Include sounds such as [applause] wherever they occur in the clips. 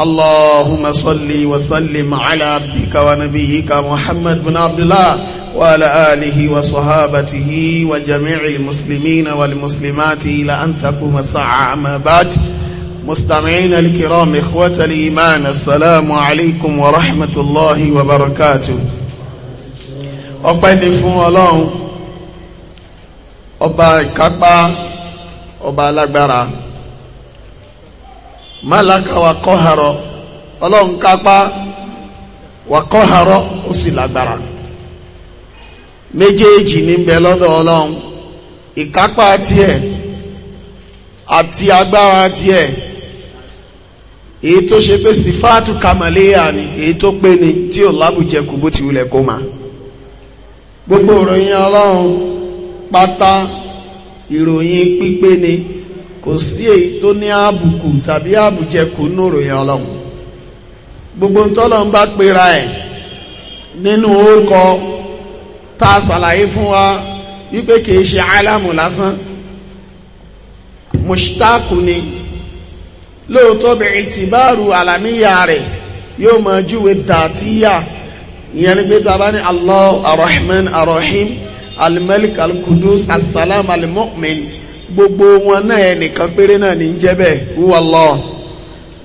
اللهم صل وسلم على عبدك ونبيك محمد بن عبد الله وعلى آله وصحابته وجميع المسلمين والمسلمات إلى أن تقوم الساعة أما بعد مستمعين الكرام إخوة الإيمان السلام عليكم ورحمة الله وبركاته ọpẹ́ ni fún ọlọ́run ọba ìkápá ọba alágbára málàkà wà kọ́hàrọ̀ ọlọ́run kápá wà kọ́hàrọ̀ ó sì lágbára méjèèjì ní lọ́dọ̀ ọlọ́run ìkápá tiẹ̀ àti agbára tiẹ̀ èyí tó ṣe pé sífáàtù kàmàléyà ni èyí tó pé ni tí ò lábùjẹkù bó ti wulẹ̀ kó máa gbogbo ìròyìn ọlọ́run pátá ìròyìn pípé ni kò sí èyí tó ní àbùkù tàbí àbùjẹkù nùrò yẹn ọlọ́run gbogbo tọ́lọ́run bá pera ẹ̀ nínú orúkọ tá a ṣàlàyé fún wa wípé kìí ṣe álámù lásán mùsítáàkù ni lóòótọ́ bẹ̀rẹ̀ tí báàrù àlàmíyà rẹ̀ yóò máa júwe dàtíyà ìyẹn ni pé tàbá ní Allah arahman arahim almalik alkudus asalam almu'min gbogbo wọn náà ẹnìkan péré náà ní jẹ́ bẹ́ẹ̀ Allah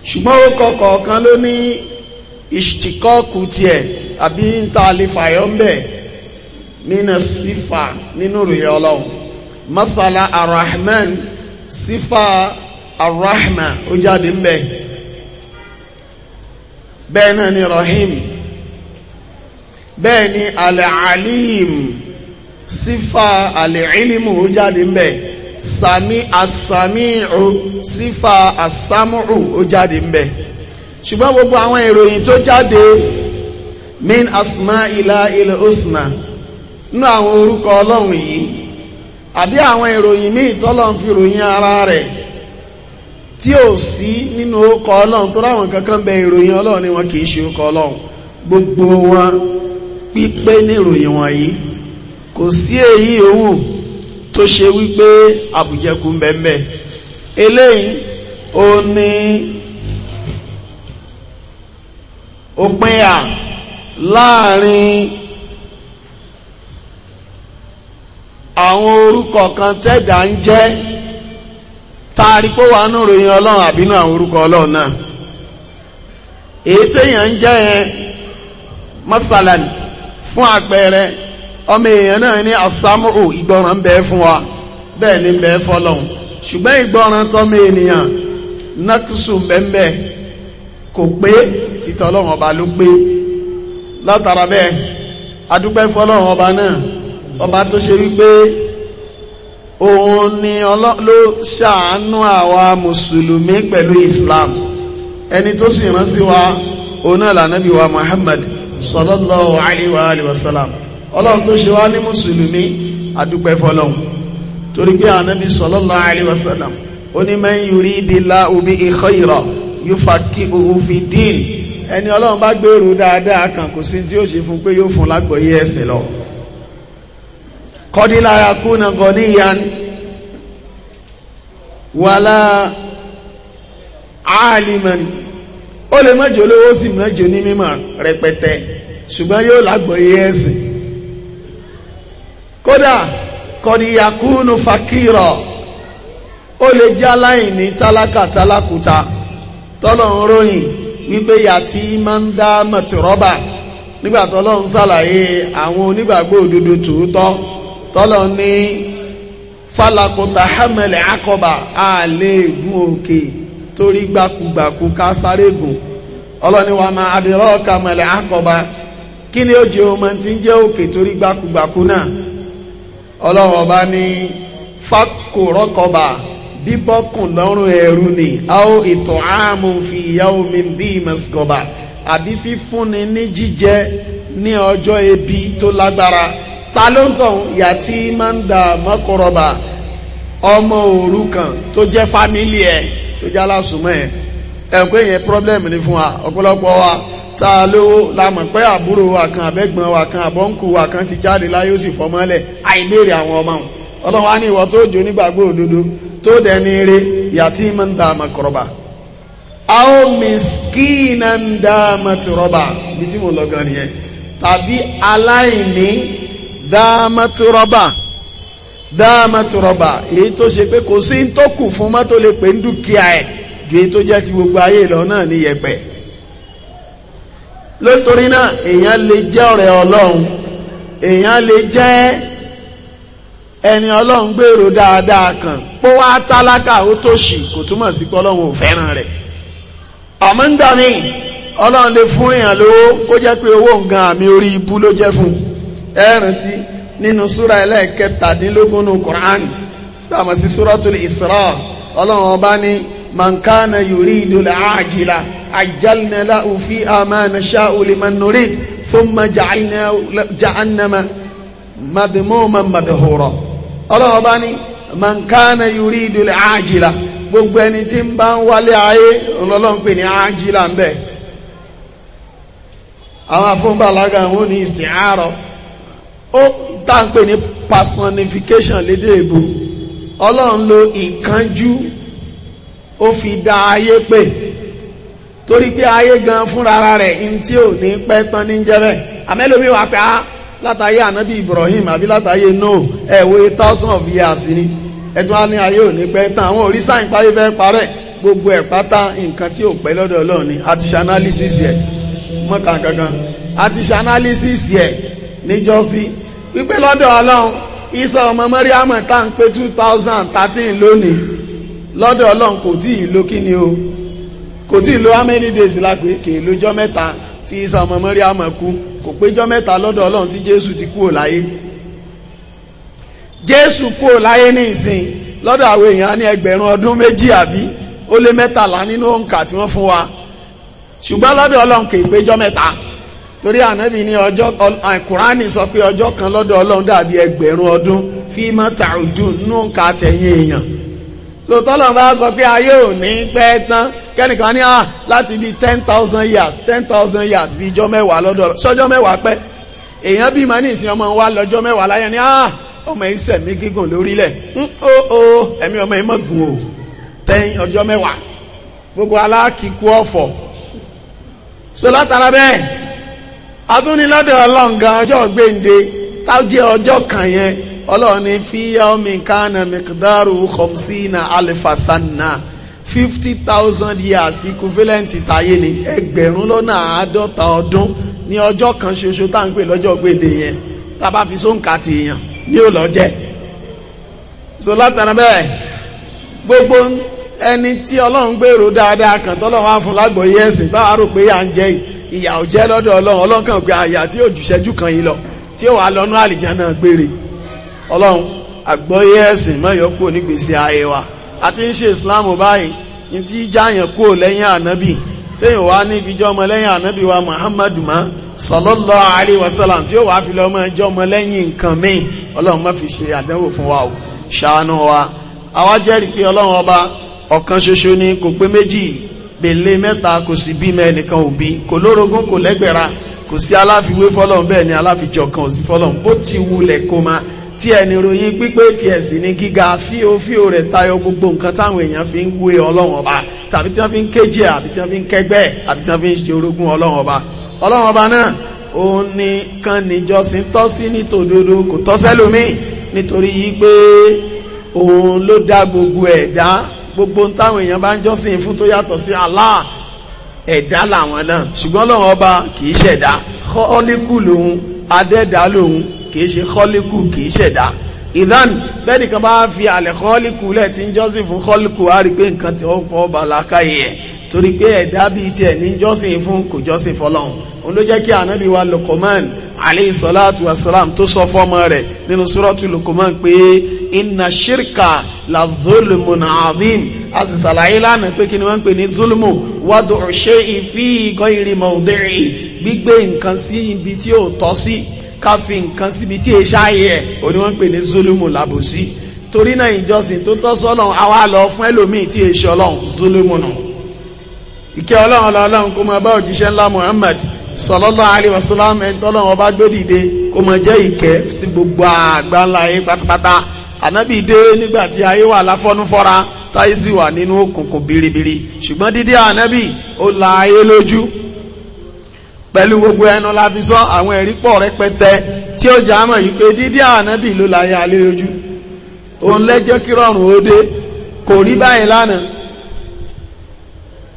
ṣùgbọ́n ó kọkọ̀ kan ló ní ìṣtìkọ́kù tiẹ̀ àbí ń ta àlefàyọ́ ń bẹ̀ nínú sífà nínú ròyìn ọlọ́run masala arahman sífà arahma ó jáde ń bẹ̀ bẹ́ẹ̀ náà ni rahim bẹ́ẹ̀ ni alẹ́ alim sífà sami asami'u sífà asamu'u ó jáde ń bẹ ṣùgbọ́n gbogbo àwọn ìròyìn tó jáde min asma ila ilẹ̀ osna nínú àwọn orúkọ ọlọ́run yìí àbí àwọn ìròyìn míì tọ́lọ́run fi ròyìn ara rẹ̀ tí ò sí nínú orúkọ ọlọ́run tó ráwọn kankan bẹ ìròyìn ọlọ́run ni wọn kì í ṣe gbogbo wọn pípé ní ìròyìn wọn yìí kò sí èyí òun tó ṣe wípé àbùjẹkù mẹ́mẹ́ eléyìí ó ní òpin à láàrin àwọn orúkọ kan tẹ́dà ń jẹ́ taari kó wà nù ròyìn ọlọ́run àbínú àwọn orúkọ ọlọ́run náà èyí téèyàn ń jẹ́ yẹn mọ́sálà fún àpẹẹrẹ ọmọ èèyàn náà ní asámúhù ìgbọràn ń bẹ fún wa bẹ́ẹ̀ ni ń bẹ fọ́lọ́hun ṣùgbọ́n ìgbọràn tọ́mọ ènìyàn nákùsù bẹ́ẹ̀ kò pé títọ́ ọlọ́run ọba ló pé látara bẹ́ẹ̀ adúpẹ́ fọ́lọ́run ọba náà ọba tó ṣe wípé òun ni ló ṣàánú àwa mùsùlùmí pẹ̀lú islam ẹni tó sì rán sí wa òun náà lànàbí wa muhammad sallallahu alaihi wa alihi wa sallam ọlọ́run tó ṣe wá ní mùsùlùmí adúpẹ́ fọlọ́run torí pé ànábi sallallahu alaihi wasallam ó ní man yuridillahu bihi khayran yufaqihuhu fi din ẹni ọlọ́run bá gbèrú dáadáa kan kò sí tí ó ṣe fún pé yóò fún lágbọ̀ọ́yé ẹ̀sìn lọ kọ́dílá yakuna ghaniyan wàlá aliman ó lè mọ́jọ́ olówó sì mọ́jọ́ ní mímọ̀ rẹpẹtẹ ṣùgbọ́n yóò lágbọ̀ọ́yé ẹ̀sìn kódà kọ̀díyàkúnù fàkírọ̀ ó lè jẹ́ aláìní tálákà tálákùta tọ́lọ̀ ròyìn wípé yàtí máa ń dá mọ̀tìrọ́bà nígbà tọ́lọ̀ ń sàlàyé àwọn onígbàgbọ́ òdodo tòótọ́ tọ́lọ̀ ní fálakùtà hamẹlẹ akọba àlẹ́gùn òkè torí gbàkúgbàkú ká sáré gùn ọlọ́ni wa máa adìrọ́ kamẹ̀lẹ̀ akọba kí ni ó jẹ́ ọmọ tí ń jẹ́ òkè torí gbàkúgbàkú náà ọlọ́run ọba ní fákòrọ́kọba bíbọ́kùn lọ́rùn ẹ̀rú ni áó ètò ààmù fi ìyàwó mi dí ìmọ̀síkọba àbí fífúnni ní jíjẹ ní ọjọ́ ebi tó lágbára ta ló ń tàn yàtí máa ń dà mọ́kọrọba ọmọ òrukàn tó jẹ́ fámílì ẹ̀ tó jálásùmọ́ ẹ̀ ẹ̀kọ́ yẹn problem ni fún wa ọ̀pọ̀lọpọ̀ wa tá lówó la mọ̀ pé àbúrò wa kan àbẹ́gbọ́n wa kan àbọ́nkù wa kan ti jáde láyé ó sì fọmọ́lẹ̀ àìbéèrè àwọn ọmọ wọn ọlọ́wọ́n á ní ìwọ tó jò nígbàgbọ́ òdodo tó dẹni eré yàtí mọ́ ń da àmọ̀kọ̀rọ̀bà a ó mìskínà ń da àmọ̀tìrọ̀bà bí tí mo lọ gan nìyẹn tàbí aláìní dáàmọ́tìrọ̀bà dáàmọ́tìrọ̀bà èyí tó ṣe pé kò sí ń tó kù fún mọ́tò lè pè ń dúkìá ẹ̀ lótorí náà èèyàn lè jẹ́ ọ̀rẹ́ ọlọ́run èèyàn lè jẹ́ ẹni ọlọ́run gbèrò dáadáa kan pó wá tálákà ó tó ṣì kò túmọ̀ sí pé ọlọ́run ò fẹ́ràn rẹ̀ ọmọ ń gbà mí ọlọ́run lè fún èèyàn lówó kó jẹ́ pé owó nǹkan àmì orí ibú ló jẹ́ fún ẹ rántí nínú súra ẹlẹ́ẹ̀kẹtàdínlógún nù Qur'an sàmọ̀ sí súratul Isra ọlọ́run ọba ní man kana yuridul ajila عجلنا له فيها ما نشاء لمن نريد ثم جعلنا جهنم مذموما مدحورا ọlọ́wọ́ bá ní mankana yuridu al-ajila gbogbo ẹni tí ń bá ń wálé ayé ọlọ́lọ́n pè ní ajila ń bẹ̀ àwọn afúnbàlágà wọn ní ìsìn àárọ̀ ó tá ń pè ní personification lédè èbò ọlọ́run lo ìkánjú ó fi dá ayé pè torí pé ayé gan fúnra rẹ̀ in tí ò ní pẹ́ tán ní jẹ́rẹ̀ àmẹ́lómi wà pé á ah, látàyé ànábì Ibrahim àbí látàyé no ẹ̀wọ̀ thousand of years ni ẹ̀tún á ní ayé ò ní pẹ́ tán àwọn orí sáyìn páyé fẹ́ parẹ́ gbogbo ẹ̀ pátá nǹkan tí ò pẹ́ lọ́dọ̀ Ọlọ́run ni àti ṣe analysis ẹ̀ mọ́ta gangan àti ṣe analysis ẹ̀ níjọ́sí wípé lọ́dọ̀ Ọlọ́run Isa ọmọ Maryam tá ń pé two thousand thirteen lónìí lọ́dọ̀ Ọlọ́run kò tí ì lókí ni o kò tí lo how many days la pé kè lójọ́ mẹ́ta tí Isa ọmọ Mariam kú kò péjọ́ mẹ́ta lọ́dọ̀ Ọlọ́run tí Jésù ti kúrò láyé Jésù kúrò láyé ní ìsìn lọ́dọ̀ àwọn èèyàn ní ẹgbẹ̀rún ọdún méjì àbí ó lé mẹ́tàlá nínú òǹkà tí wọ́n fún wa ṣùgbọ́n lọ́dọ̀ Ọlọ́run kè péjọ́ mẹ́ta torí ànábì ní ọjọ́ Kùránì sọ pé ọjọ́ kan lọ́dọ̀ Ọlọ́run dàbí ẹgbẹ̀rún ọdún fíìmọ́tà ọdún nínú òǹkà tẹ̀yìn èèyàn so tọ́lọ̀ bá sọ pé ayé ò ní pẹ́ tán kẹ́nìkan ní à ah, láti bí ten thousand years ten thousand years bí ijọ́ mẹ́wàá lọ́dọ̀ ṣọ́jọ́ mẹ́wàá pẹ́ èèyàn bí màá ní ìsìn ọmọ wa lọ́jọ́ mẹ́wàá láyé ní à ah, ọmọ yìí sẹ̀mí gígùn lórílẹ̀ ń ó ó ẹ̀mí ọmọ yìí mọ̀ gùn ó tẹ́yìn ọjọ́ mẹ́wàá gbogbo aláàkíkú ọ̀fọ̀ so látara bẹ́ẹ̀ adúnilọ́dọ̀ ọlọ́ǹgàn ọjọ́ gbèǹde táwọn jẹ́ ọjọ́ kan yẹn ọlọ́run ní fi yaomi kana mikdaru khamsina alifasanna fifty thousand years equivalent tayé ni ẹgbẹ̀rún lọ́nà àádọ́ta ọdún ní ọjọ́ kan ṣoṣo tá ń pè lọ́jọ́ gbèdè yẹn tá a bá fi sóǹkà ti yàn ní ò so látara bẹ́ẹ̀ gbogbo ẹni tí ọlọ́run gbèrò dáadáa kan tọ́lọ́run á fún lágbọ̀ọ́yé ẹ̀sìn báwa rò pé à ń jẹ ìyà ò jẹ́ lọ́dọ̀ ọlọ́run ọlọ́kàn pé àyà tí yóò jù ṣẹ́jú kan yìí lọ tí yóò wá lọ́nú àlìjáná gbére ọlọ́run àgbọ́yé ẹ̀sìn mọ́yọ́ kúrò nígbèsè ayé wa àti ń ṣe ìsìláàmù báyìí ní tí jáyàn kúrò lẹ́yìn ànábì téèyàn wá ní ìfijọ́ lẹ́yìn ànábì wa muhammadu ma sallallahu alaihi wasallam tí ó wàá fi lọ́mọ ẹjọ́ ọmọ lẹ́yìn nǹkan míì ọlọ́run má fi ṣe àdánwò fún wa o ṣàánú wa àwa jẹ́rìí pé ọlọ́run ọba ọ̀kan ṣoṣo ni kò pé méjì gbèlé mẹ́ta kò sí bímọ ẹnìkan òbí kò lórogún kò lẹ́gbẹ̀ra kò sí aláfiwé fọ́lọ́run bẹ́ẹ̀ ni aláfijọ́ kan ò sí fọ́lọ́run bó ti wulẹ̀ kó máa tí ẹni ròyìn pípé tiẹ̀ sì ní gíga fíofíò rẹ̀ tayọ gbogbo nǹkan táwọn èèyàn fi ń wé ọlọ́run ọba tàbí tí wọ́n fi ń kéjì àbí tí wọ́n fi ń kẹgbẹ́ àbí tí wọ́n fi ń ṣe orogún ọlọ́run ọba ọlọ́run ọba náà òun nìkan níjọsìn tọ́ sí nítòdodo kò tọ́ nítorí yí pé òun ló dá gbogbo ẹ̀dá gbogbo táwọn èèyàn bá ń jọ́sìn fún tó yàtọ̀ sí Allah ẹ̀dá làwọn náà ṣùgbọ́n ọlọ́run ọba kì í ṣẹ̀dá khaliqu lòun adẹ́dá lòun kìí ṣe kọ́líkù kìí ṣẹ̀dá ìdán bẹ́ẹ̀nìkan bá fi àlẹ̀ kọ́líkù lẹ̀ tí ń jọ́sìn fún kọ́líkù á rí pé nǹkan tí ó fọ́ bàlákàyè ẹ̀ torí pé ẹ̀dá bíi tiẹ̀ ní jọ́sìn fún kò jọ́sìn fọlọ́hun òun ló jẹ́ kí ànábì wa Luqman alayhi salatu wa salam tó sọ fọ́mọ rẹ̀ nínú suratu Luqman pé inna shirka la zulmun azim a sì ṣàlàyé lánàá pé kí ni wọ́n pè ní zulmu wad'u shay'i fi ghayri mawdi'i gbígbé nǹkan sí ibi tí ó tọ́ sí ká fi nǹkan síbi tí èṣáyé ẹ̀ òní wọ́n ń pè ní zulumu làbòsí torí náà ìjọsìn tó tọ́ sọ́lọ́run àwa lọ fún ẹlòmíì tí èṣe ọlọ́run zulumu nù ìkẹ́ ọlọ́run ọlọ́run kó máa bá òjíṣẹ́ ńlá Muhammad sallallahu alaihi wasallam ẹ̀ńtọ́lọ́run ọba gbódìde kó máa jẹ́ ìkẹ́ sí gbogbo àgbáńlá ayé pátápátá ànábì dé nígbà tí ayé wà láfọ́núfọ́ra táyé sì wà nínú òkùnkùn biribiri ṣùgbọ́n dídé ànábì ó la ayé lójú pẹ̀lú gbogbo ẹnu la fi sọ àwọn ẹ̀rí pọ̀ rẹpẹtẹ tí ó jẹ́ àmọ̀ yìí pé dídí ànábì ló la ya lé ojú òun lẹ́jọ́ kí rọrùn ó dé kò rí báyìí lánàá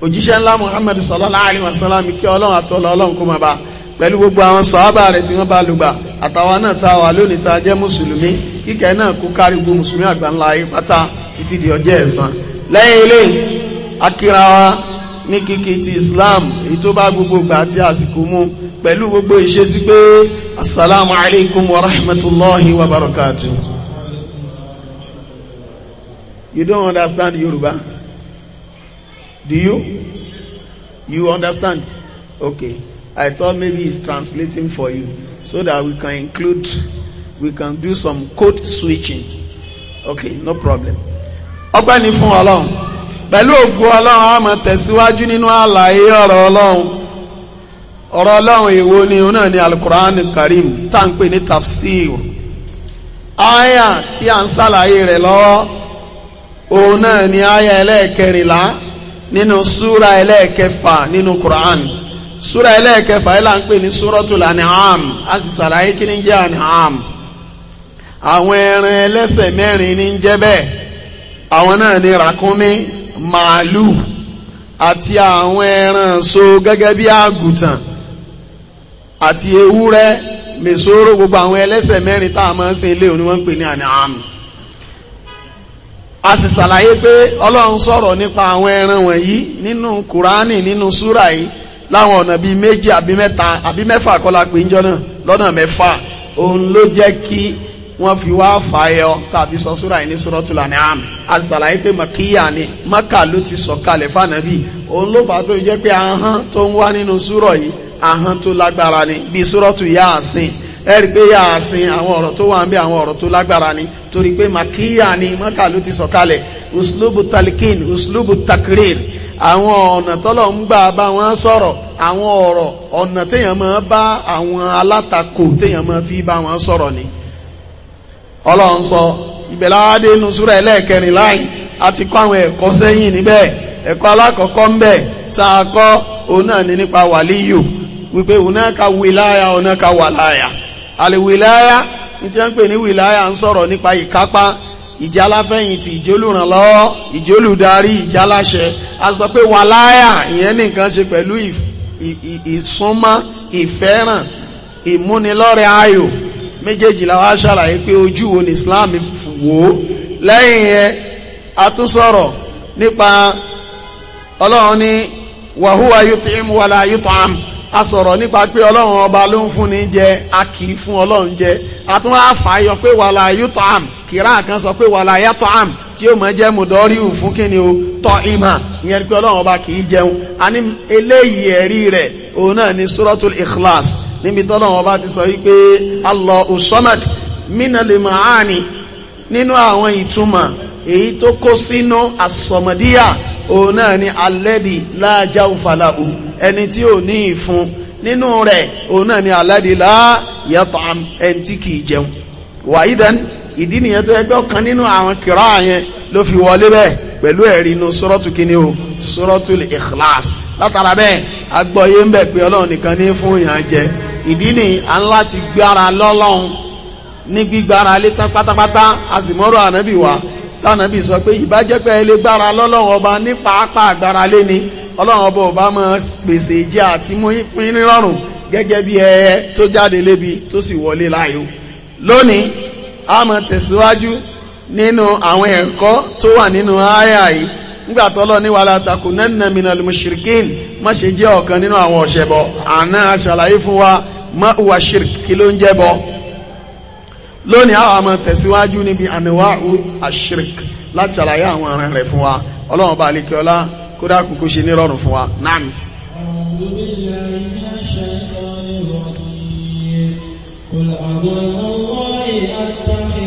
òjíṣẹ́ ńlá Muhammad sallallahu alaihi wasallam kí ọlọ́run àtọ́lọ́ ọlọ́run kó máa bá pẹ̀lú gbogbo àwọn sàhábà rẹ̀ tí wọ́n bá lùgbà àtàwọn náà ta wà lónìí ta jẹ́ mùsùlùmí kíkẹ́ náà kó kárí gbogbo mùsùlùmí àgbáńlá ayé pátá títí di ọjọ́ ẹ̀san lẹ́yìn eléyìí akíra wa ní kíkí ti Islam èyí tó bá gbogbo gbà àti àsìkò mú pẹ̀lú gbogbo ìṣesí pé assalamu alaikum wa rahmatullahi wa barakatuh you don't understand Yoruba do you you understand okay I thought maybe he's translating for you so that we can include we can do some code switching okay no problem ọgbẹ́ni fún Ọlọ́run pẹ̀lú ògo ọlọ́run a máa tẹ̀síwájú nínú àlàyé ọ̀rọ̀ ọlọ́run ọ̀rọ̀ ọlọ́run èwo ni òun náà ni alukurani karim tá à pè ní tafsir aya tí a ń ṣàlàyé rẹ̀ lọ́wọ́ òun náà ni aya ẹlẹ́ẹ̀kẹrìnlá nínú súra ẹlẹ́ẹ̀kẹfà nínú kurani súra ẹlẹ́ẹ̀kẹfà yìí là ń pè ní súratul an'am a sì ṣàlàyé kí ni jẹ́ an'am àwọn ẹran ẹlẹ́sẹ̀ mẹ́rin ní ń jẹ́ bẹ́ẹ̀ àwọn náà ni ràkúnmí màálù àti àwọn ẹran so gẹ́gẹ́ bí àgùtàn àti ewúrẹ́ mèsòrò gbogbo àwọn ẹlẹ́sẹ̀ mẹ́rin tá a máa ń sin ilé òní wọ́n ń pè ní àníhàmù a sì ṣàlàyé pé ọlọ́run sọ̀rọ̀ nípa àwọn ẹran wọ̀nyí nínú kùránì nínú súrà yìí láwọn ọ̀nà bíi méjì àbí mẹ́ta àbí mẹ́fà kọ́lá pé ń jọ náà lọ́nà mẹ́fà òun ló jẹ́ kí wọ́n fi wá fàáyọ tàbí sọ súra yìí ní suratul An'am àṣàlàyé pé màkíyà ni maka ló ti sọ̀kalẹ̀ fànàbí òun ló fà tó jẹ́ pé tó ń wá nínú súrọ̀ yìí ahán tó lágbára ni bí suratu Yasin ẹ̀rí pé Yasin àwọn ọ̀rọ̀ tó wà ń bẹ àwọn ọ̀rọ̀ tó lágbára ni torí pé ni maka ló ti uslubu uslubu takrir àwọn ọ̀nà tọ́lọ̀ ń gbà bá wọn sọ̀rọ̀ àwọn ọ̀rọ̀ ọ̀nà téèyàn máa bá àwọn alátakò téèyàn máa ọlọ́run sọ ìbẹ̀láwádé inú súra ẹlẹ́ẹ̀kẹrin láì àti kọ́ àwọn ẹ̀kọ́ sẹ́yìn níbẹ̀ ẹ̀kọ́ alákọ̀ọ́kọ́ ń bẹ̀ tá a kọ́ òun náà ní nípa wàlíyò wípé òun náà ka wìláyà òun náà ka wàláyà àlèwìláyà ní tí wọ́n ń pè ní wìláyà ń sọ̀rọ̀ nípa ìkápá ìjáláfẹ̀yìntì ìjólùrànlọ́wọ́ ìjólùdarí ìjáláṣẹ a sọ pé wàláyà ìyẹn nìkan ṣe pẹ̀lú ìsúnmọ́ ìfẹ́ràn ìmúnilọ́rẹ̀ ayò méjèèjì la wá ṣàlàyé pé ojú wo ni Islam wò ó lẹ́yìn yẹn a tún sọ̀rọ̀ nípa ọlọ́run ní wàhúwa yut'im wala yut'am a sọ̀rọ̀ nípa pé ọlọ́run ọba ló ń fún ni jẹ a kì í fún ọlọ́run jẹ a tún wá fàáyọ pé wàlà yut'am kìrá kan sọ pé wàlà yat'am tí ó mọ̀ jẹ́ mùdọ́ríù fún kí ni o tọ́ ìmà ìyẹn pé ọlọ́run ọba kì í jẹun a ní eléyìí ẹ̀rí rẹ̀ òun náà ni suratul ikhlas níbi tọ́lọ́wọ́ bá ti sọ wípé Allahu Samad mínàlè màáni nínú àwọn ìtumọ̀ èyí tó kó sínú àsọmọdíyà òun náà ni alẹ́dì láàjá òfàlàhù ẹni tí ò ní ìfun nínú rẹ̀ òun náà ni alẹ́dì láàyàtọ̀ ẹni tí kìí jẹun wàyí dẹ́nu ìdí nìyẹn tó ẹgbẹ́ ọ̀kan nínú àwọn kìrá yẹn ló fi wọlé bẹ́ẹ̀ pẹ̀lú ẹ̀rí inú sọ́rọ́tù kíní o sọ́rọ́tù ikhlas látara bẹ́ẹ̀ agbọ́yé ń bẹ̀ pé ọlọ́run nìkan ní fún ìyàn jẹ ìdí ni à ń láti gbára lọ́lọ́run ní gbígbára lé tán pátápátá a sì mọ́rọ̀ ànábì wa tánàbì sọ pé ìbájẹ́pẹ́ ilé gbára lọ́lọ́run ọba ní pàápàá àgbára lé ni ọlọ́run ọba ò máa pèsè ìjẹ́ àti mú pín rírọ̀rùn gẹ́gẹ́ bí ẹyẹ tó jáde lébi tó sì wọlé láàyò lónìí a máa tẹ̀síwájú nínú àwọn ẹ̀kọ́ tó wà nínú àyà yìí nígbà tọ́lọ́ ní wala takunanna minal mushrikin má ṣe jẹ́ ọ̀kan nínú àwọn ọ̀ṣẹ̀bọ àná aṣàlàyé fún wa má wà ṣirk kí ló ń jẹ́ bọ lónìí àwọn àmọ́ tẹ̀síwájú níbi anwa'u ash láti ṣàlàyé àwọn ara rẹ̀ fún wa ọlọ́run bá lè kí ọlá kó dákun kó ṣe nírọ̀rùn fún wa náà قل أضل الله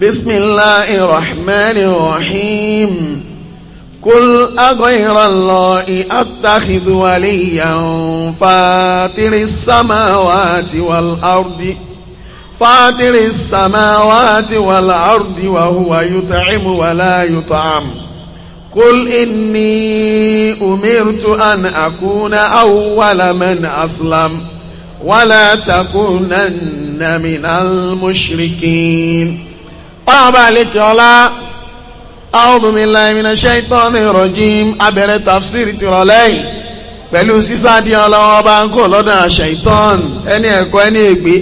بسم الله الرحمن الرحيم قل أغير الله أتخذ وليا فاتر السماوات والأرض فاتر السماوات والأرض وهو يطعم ولا يطعم قل إني أمرت أن أكون أول من أسلم ولا تكونن من المشركين ọlọ́run bá lè kí ọlá a'udhu billahi minash shaitanir rajim abẹ̀rẹ̀ tafsiri ti rọ̀ lẹ́yìn pẹ̀lú sísáàdì ọlọ́run ọba ń kò lọ́dọ̀ shaitan ẹni ẹ̀kọ́ ẹni ègbé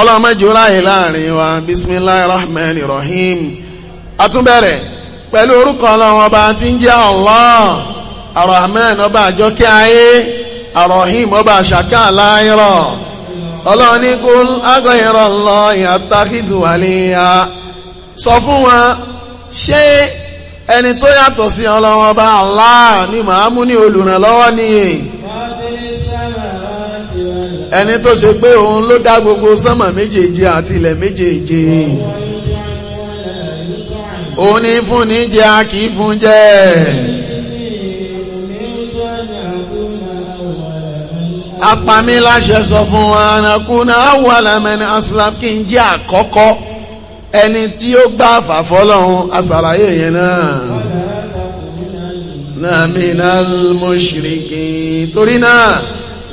ọlọ́run mẹ́jọ láàyè láàrin wa bismillahir rahmanir rahim atúbẹ̀rẹ̀ pẹ̀lú orúkọ ọlọ́run ọba tí ń jẹ́ Allah arahman ọba àjọkẹ́ ayé arahim ọba àṣàkẹ́ àláyọ̀rọ̀ ọlọ́run ní kul aghayra sọ fún wọn ṣé ẹni tó yàtọ̀ sí ọlọ́wọ́ bá Allah ní màámú ní olùrànlọ́wọ́ níye ẹni tó ṣe pé òun ló dá gbogbo sánmà méjèèje àti ilẹ̀ méjèèje òun ní fún ní jẹ kì í fún jẹ apami láṣẹ sọ fún wa anakuna awàlámẹni aslam kí n jẹ àkọ́kọ́. ẹni tí ó gbá àfàfọ́ lọ́hun asàlàyé yẹn náà naminal mushrikin torí náà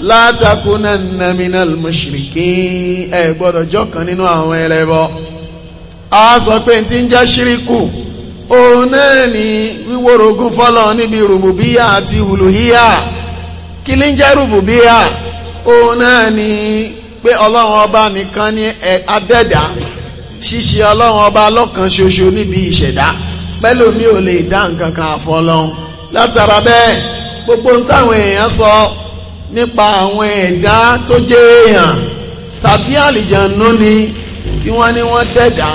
látàkùnà naminal mushrikin ẹ gbọ́dọ̀ kan nínú àwọn ẹlẹ́bọ a sọ pé tí ń jẹ́ ṣíríkù òun náà ni wíwórogún fọ́lọ́ níbi rùbùbíyà àti wùlùhíyà kí ló ń jẹ́ rùbùbíyà òun náà ni pé ọlọ́run ọba nìkan ni adẹ́dàá ṣíṣe ọlọ́run ọba lọ́kan ṣoṣo níbi ìṣẹ̀dá pẹ́lòmí ò lè dá nǹkan kan àfọlọ́run látara bẹ́ẹ̀ gbogbo ń táwọn èèyàn sọ nípa àwọn ẹ̀dá tó jẹ́ èèyàn tàbí àlìjànú ni tí wọ́n ní wọ́n dẹ̀dá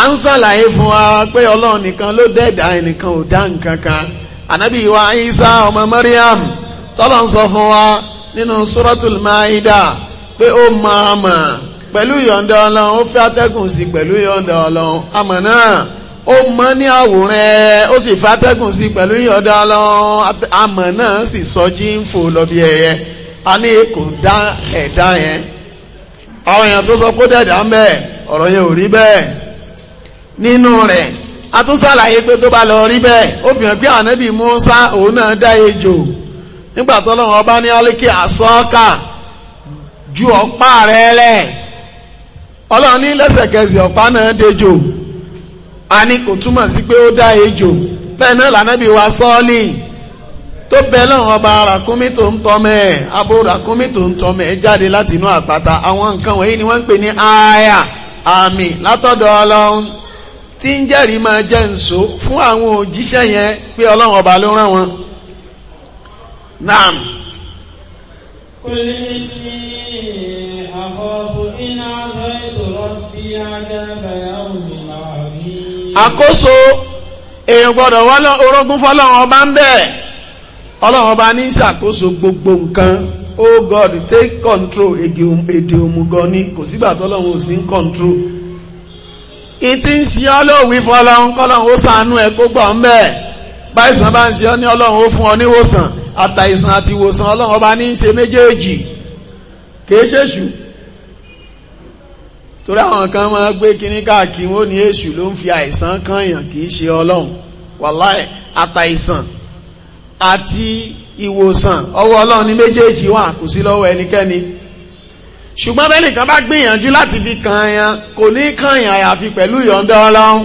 à ń ṣàlàyé fún wa pé ọlọ́run nìkan ló dẹ̀dá ẹnìkan ò dá nǹkan kan ànábì wa Isa ọmọ mariam tọ́lọ́ ń sọ fún wa nínú Suratul Maida pé ó máa mọ̀ pẹ̀lú yọ̀ǹda ọlọ́run ó fẹ́ atẹ́gùn sí pẹ̀lú yọ̀ǹda ọlọ́run náà ó mọ́ ní àwòrán ẹ ó sì fẹ́ atẹ́gùn sí pẹ̀lú yọ̀ǹda ọlọ́run náà sì sọjí ń fò lọ bí a ní kò dá ẹ̀dá yẹn tó sọ pé dẹ̀dá ń bẹ̀ yẹn ò rí bẹ́ẹ̀ nínú rẹ̀ tó bá lọ rí bẹ́ẹ̀ dá ọlọ́run ní lẹ́sẹ̀kẹsẹ̀ ọ̀pá náà dejò a ní kò túmọ̀ sí pé ó dá ejò bẹ́ẹ̀ náà lànàbí wa sọ́ọ́lì tó bẹ́ẹ̀ lọ́run ọba ràkúnmí tó ń tọ́mẹ́ abo ràkúnmí tó ń tọ́mẹ́ jáde láti inú àpáta àwọn nǹkan wọ̀nyí ni wọ́n ń pè ní aya àmì látọ̀dọ̀ ọlọ́run tí ń jẹ́rìí máa jẹ́ ǹso fún àwọn òjíṣẹ́ yẹn pé ọlọ́run ọba ló rán wọn. naam. kò lè ní àkọ́kọ́ iná sọ àkóso èèyàn gbọ́dọ̀ wọ́n orogún fọ́lọ́wọ́n ọba ń bẹ̀ ọlọ́wọ́n ọba ní ṣàkóso gbogbo nǹkan oh god take control èdè òmùgọ̀ ni kò sígbà tọ́lọ́wọ́n ò sí ń control ìtí ń ṣe ọ́ lóòwí fọ́lọ́wọ́n kọ́lọ́wọ́n ó sànú ẹ̀ kó gbọ̀ ń bẹ̀ báyìsàn bá ń ṣe ọ́ ní ọlọ́run ó fún ọ níwòsàn àtàìsàn àti ìwòsàn ọlọ́run ọba ní í ṣe méjèèjì kì í ṣèṣù torí àwọn kan máa gbé kíní káàkiri wọ́n ní èṣù ló ń fi àìsàn kànyàn kìí ṣe ọlọ́run wàláì àtàìsàn àti ìwòsàn ọwọ́ ọlọ́run ní méjèèjì wà kò sí lọ́wọ́ ẹnikẹ́ni ṣùgbọ́n bẹ́nìkan bá gbìyànjú láti fi kànyàn kò ní kànyàn àyàfi pẹ̀lú ìyọ̀ǹda ọlọ́run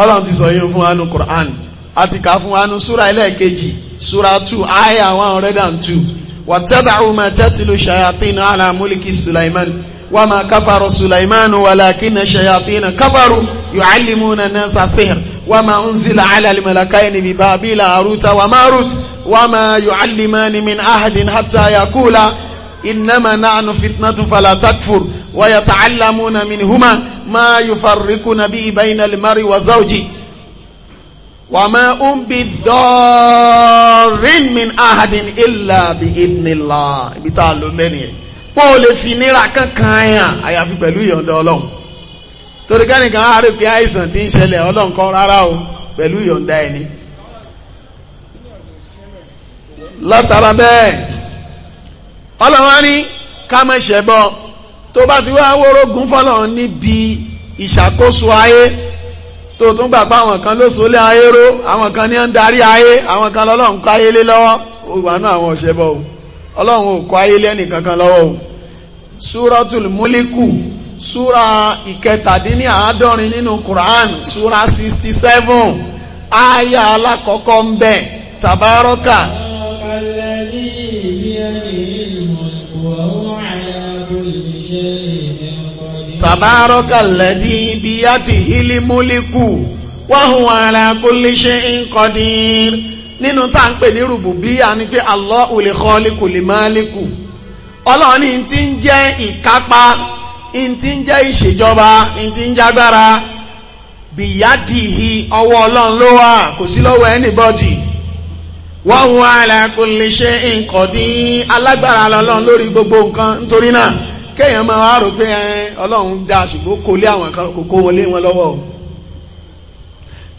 ọlọ́run ti sọ yìí fún anu Qur'an àti kà fún anu súra ẹlẹ́ẹ̀kejì súra 2 aya 102 واتبعوا ما تتلو الشياطين على ملك سليمان وما كفر سليمان ولكن الشياطين كفروا يعلمون الناس السحر وما أنزل على الملكين ببابل هاروت وماروت وما يعلمان من أحد حتى يقولا إنما نحن فتنة فلا تكفر ويتعلمون منهما ما يفرقون به بين المرء وزوجه wà má ń bi dọ́ọ̀rín min ahadin illa bi idnillah ibi tá a lò mẹ́rin yẹn pọ́ ò lè fi nira kankan yàn àyàfi pẹ̀lú ìyọ̀ǹda ọlọ́run torí kẹ́nìkan á rí pé àìsàn ti ń ṣẹlẹ̀ ọlọ́run kan rárá o pẹ̀lú ìyọ̀ǹda ẹni látara bẹ́ẹ̀ ọlọ́run á ní ká má ṣẹbọ tó bá ti wá wóró gún níbi ìṣàkóso ayé tó tún gbà pé àwọn kan ló sólé ayé ró àwọn kan ní ń darí ayé àwọn kan lọ́lọ́run kọ́ ayé lé lọ́wọ́ òwúwà náà àwọn ọ̀ṣẹ́ bọ̀ ọlọ́run ò kọ́ ayé lẹ́nì kankan lọ́wọ́ o súrọ́tùl múlíkù súra ìkẹtàdínláàádọ́rin nínú Quran súra sixty seven àyà alákọ̀ọ́kọ́ ń bẹ tàbárọ́kà tabarakalladhi biyadihil mulku wa huwa ala kulli shay'in qadir nínú tá à ń pè ní rùbùbíyà ni pé Allahu li khaliqu li maliku ọlọ́run ní ti ń jẹ́ ìkápá ti ń jẹ́ ìṣèjọba ti ń jágbára bìyádìí ọwọ́ ọlọ́run ló wà kò sí lọ́wọ́ anybody wa huwa ala kulli shay'in qadir alágbára lọ́lọ́run lórí gbogbo nǹkan nítorí náà kéèyàn máa wá rò pé ọlọ́run dá ṣùgbọ́n kò lé àwọn kan kò kó wọn lé wọn lọ́wọ́ o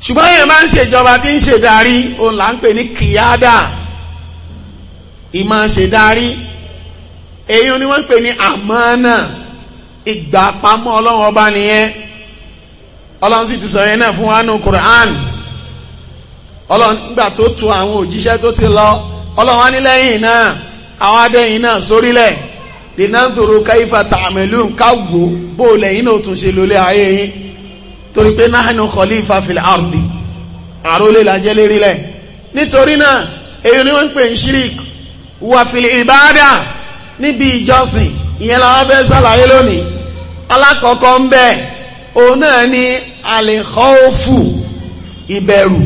ṣùgbọ́n èèyàn máa ń ṣèjọba tí ń ṣèdarí òun là ń pè ní kìyádà ìmọ̀ ṣèdarí èyí ni wọ́n ń pè ní àmánà ìgbà pamọ́ ọlọ́run ọba nìyẹn ọlọ́run sì ti sọ yẹn náà fún wa nù Qur'an ọlọ́run nígbà tó tu àwọn òjíṣẹ́ tó ti lọ ọlọ́run wá ní lẹ́yìn náà àwọn adẹ́yìn náà sórílẹ̀ linanzuru kaifa ta'malun káwò bó lẹ́yìn náà tún ṣe lólé ayé yín torí pé nahnu khalifa fil ardi àrólé làjẹ́ lérílẹ̀ nítorí náà èyí ni wọ́n ń pè ń ṣírík wà fil ìbáàdà níbi ìjọsìn ìyẹn làwọn fẹ́ sàlàyé lónìí alákọ̀ọ́kọ́ ń ni àlèkọ́ọ̀fù ìbẹ̀rù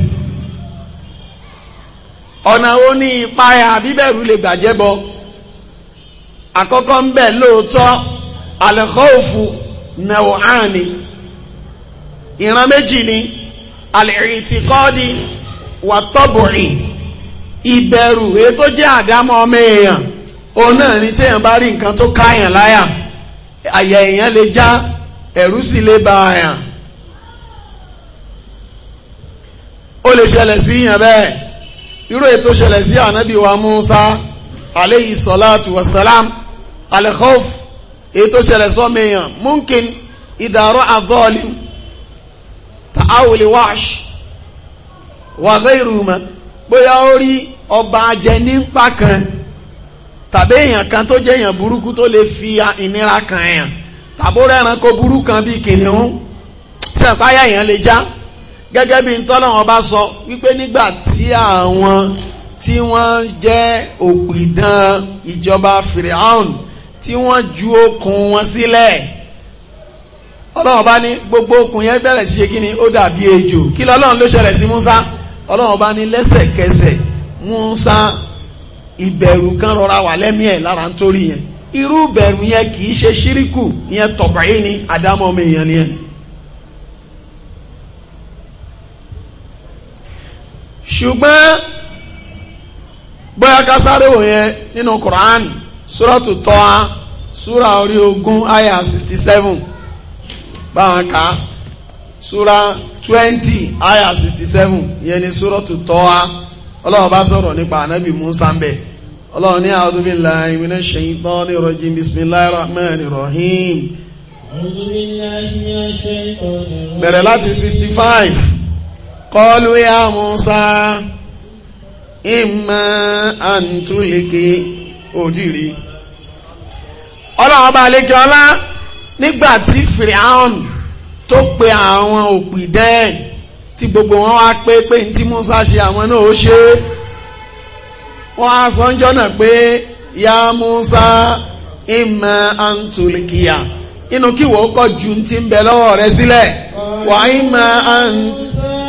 ọ̀nà wo ni ìpayà bíbẹ̀rù lè gbàjẹ́bọ àkọ́kọ́ ń bẹ lóòótọ́ alẹ́kọ́ọ̀fù nàwọ̀ánì ìran méjì ni alẹ́rìntìkọ́ọ́dì wàtọ́bùrì ìbẹ̀rù èyí tó jẹ́ àdámọ́ ọmọ èèyàn òun náà ni téèyàn bá rí nǹkan tó káyàn láyà àyà èèyàn lè já ẹ̀rú sì lè ba àyàn ó lè ṣẹlẹ̀ sí yàn bẹ́ẹ̀ irú èyí ṣẹlẹ̀ sí ànábì Musa aleyhi salatu wa salam alẹ́kọ́f èyí tó ṣẹlẹ̀ sọ́mọ èèyàn múnkìn ìdàrọ́ àdọ́ọ̀lì tààwùlì wáṣ wàhẹ́ ìrùmọ̀ bóyá ó rí ọba ajẹnípa kan tàbí èèyàn kan tó jẹ́ èèyàn burúkú tó lè fi ìnira kan èèyàn tàbó rẹ̀ranko burú kan bíi kìnìún sẹ̀páyà èèyàn lè já gẹ́gẹ́ bí ntọ́lọ́wọ́n bá sọ wípé nígbà tí àwọn tí wọ́n jẹ́ òpìdán ìjọba fìrìhàn tí wọ́n ju okùn wọn sílẹ̀ ọlọ́run bá ní gbogbo okùn yẹn bẹ̀rẹ̀ ṣe kí ni ó dàbí ejò kí lọ́lọ́run ló ṣẹlẹ̀ sí Musa ọlọ́run bá ní lẹ́sẹ̀kẹsẹ̀ Musa ìbẹ̀rù kan rọra wà lẹ́mí ẹ̀ lára ń torí yẹn irú bẹ̀rù yẹn kì í ṣe ṣíríkù yẹn tọ̀pẹ̀yìn ni àdámọ́ ọmọ èèyàn ni ẹ̀. ṣùgbọ́n bóyá ká sáré wò yẹn nínú Kùránì Suratu Taha súra orí ogún àyà 67. seven báwọn ká súra twenty àyà sixty seven yẹn ni Suratu Taha ọlọ́run bá sọ̀rọ̀ nípa ànábì Musa ń bẹ̀ ọlọ́run ní a'udhu billahi minash shaitani rajim bismillahir rahmanir rahim bẹ̀rẹ̀ láti 65. five ya Musa imma an tulqi òjì rí ọlọ́run ọba àlejò ọlá nígbà tí fìrìhàn tó pe àwọn òpìdán tí gbogbo wọn wá pé pé tí Musa ṣe àwọn náà ó ṣe wọn á sọ ń jọ́nà pé ya Musa ìmọ̀ antulikiya inú kí wọ́n kọ́ ju ti ń bẹ lọ́wọ́ rẹ sílẹ̀ wàá ìmọ̀ antulikiya.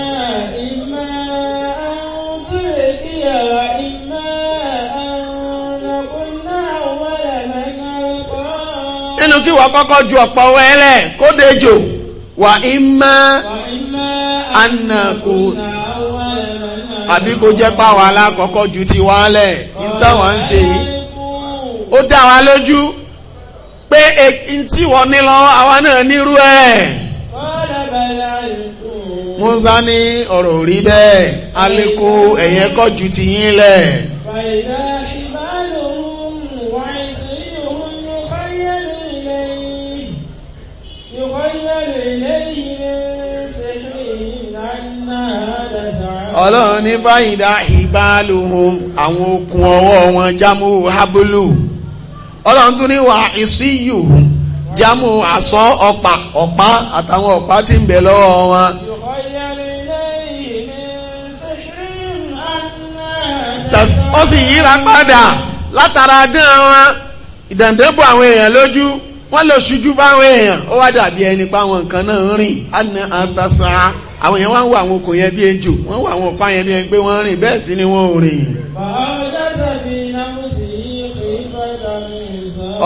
nínú kí wọ́n kọ́kọ́ ju ọ̀pọ̀ wẹ́lẹ̀ kó dejò wà ìmọ̀ ànàkù àbí kó jẹ́ páwọn alákọ̀ọ́kọ́ ju ti wálẹ̀ ìtàwọn ń ṣe yìí ó dá wa lójú pé e, tí wọ́n ní lọ àwa náà nírú ẹ̀ Musa ní ọ̀rọ̀ rí bẹ́ẹ̀ alẹ́kọ̀ọ́ ẹ̀yẹn kọ́ ju ti lẹ̀. ọlọ́run ní fáyìndà ìbálòhun àwọn okùn ọwọ́ wọn jámù habulu ọlọ́run tún ní wà ìsíyù jámù àsọ ọ̀pá ọ̀pá àtàwọn ọ̀pá tí ń bẹ lọ́wọ́ wọn ó sì yíra padà látara dán wọn ìdàndébò àwọn èèyàn lójú wọ́n lọ ṣojú fáwọn èèyàn ó wá dàbí ẹni pa àwọn nǹkan náà rìn àna àtàṣà àwọn èèyàn wá ń wo àwọn okùn yẹn bí ejò wọ́n wo àwọn ọ̀pá yẹn bí ẹni pé wọ́n rìn bẹ́ẹ̀ sí ni wọ́n ò rìn.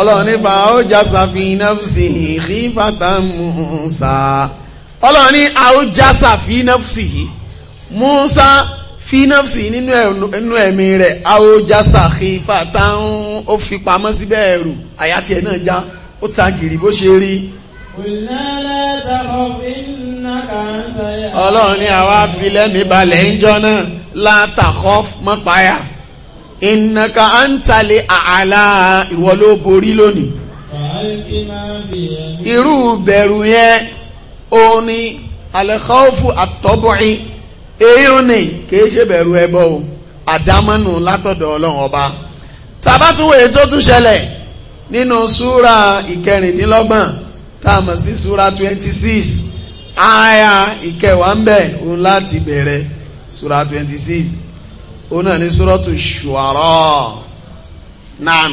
ọlọ́run ní fa ó jásà fi nafsi kí fata musa ọlọ́run ní a ó jásà fi nafsi musa fi nafsi nínú ẹ̀mí rẹ̀ a ó jásà kí fata ó fi pamọ́ síbẹ̀ ẹ̀rù àyàtì ẹ̀ náà já ó ta gìrì bó ṣe rí ọlọ́run ni àwa fi lẹ́mí balẹ̀ ń jọ náà látàkọ́ mọ́páyà ìnàkà à ń talẹ̀ àhàlà ìwọ ló borí lónìí irú bẹ̀rù yẹn ó ní alẹ́kọ́ọ̀fù àtọ́bọ̀in èyí ni kìí ṣe bẹ̀rù ẹbọ àdámọ́nù látọ̀dọ̀ ọlọ́run ọba tàbátúwèé tó tún ṣẹlẹ̀ nínú súra ìkẹrìndínlọ́gbọ̀n táàmà sí súra 26 aya ìkẹwàá ń bẹ̀ òun láti bẹ̀rẹ̀ súra 26 òun náà ní tó ṣùwárọ̀ náà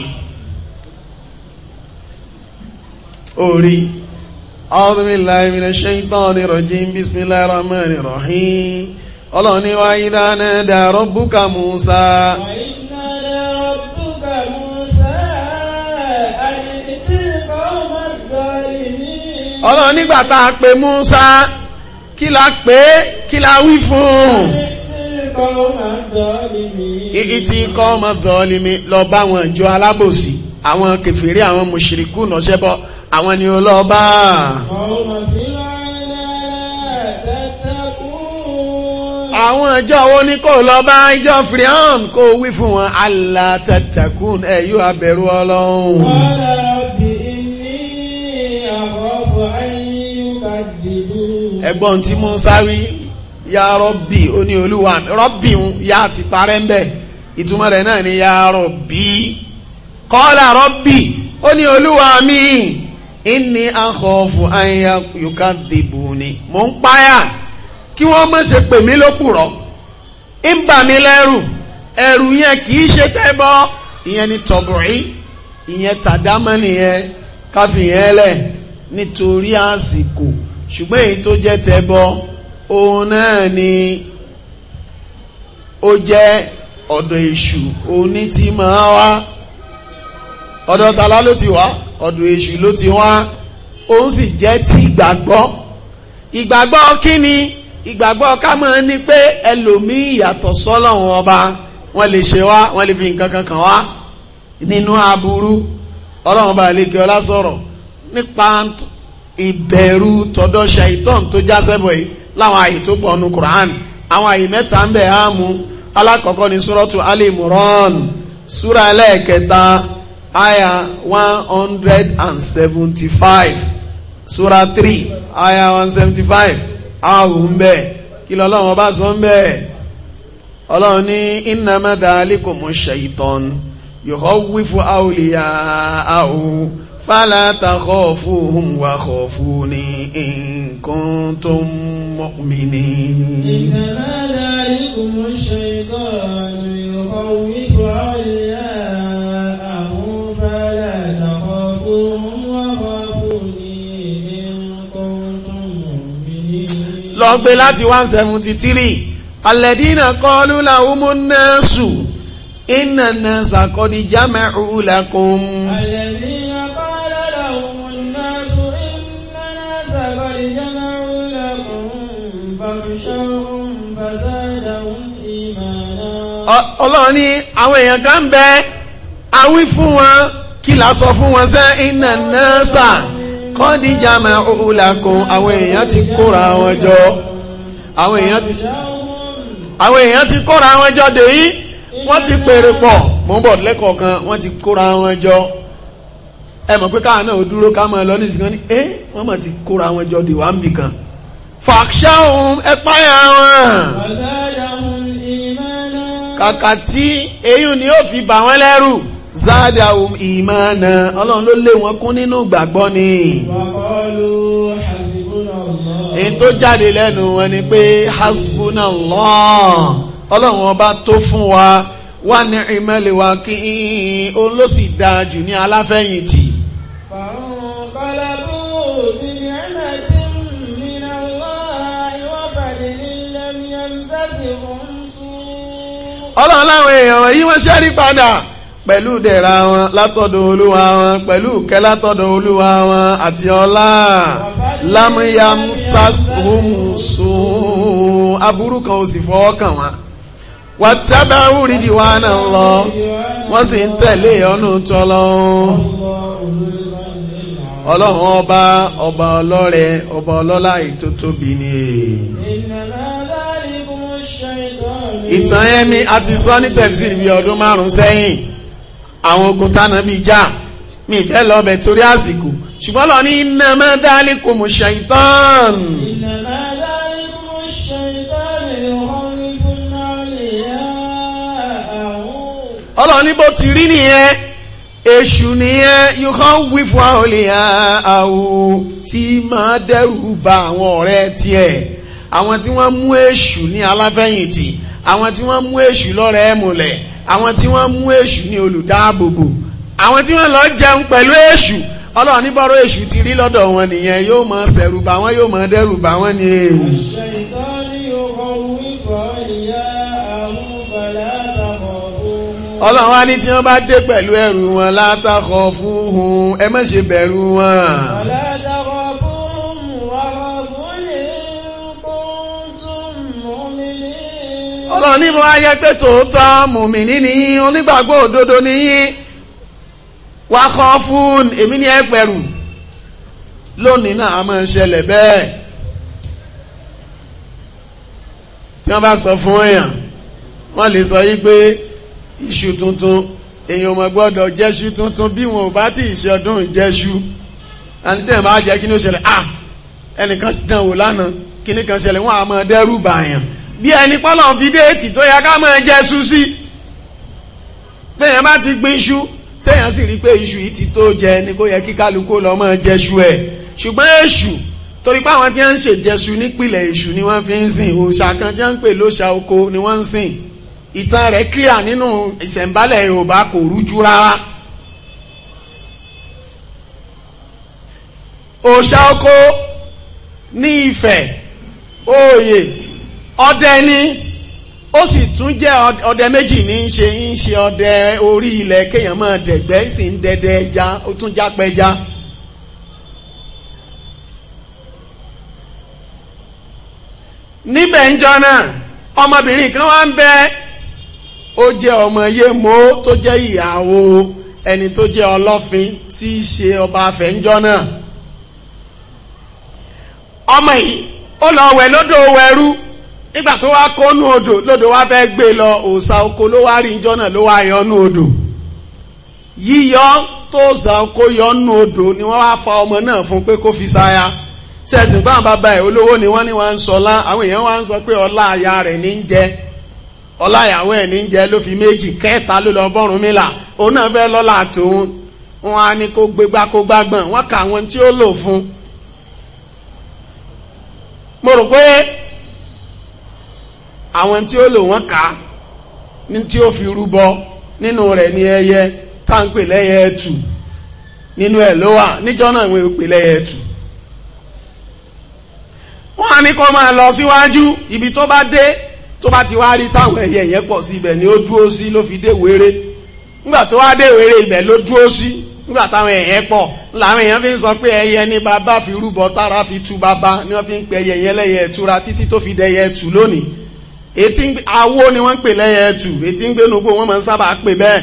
orí أعوذ بالله من ní الرجيم بسم الله الرحمن الرحيم ọlọ́ni wa Musa. ọlọ́run nígbà tá a pè Musa kí la pè é kí la wí fún ìtì ikọ́ ọmọ dọ́ọ̀lìmí lọ bá wọn jọ alábòsí àwọn kèfèrí àwọn mùṣìríkù nọ́ṣẹ́bọ́ àwọn ni ó lọ bá àwọn ìjọ wo ni kò lọ bá ìjọ fìrìhàn kò wí fún wọn alátàtàkùn ẹ̀yọ́ abẹ̀rù ọlọ́run ẹ̀gbọ́n tí Musa wí ya rọ́bì ó ní olúwa rọ́bì ya ti parẹ́ ń ìtumọ̀ rẹ̀ náà ni ya rọ́bì kọ́lá rọ́bì ó ní olúwa mi inni akhafu an yukadhibuni mò ń páyà kí wọ́n má ṣe pè mí lókùrọ́ ń bà mí lẹ́rù ẹ̀rù yẹn kì í ṣe tẹ́bọ́ ìyẹn ni tọ̀bùrí ìyẹn tàdámọ́ nìyẹn káfíńyẹn lẹ̀ nítorí àsìkò ṣùgbọ́n èyí tó jẹ́ tẹbọ òun náà ni ó jẹ́ ọ̀dọ̀ èṣù òní ti máa wá ọ̀dọ̀ tàlá ló ti wá ọ̀dọ̀ èṣù ló ti wá òun sì jẹ́ ti ìgbàgbọ́ ìgbàgbọ́ kí ni ìgbàgbọ́ ká mọ̀ ní pé ẹlòmíì ìyàtọ̀ sọ́lọ́run ọba wọ́n lè ṣe wá wọ́n lè fi nǹkan kankan wá nínú aburú ọlọ́run bá lè ọlá sọ̀rọ̀ nípa ìbẹ̀rù tọ̀dọ̀ ṣàìtàn tó já sẹ́bọ̀ yìí láwọn àyè tó pọ̀ nu Quran àwọn àyè mẹ́ta ń bẹ̀ á alákọ̀ọ́kọ́ ni súrọ́tù alimuran Imran súra ẹlẹ́ẹ̀kẹta aya one hundred and seventy five súra three aya one seventy five ààrùn ń bẹ̀ kí lọ́lọ́run bá sọ ń bẹ̀ ọlọ́run ní innama dhalikum ṣàìtàn yòówù fún àwòlíyà àwòrán fala takhafuhum wa khafuni in kuntum mu'minin. Innama dhalikumu ash-shaytanu yukhawwifu awliya'ahu fala takhafuhum wa khafuni in kuntum mu'minin. Lọ gbé láti one seventy three alẹ́dínà qalu lahumu an-nasu inna an-nasa qad jama'u lakum. alẹ́dínà. ọlọ́run ní àwọn èèyàn kan bẹ awí fún wọn kí là sọ fún wọn sẹ́ iná náà sà kọ́díjà máa òhùlàkùn àwọn èèyàn ti kóra wọn jọ àwọn èèyàn ti kóra wọn jọ dèyí wọ́n ti pèrè pọ̀ mọ́ bọ̀ lẹ́kọ̀ọ́ kan wọ́n ti kóra wọn jọ ẹ mọ̀ pé káà náà dúró ká máa lọ nísìkan ní ẹ́ wọ́n máa ti kóra wọn jọ dèwà ń bì kan fàṣà ohun ẹ páyà wọn kàkà tí eyín ni ó fi bà wọ́n lẹ́rù záàdà ìmánà ọlọ́run ló lé wọn kún nínú ìgbàgbọ́ ni. èyí tó jáde lẹ́nu wọn ni pé hasbunallah ọlọ́run ọba tó fún wa wà ní ìmọ̀lẹ́wà kí n ló sì dáa jù ní aláfẹ̀yìntì. ọlọ́run láwọn èèyàn wọ̀nyí wọ́n ṣẹ́rí padà pẹ̀lú dẹ̀ra wọn látọ̀dọ̀ olúwa wọn pẹ̀lú kẹ́ látọ̀dọ̀ olúwa wọn àti ọlá lámúyàm sásùmùsù aburú kan ò sì fọwọ́ kàn wọn wà tábà wúrídì wà náà lọ wọ́n sì ń tẹ̀lé ọ̀nà tọ́lọ́ ọlọ́run ọba ọba ọlọ́rẹ ọba ọlọ́lá ètò tóbi ni ìtàn ẹ̀mí a ti sọ ní tẹ̀sí bí ọdún márùn-ún sẹ́yìn àwọn ogun tánà bíi já mi ìfẹ́ lọ bẹ̀ torí àsìkò ṣùgbọ́n lọ ní iná máa dálé kò mú ṣàìtàn. ọlọ́ni bó ti rí nìyẹn èṣù nìyẹn yóò wí fún àwọn olè àwọn tí máa dẹ́rù bà àwọn ọ̀rẹ́ tiẹ̀ àwọn tí wọ́n mú èṣù ní aláfẹ̀yìntì àwọn tí wọ́n mú èṣù lọ́rẹ̀ ẹ̀mùlẹ̀ àwọn tí wọ́n mú èṣù ní olùdáàbòbò àwọn tí wọ́n lọ jẹun pẹ̀lú èṣù ọlọ́run ní bọ́rọ̀ èṣù ti rí lọ́dọ̀ wọn nìyẹn yóò máa ṣẹ̀rù bà wọ́n yóò máa dẹ́rù bà wọ́n ní èèwù. ọlọ́run wá ní tí wọ́n bá dé pẹ̀lú ẹ̀rù wọn látàkọ̀ fún un ẹ má ṣe bẹ̀rù wọn. ọlọ́run ní mo ayẹ pé tòótọ́ mùmìnì nìyí onígbàgbọ́ òdodo nìyí wà kọ́ fún èmi ní ẹgbẹ̀rún lónìí náà a máa ń ṣẹlẹ̀ bẹ́ẹ̀ tí wọ́n bá sọ fún èèyàn wọ́n lè sọ yí pé iṣu tuntun èèyàn ò gbọ́dọ̀ jẹ́ṣu tuntun bí wọn ò bá tí ìṣe ọdún jẹ́ṣu àti tẹ̀ máa jẹ́ kí ni ó ṣẹlẹ̀ ah ẹnìkan dánwò lánàá kí ni kan ṣẹlẹ̀ wọ́n á máa dẹ́rù bàyàn bí ẹni pọ́lọ̀ fi déètì tó yẹ ká máa jẹ ṣu sí téèyàn bá ti gbin iṣu téèyàn sì rí pé iṣu yìí ti tó jẹ ni kó yẹ kí kálukú lọ máa jẹ ṣu ẹ̀ ṣùgbọ́n èṣù torí pé àwọn tí wọ́n ń ṣèjẹṣu nípìnlẹ̀ èṣù ni wọ́n fi ń sìn òòṣà kan tí wọ́n ń pè lóṣà oko ni wọ́n ń sìn ìtàn rẹ̀ kíá nínú ìṣẹ̀ǹbálẹ̀ Yorùbá kò rújú rárá. òòṣà oko ní Ifẹ̀ Òòyè ọdẹ ni ó sì tún jẹ́ ọdẹ méjì ní í ṣe ń ṣe ọdẹ orí ilẹ̀ kéèyàn máa dẹ̀gbẹ́ sì ń dẹdẹ ẹja ó tún jápẹja. níbẹ̀ ń jọ náà ọmọbìnrin kan wá ń bẹ ó jẹ ọmọ yémo tó jẹ ìyàwó ẹni tó jẹ́ ọlọ́fin tí í ṣe ọba àfẹ́ńjọ́ náà ọmọ yìí ó lọ wẹ̀ lódò nígbà tó wá kó nú odò lódò wá fẹ́ gbé lọ òòsà oko ló wá rí ìjọ náà ló wá yọ nú odò yíyọ tó òòsà oko yọ nú ni wọ́n wá fa ọmọ náà fún pé kó fi sáyà ẹ̀sìn báwọn bàbá ẹ̀ olówó ni wọ́n ní wọ́n ń sọ àwọn èèyàn wá ń sọ pé ọlá aya rẹ̀ ní ń jẹ ọlá ìyàwó ẹ̀ ní méjì kẹta lọ àwọn tí ó lò wọ́n ká ní tí ó fi rúbọ nínú rẹ̀ ní ẹyẹ táǹpè lẹ́yẹ ẹ̀tù nínú ẹ̀ ló wà níjọ́ náà wọ́n pè lẹ́yẹ ẹ̀tù wọ́n á ní kó máa lọ síwájú ibi tó bá dé tó bá ti wá rí táwọn ẹyẹ yẹn pọ̀ sí ibẹ̀ ni ó dúró sí ló fi dé wéré nígbà tó wá dé wéré ibẹ̀ ló dúró sí nígbà táwọn ẹyẹ pọ̀ làwọn èèyàn fi ń sọ pé ẹyẹ ní bàbá fi rúbọ tára fi tu bàbá ni wọ́n fi ń pe ẹyẹ yẹn lẹ́yẹ ẹ̀tura títí tó fi dẹyẹ ẹ̀tù lónìí etí ń awó ni wọ́n ń pè lẹ́yẹ ẹ̀tù etí ń gbé nugbó wọ́n máa ń sábà pè bẹ́ẹ̀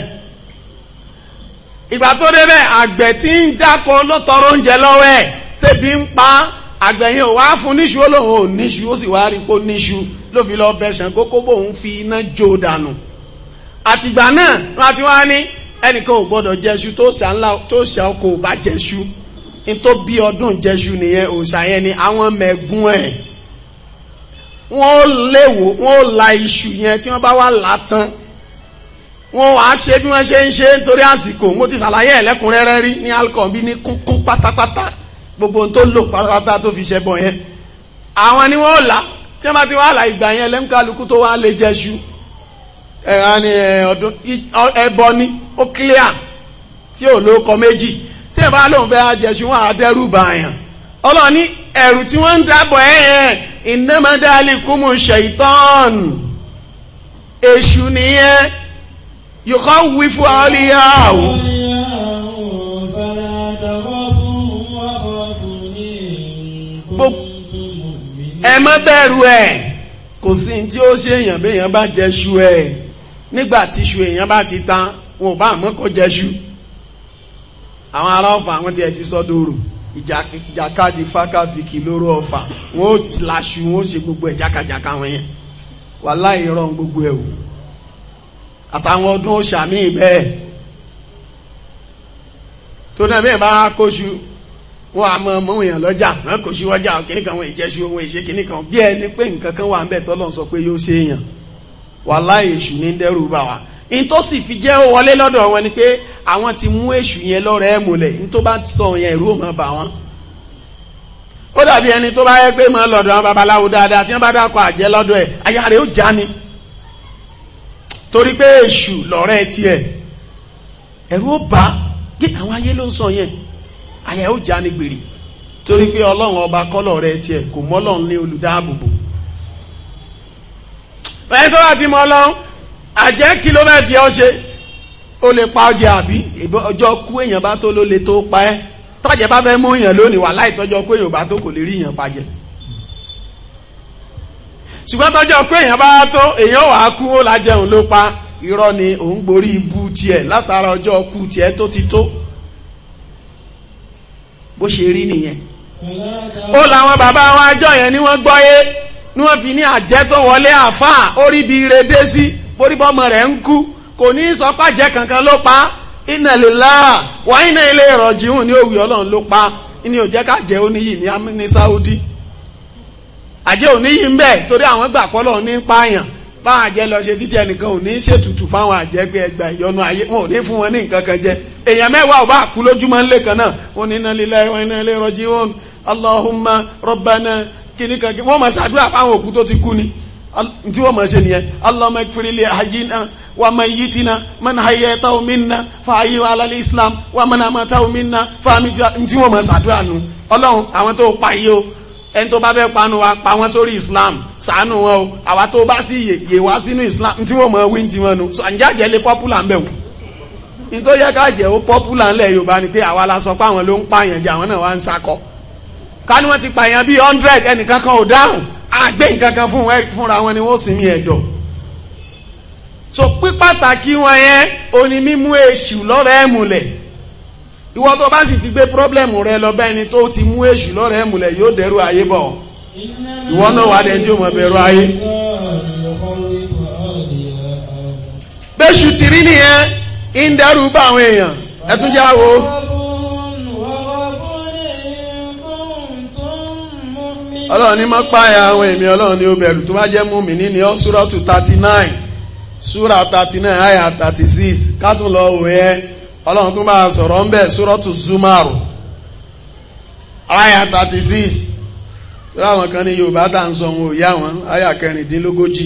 ìgbà tó dé bẹ́ẹ̀ àgbẹ̀ tí ń dákọ lọ́tọ̀rọ̀ oúnjẹ lọ́wọ́ ẹ̀ tẹ́bi ń pa àgbẹ̀ yẹn ò wá fún níṣu ó lòun ò níṣu ó sì wá rí pó níṣu ló fi lọ bẹ Ṣàngó kó bóun fi iná jó dànù àtìgbà náà wọ́n ti wá ní ẹnìkan ò gbọ́dọ̀ jẹ́ṣu tó ṣà ọkọ̀ ò bá jẹ́ṣu ní tó bí ọdún jẹ́ṣu nìyẹn òòṣà yẹn ni àwọn mẹ̀gún ẹ̀ wọ́n léwò wọ́n la iṣu yẹn tí wọ́n bá wá látán wọ́n wá ṣe bí wọ́n ṣe ń ṣe nítorí àsìkò mo ti ṣàlàyé ẹ̀lẹ́kùnrẹ́rẹ́ rí ní alcohol bí ní kúnkún pátápátá gbogbo ohun tó lò pátápátá tó fi ṣẹbọ yẹn àwọn ni wọ́n là tí wọ́n bá ti wá là ìgbà yẹn lẹ́mkálukú tó wá lè jẹ ṣu ẹ̀rọ ni ọdún ó clear tí ò lóko méjì tí ìbá lóun fẹ́ jẹ ṣu wọn àdẹ́rù bàyàn ọlọ́run ní ẹ̀rù tí wọ́n ń dábọ̀ ẹ̀yẹn ìnámọ́dálì kúmù ṣẹ̀tọ́n èṣù nìyẹn yòókọ́ wí fún ọlíyàwó. ẹ má bẹ̀rù ẹ̀ kò sí tí ó ṣe èèyàn béèyàn bá jẹ́ṣu ẹ̀ nígbà tí ṣu èèyàn bá ti tán wọn ò bá àmọ́ kó jẹ́ṣu àwọn ará ọ̀fà àwọn tiẹ̀ ti sọ́dọ̀ òrùn ìjàkadì fákàfìkì lóró ọfà wọn ó laṣu wọn ó ṣe gbogbo ẹ̀ jákàjáká wọn yẹn wà láì rán gbogbo ẹ̀ wò àtàwọn ọdún òṣàmì bẹ́ẹ̀ tó náà bẹ́ẹ̀ bá kóṣù wọn a mọ ọmọ èèyàn lọ́jà wọn kò sí wọ́jà kìíní kan wọn ìjẹ́sù ohun ìṣe kìíní kan bí ẹni pé nǹkan kan wà ń bẹ̀ tọ́lọ́run sọ pé yóò ṣe èèyàn wà láì èṣù ní dẹ́rù bà wá in tó sì fi jẹ́ wọlé lọ́dọ̀ wọn ni pé àwọn ti mú èṣù yẹn lọ́rẹ̀ ẹ́ mọ́lẹ̀ in tó bá sọ yẹn ìrú mọ́ bà wọ́n ó dàbí ẹni tó bá yẹ pé mọ́ lọ́dọ̀ àwọn babaláwo dáadáa tí wọ́n bá dákọ̀ àjẹ́ lọ́dọ̀ ẹ̀ aya rẹ̀ ó já ni torí pé èṣù lọ́rẹ̀ tiẹ̀ ẹ̀rú ó bá gé àwọn ayé ló ń sọ yẹn aya ó já ni gbèrè torí pé ọlọ́run ọba kọ́lọ̀ rẹ̀ tiẹ̀ kò mọ́lọ́run ní olùdáàbòbò àjẹ́ kìlómẹ́tì ọ ṣe ó lè pa ọjẹ́ àbí ọjọ́ kú èèyàn bá tó ló lè tó pa ẹ́ tọ́jẹ́ bá fẹ́ mú èèyàn lónìí wà láìtọ́jọ́ kú èèyàn bá tó kò lè rí èèyàn pàjẹ́ ṣùgbọ́n tọ́jọ́ kú èèyàn bá tó èèyàn wà á kú ó lájẹun ló pa irọ́ ni òun gborí ibú tiẹ̀ látara ọjọ́ kú tiẹ̀ tó ti tó bó ṣe rí nìyẹn ó làwọn bàbá wa jọ yẹn ni wọ́n gbọ́yé ni wọ́n fi ní àjẹ́ tó wọlé àfáà ó rí bí ire dé sí oribọ rẹ̀ ń kú kò ní sọ pàjẹ́ kankan ló pa iná lílá wà iná ilé ìrọ̀jìhùn ní òwì ọlọ́run ló pa ní òjẹ́ kájẹ́ oníyì ní Saudi àjẹ́ oníyì ń bẹ̀ torí àwọn ní pààyàn báwọn ṣe títí ẹnìkan ò ní ṣètùtù fáwọn àjẹ́ pé ẹgbà ìyọnu ayé wọn ò fún wọn ní kan jẹ èèyàn mẹ́wàá ò bá kú lójúmọ́ ńlẹ̀ kan náà wọn ní tí wọ́n mọ̀ ṣe nìyẹn allahumma ighfir li hayyina wa mayyitina man hayyatahu minna fa hayyihu ala al-islam wa man amatahu minna fa amija tí wọ́n mọ̀ ṣàdúrà nù ọlọ́run àwọn tó pa yìí o ẹni tó bá fẹ́ panu wa pa wọn sórí islam ṣàánú wọn o àwa tó bá sí yè wá sínú islam tí wọ́n mọ̀ wí ti wọn nù àǹjájẹ́ lé pọ́pùlà ń bẹ̀ wò nítorí yẹ ká jẹ́ ó pọ́pùlà ńlẹ̀ yorùbá ni pé àwa la sọ pé àwọn ló ń pààyàn jẹ àwọn náà wá ń sakọ ká ní wọ́n ti pààyàn bíi hundred ẹnìkan kan ò dáhùn àgbé nǹkankan fún fúnra wọn ni wọ́n sì ní ẹ̀dọ̀ so pípàtàkì wọn yẹn o ní mímú èṣù lọ́rẹ̀ ẹ̀mùlẹ̀ ìwọ tó bá sì ti gbé pírọ́blẹ̀mù rẹ lọ bá ẹni tó ti mú èṣù lọ́rẹ̀ ẹ̀mùlẹ̀ yóò dẹ̀rù ayé bọ̀ ìwọ náà wà dẹ̀ tí o mọ̀ bẹ̀rù ayé bẹ́ṣù ti rí nìyẹn ń dẹ́rù bá àwọn èèyàn ẹ tún jáwó. ọlọ́run ní mọ́ páyà àwọn èmi ọlọ́run ní ó tó bá jẹ́ mùmínì ní ọ́ súrọ́tù 39 súrà 39 àyà 36 kátó lọ òwe ẹ ọlọ́run tó bá sọ̀rọ̀ ń bẹ̀ súrọ́tù zumaru àyà 36 kan ní yorùbá tá ń wọn ò yá wọn àyà kẹrìndínlógójì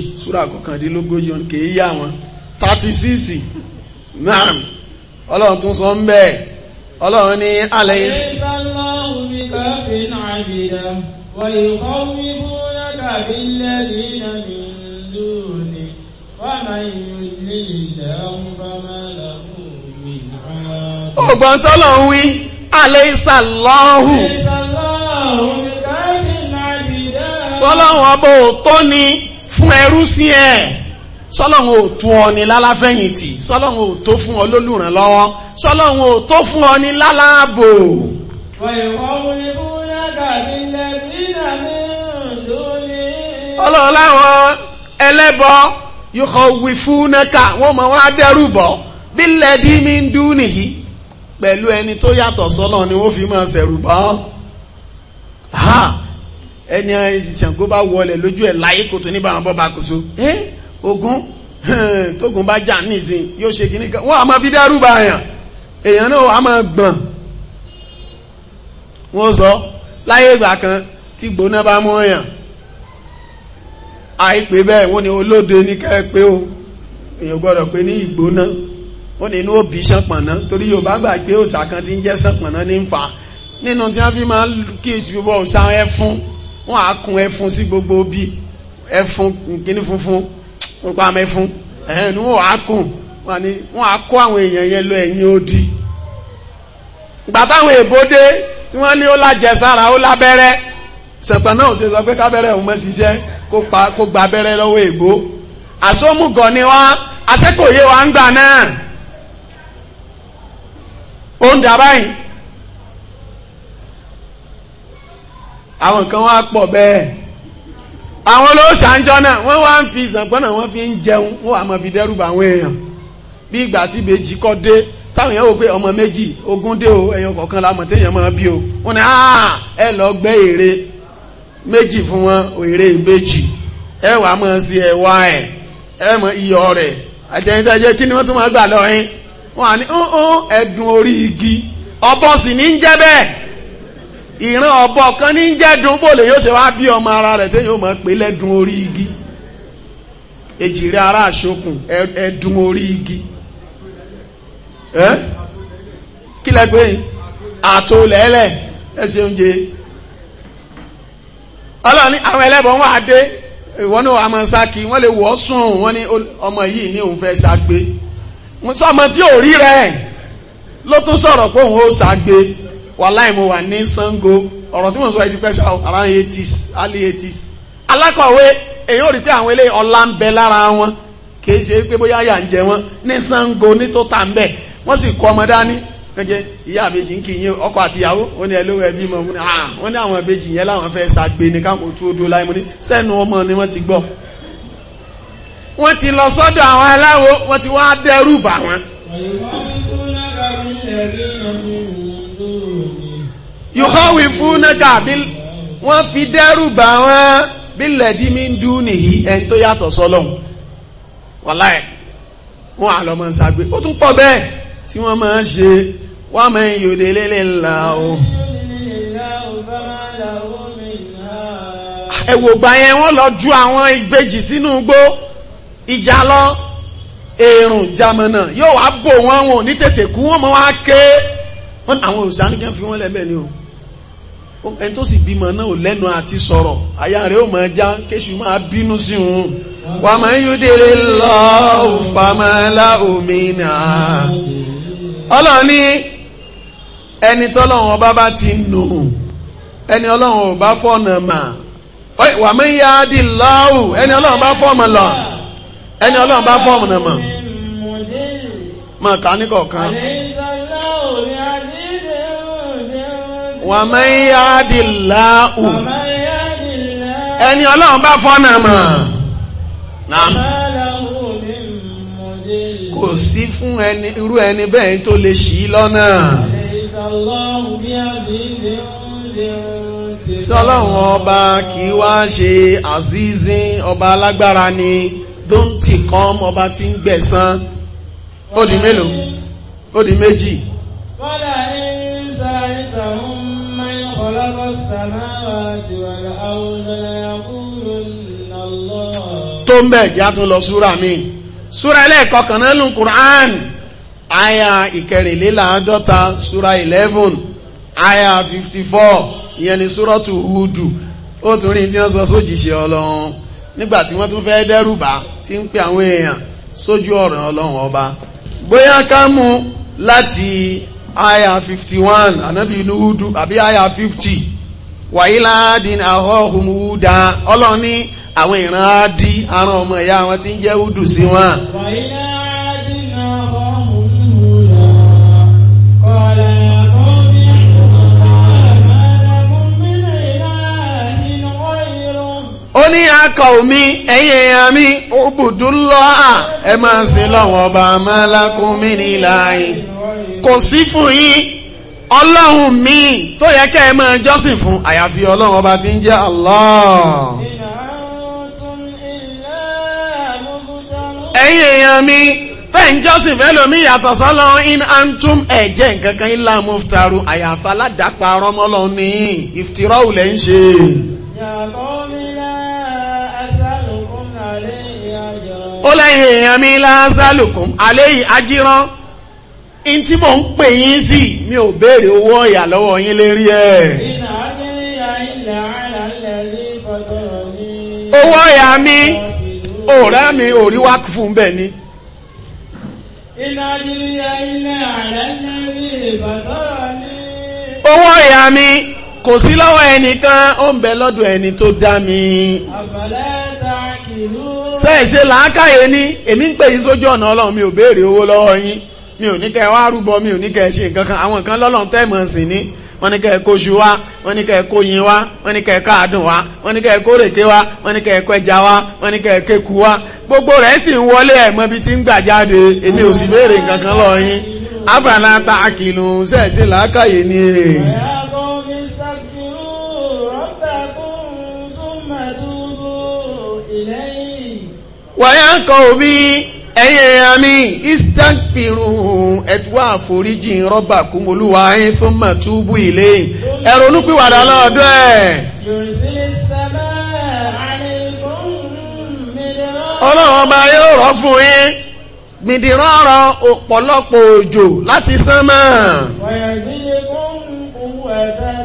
kọkàndínlógójì wọn kì í yá wọn 36 náà ọlọ́run tó sọ ń bẹ̀ ọlọ́run ní yìí. ويخوفونك بالذين من دونه ومن يضلل الله فما له مِنْ هاد ọgbọ́n tọ́lọ̀ ń wí aláìsàlọ́hù sọ́lọ́hùn ọba ò tó ni fún ẹrú sí ẹ̀ sọ́lọ́hùn ò tó ọ ni láláfẹ̀yìntì sọ́lọ́hùn ò tó fún ọ lólùrànlọ́wọ́ sọ́lọ́hùn ò tó fún ọ ni lálábò. wọ́n ìwọ́n mú ikú yá gàdí ọlọ́run láwọn ẹlẹ́bọ yukhawwifunaka wọ́n mọ̀ wọ́n á dẹ́rù bọ̀ bílẹ̀ dí mi ń dún nìyí pẹ̀lú ẹni tó yàtọ̀ sọ́nà ni wọ́n fi máa ṣẹ̀rù bọ́ ha ẹni Ṣàngó bá wọlẹ̀ lójú ẹ̀ láyé kò tó níbà wọn bọ́ bá kò so ẹ́ ogun [laughs] tógun bá jà nísìn yóò ṣe kíní kan wọ́n a máa fi dẹ́rù bá yàn èèyàn náà a máa gbọ̀n wọ́n sọ láyé ìgbà kan tí gbóná bá mú yàn àìpé bẹ́ẹ̀ wọ́n ní olóde ní kẹ́ẹ̀pẹ́ o èyàn gbọ́dọ̀ pé ní ìgbóná wọ́n ní inú òbí ṣànpọ̀nà torí yóò bá gbà pé òsà kan ti ń jẹ́ ṣànpọ̀nà ní fa nínú tí wọ́n fi máa ń kí ìṣubú òsà ẹfun wọ́n á kun ẹfun sí gbogbo bí ẹfun kíní funfun orúkọ àmọ́ ẹfun ẹ̀hẹ́n ni wọ́n á kun wọ́n á kó àwọn èèyàn yẹn lọ ẹ̀yìn odi gbà táwọn èèbó dé tí wọ́n ní ó lájẹsára ó lábẹ́rẹ́ ṣànpọ̀nà ò ṣe sọ pé kábẹ́rẹ́ òun mọ́ ṣiṣẹ́ kó pa kó gba abẹ́rẹ́ lọ́wọ́ ègbó àsomùgọ̀ ni wá asẹ́kòye wa ń gbà náà ó ń dà báyìí àwọn kan wá pọ̀ bẹ́ẹ̀ àwọn olóòṣà ń jọ náà wọ́n wá ń fi ìsànpọ́nà wọ́n fi ń jẹun wọ́n wà mọ̀ fi dẹ́rùbà àwọn èèyàn bí ìgbà tí ìbejì kọ́ dé táwọn èèyàn wò pé ọmọ méjì ogún dé o ẹ̀yàn kọ̀ọ̀kan la mọ̀ téèyàn mọ̀ bí o wọ́n ní ẹ lọ gbẹ́ ère méjì fún wọn òyìnbó ìbejì ẹwà mọ̀ sí ẹwà ẹ̀ ẹmọ iyọ̀ rẹ̀ àtẹ̀yìntẹ́jẹ́ kí ni wọ́n tún máa gbà lọ yín wọ́n ní orí igi ọbọ sì ní ń iran bẹ́ẹ̀ ìran kan ní ń jẹ́ dùn bòlè yóò ṣe wá bí ọmọ ara rẹ̀ igi ejiri ara àṣokùn ẹ̀dùn orí igi kí ọlọ́ni àwọn ẹlẹ́bọn wà dé ìwọ́n ní ọmọ sáàkì wọ́n lè wọ́ sùn wọ́n ní ọmọ yìí ní òun fẹ́ ṣàgbé sọmọ tí ò rí rẹ̀ ló tún sọ̀rọ̀ pé òun ó ṣàgbé wàláhì mo wà ní Ṣàngó ọ̀rọ̀ tí mo sọ ẹtí pẹ́ṣà around eighties early eighties alákọ̀wé èyí ò rí pé àwọn eléyìí ọlá ń bẹ lára wọn kì í ṣe pé bóyá yà ń jẹ wọn ní Ṣàngó ní tó tà ń bẹ̀ wọ́n sì kọ́ ọmọ dání kẹjẹ ìyá àbejì ń kìí ọkọ àti ìyàwó ó ní ẹlówó ẹbí mọ̀ mú ní àà ah. wọ́n ní àwọn àbejì yẹn láwọn fẹ́ sàgbé ní káàkùn tó dó láì mú ní sẹ́nu ọmọ ni wọ́n ti gbọ́ wọ́n ti lọ sọ́dọ̀ àwọn aláwo wọ́n ti wá dẹ́rù bà wọ́n. yòówì fún nága bí wọ́n fi dẹ́rù bà wọ́n bí lẹ́dí mi ń dún nìyí ẹni tó yàtọ̀ sọ́lọ́hún wàláì wọ́n àlọ́ mọ́ sàgbé ó tún pọ̀ bẹ́ẹ̀ tí wọ́n máa ń ṣe ومن يدلل الله ẹ̀wògbà yẹn wọ́n lọ ju àwọn ìbejì sínú igbó ìjà lọ èrùn jamana yóò wá bò wọ́n wọn ní tètè kú wọ́n mọ́ wá ké wọ́n àwọn òrìṣà ní kí wọ́n fi wọ́n lẹ́bẹ̀ẹ́ ni o ẹni tó sì bímọ náà ò lẹ́nu àti sọ̀rọ̀ àyà rẹ̀ ó máa já kéṣù máa bínú sí òun wà máa ń yúdèrè lọ́ọ́ fàmàlà òmìnira ọlọ́ọ̀ni ẹni tọ́lọ́run ọba bá ti nù ẹni ọlọ́run ọba fọ̀nà mà wà mí yá di láwù ẹni ọlọ́run bá fọ̀mù lọ ẹni ọlọ́run bá fọ̀mù nà mà mà kà ní wà mí yá di láwù ẹni ọlọ́run bá fọ̀nà mà nà kò sí fún ẹni irú ẹni bẹ́ẹ̀ tó lè ṣì lọ́nà sọ́lọ́run ọba kì í wá ṣe àzízín ọba alágbára ni dóńtì kan ọba tí ń gbẹ̀san ó di mélòó ó di méjì. kọ́lá ní sáré tàwọn máa ń kọ́ lọ́kọ̀ sàmáwá tiwọn àwọn ọ̀dọ́lẹ́yàkúrò nínú ọlọ́ọ̀. tó ń bẹ̀ já tún lọ súra mi súra ẹlẹ́ẹ̀kọ́ kan náà lù kùrán aya ìkẹrìnléláàádọ́ta sura eleven aya 54 ìyẹn ni suratu hudu ó tún rí tí wọ́n sọ sójìṣẹ́ ọlọ́run nígbà tí wọ́n tún fẹ́ dẹ́rùbà tí ń pè àwọn èèyàn sójú ọ̀ràn ọlọ́run ọba bóyá ká mú láti aya 51 ànábì hudu àbí aya 50 wàhíláàdín àhọ́hùn húdà ọlọ́run ní àwọn ìran á dí aràn ọmọ ìyá wọn tí ń jẹ́ hudu sí wọn. ó ní akọ̀ mi ẹ̀yin èèyàn mi ubudullah ẹ máa sin lọ́wọ́ ọba malakum min ilahi kò sí fún yín ọlọ́run mi tó yẹ kẹ́ ẹ máa jọ́sìn fún àyàfi ọlọ́run ọba tí ń jẹ́ Allah ẹ̀yin èèyàn mi tẹ́yìn jọ́sìn fẹ́lòmí yàtọ̀ sọ́lọ́ in antum ẹ̀jẹ̀ nkankan ilá muftaru àyàfi aládàpá rọmọlọ́ ní ìftirọ́ ulẹ̀ ń ṣe. yàtọ̀ mi ó lẹ́yìn èèyàn mi lásàlùkùn àléyìn ajírán in tí mò ń pè yín sí mi ò béèrè owó ọ̀yà lọ́wọ́ yín lérí ẹ̀. owó ọ̀yà mi ọ̀rẹ́ mi ò rí wákù fún bẹ́ẹ̀ ni. owó ọ̀yà mi kò sí lọ́wọ́ ẹnìkan ó ń bẹ lọ́dọ̀ ẹni tó dá mi. àbálẹ́ ta sẹ́ẹ̀ ṣe làákàyè ní èmi ń pè yín sójú ọ̀nà ọlọ́run mi ò béèrè owó lọ́wọ́ yín mi ò ní kẹ́ wá rúbọ mi ò ní kẹ́ ṣe nǹkan kan àwọn nǹkan lọ́lọ́run tẹ́mọ̀ sí ní wọ́n ní kẹ́ kó ṣu wá wọ́n ní kẹ́ kó yin wá wọ́n ní kẹ́ káàdùn wá wọ́n ní kẹ́ rèké wá wọ́n ní kẹ́ kẹja wá wọ́n ní kẹ́ kéku gbogbo rẹ̀ sì ń wọlé ẹ̀mọ́ bí ti ń gbà jáde èmi ò sì béèrè nǹkan kan yín abàlá ta àkìlù sẹ́ẹ̀ làákàyè ní èèyàn. wàyà kọ́ mi ẹ̀yin ẹ̀yà mi istaghfiru ẹ̀dùwà àforíjì rọ́bà kún olúwa ayé tó mà túbú ilé ẹ̀rọ olúpìwàdà lọ́dọ̀ ẹ̀. ọlọ́run ọba yóò rọ̀ fún yín gbìndínlọ́rọ̀ ọ̀pọ̀lọpọ̀ òjò láti sánmà. wàyà sílẹ̀ kún òwú ẹ̀ta.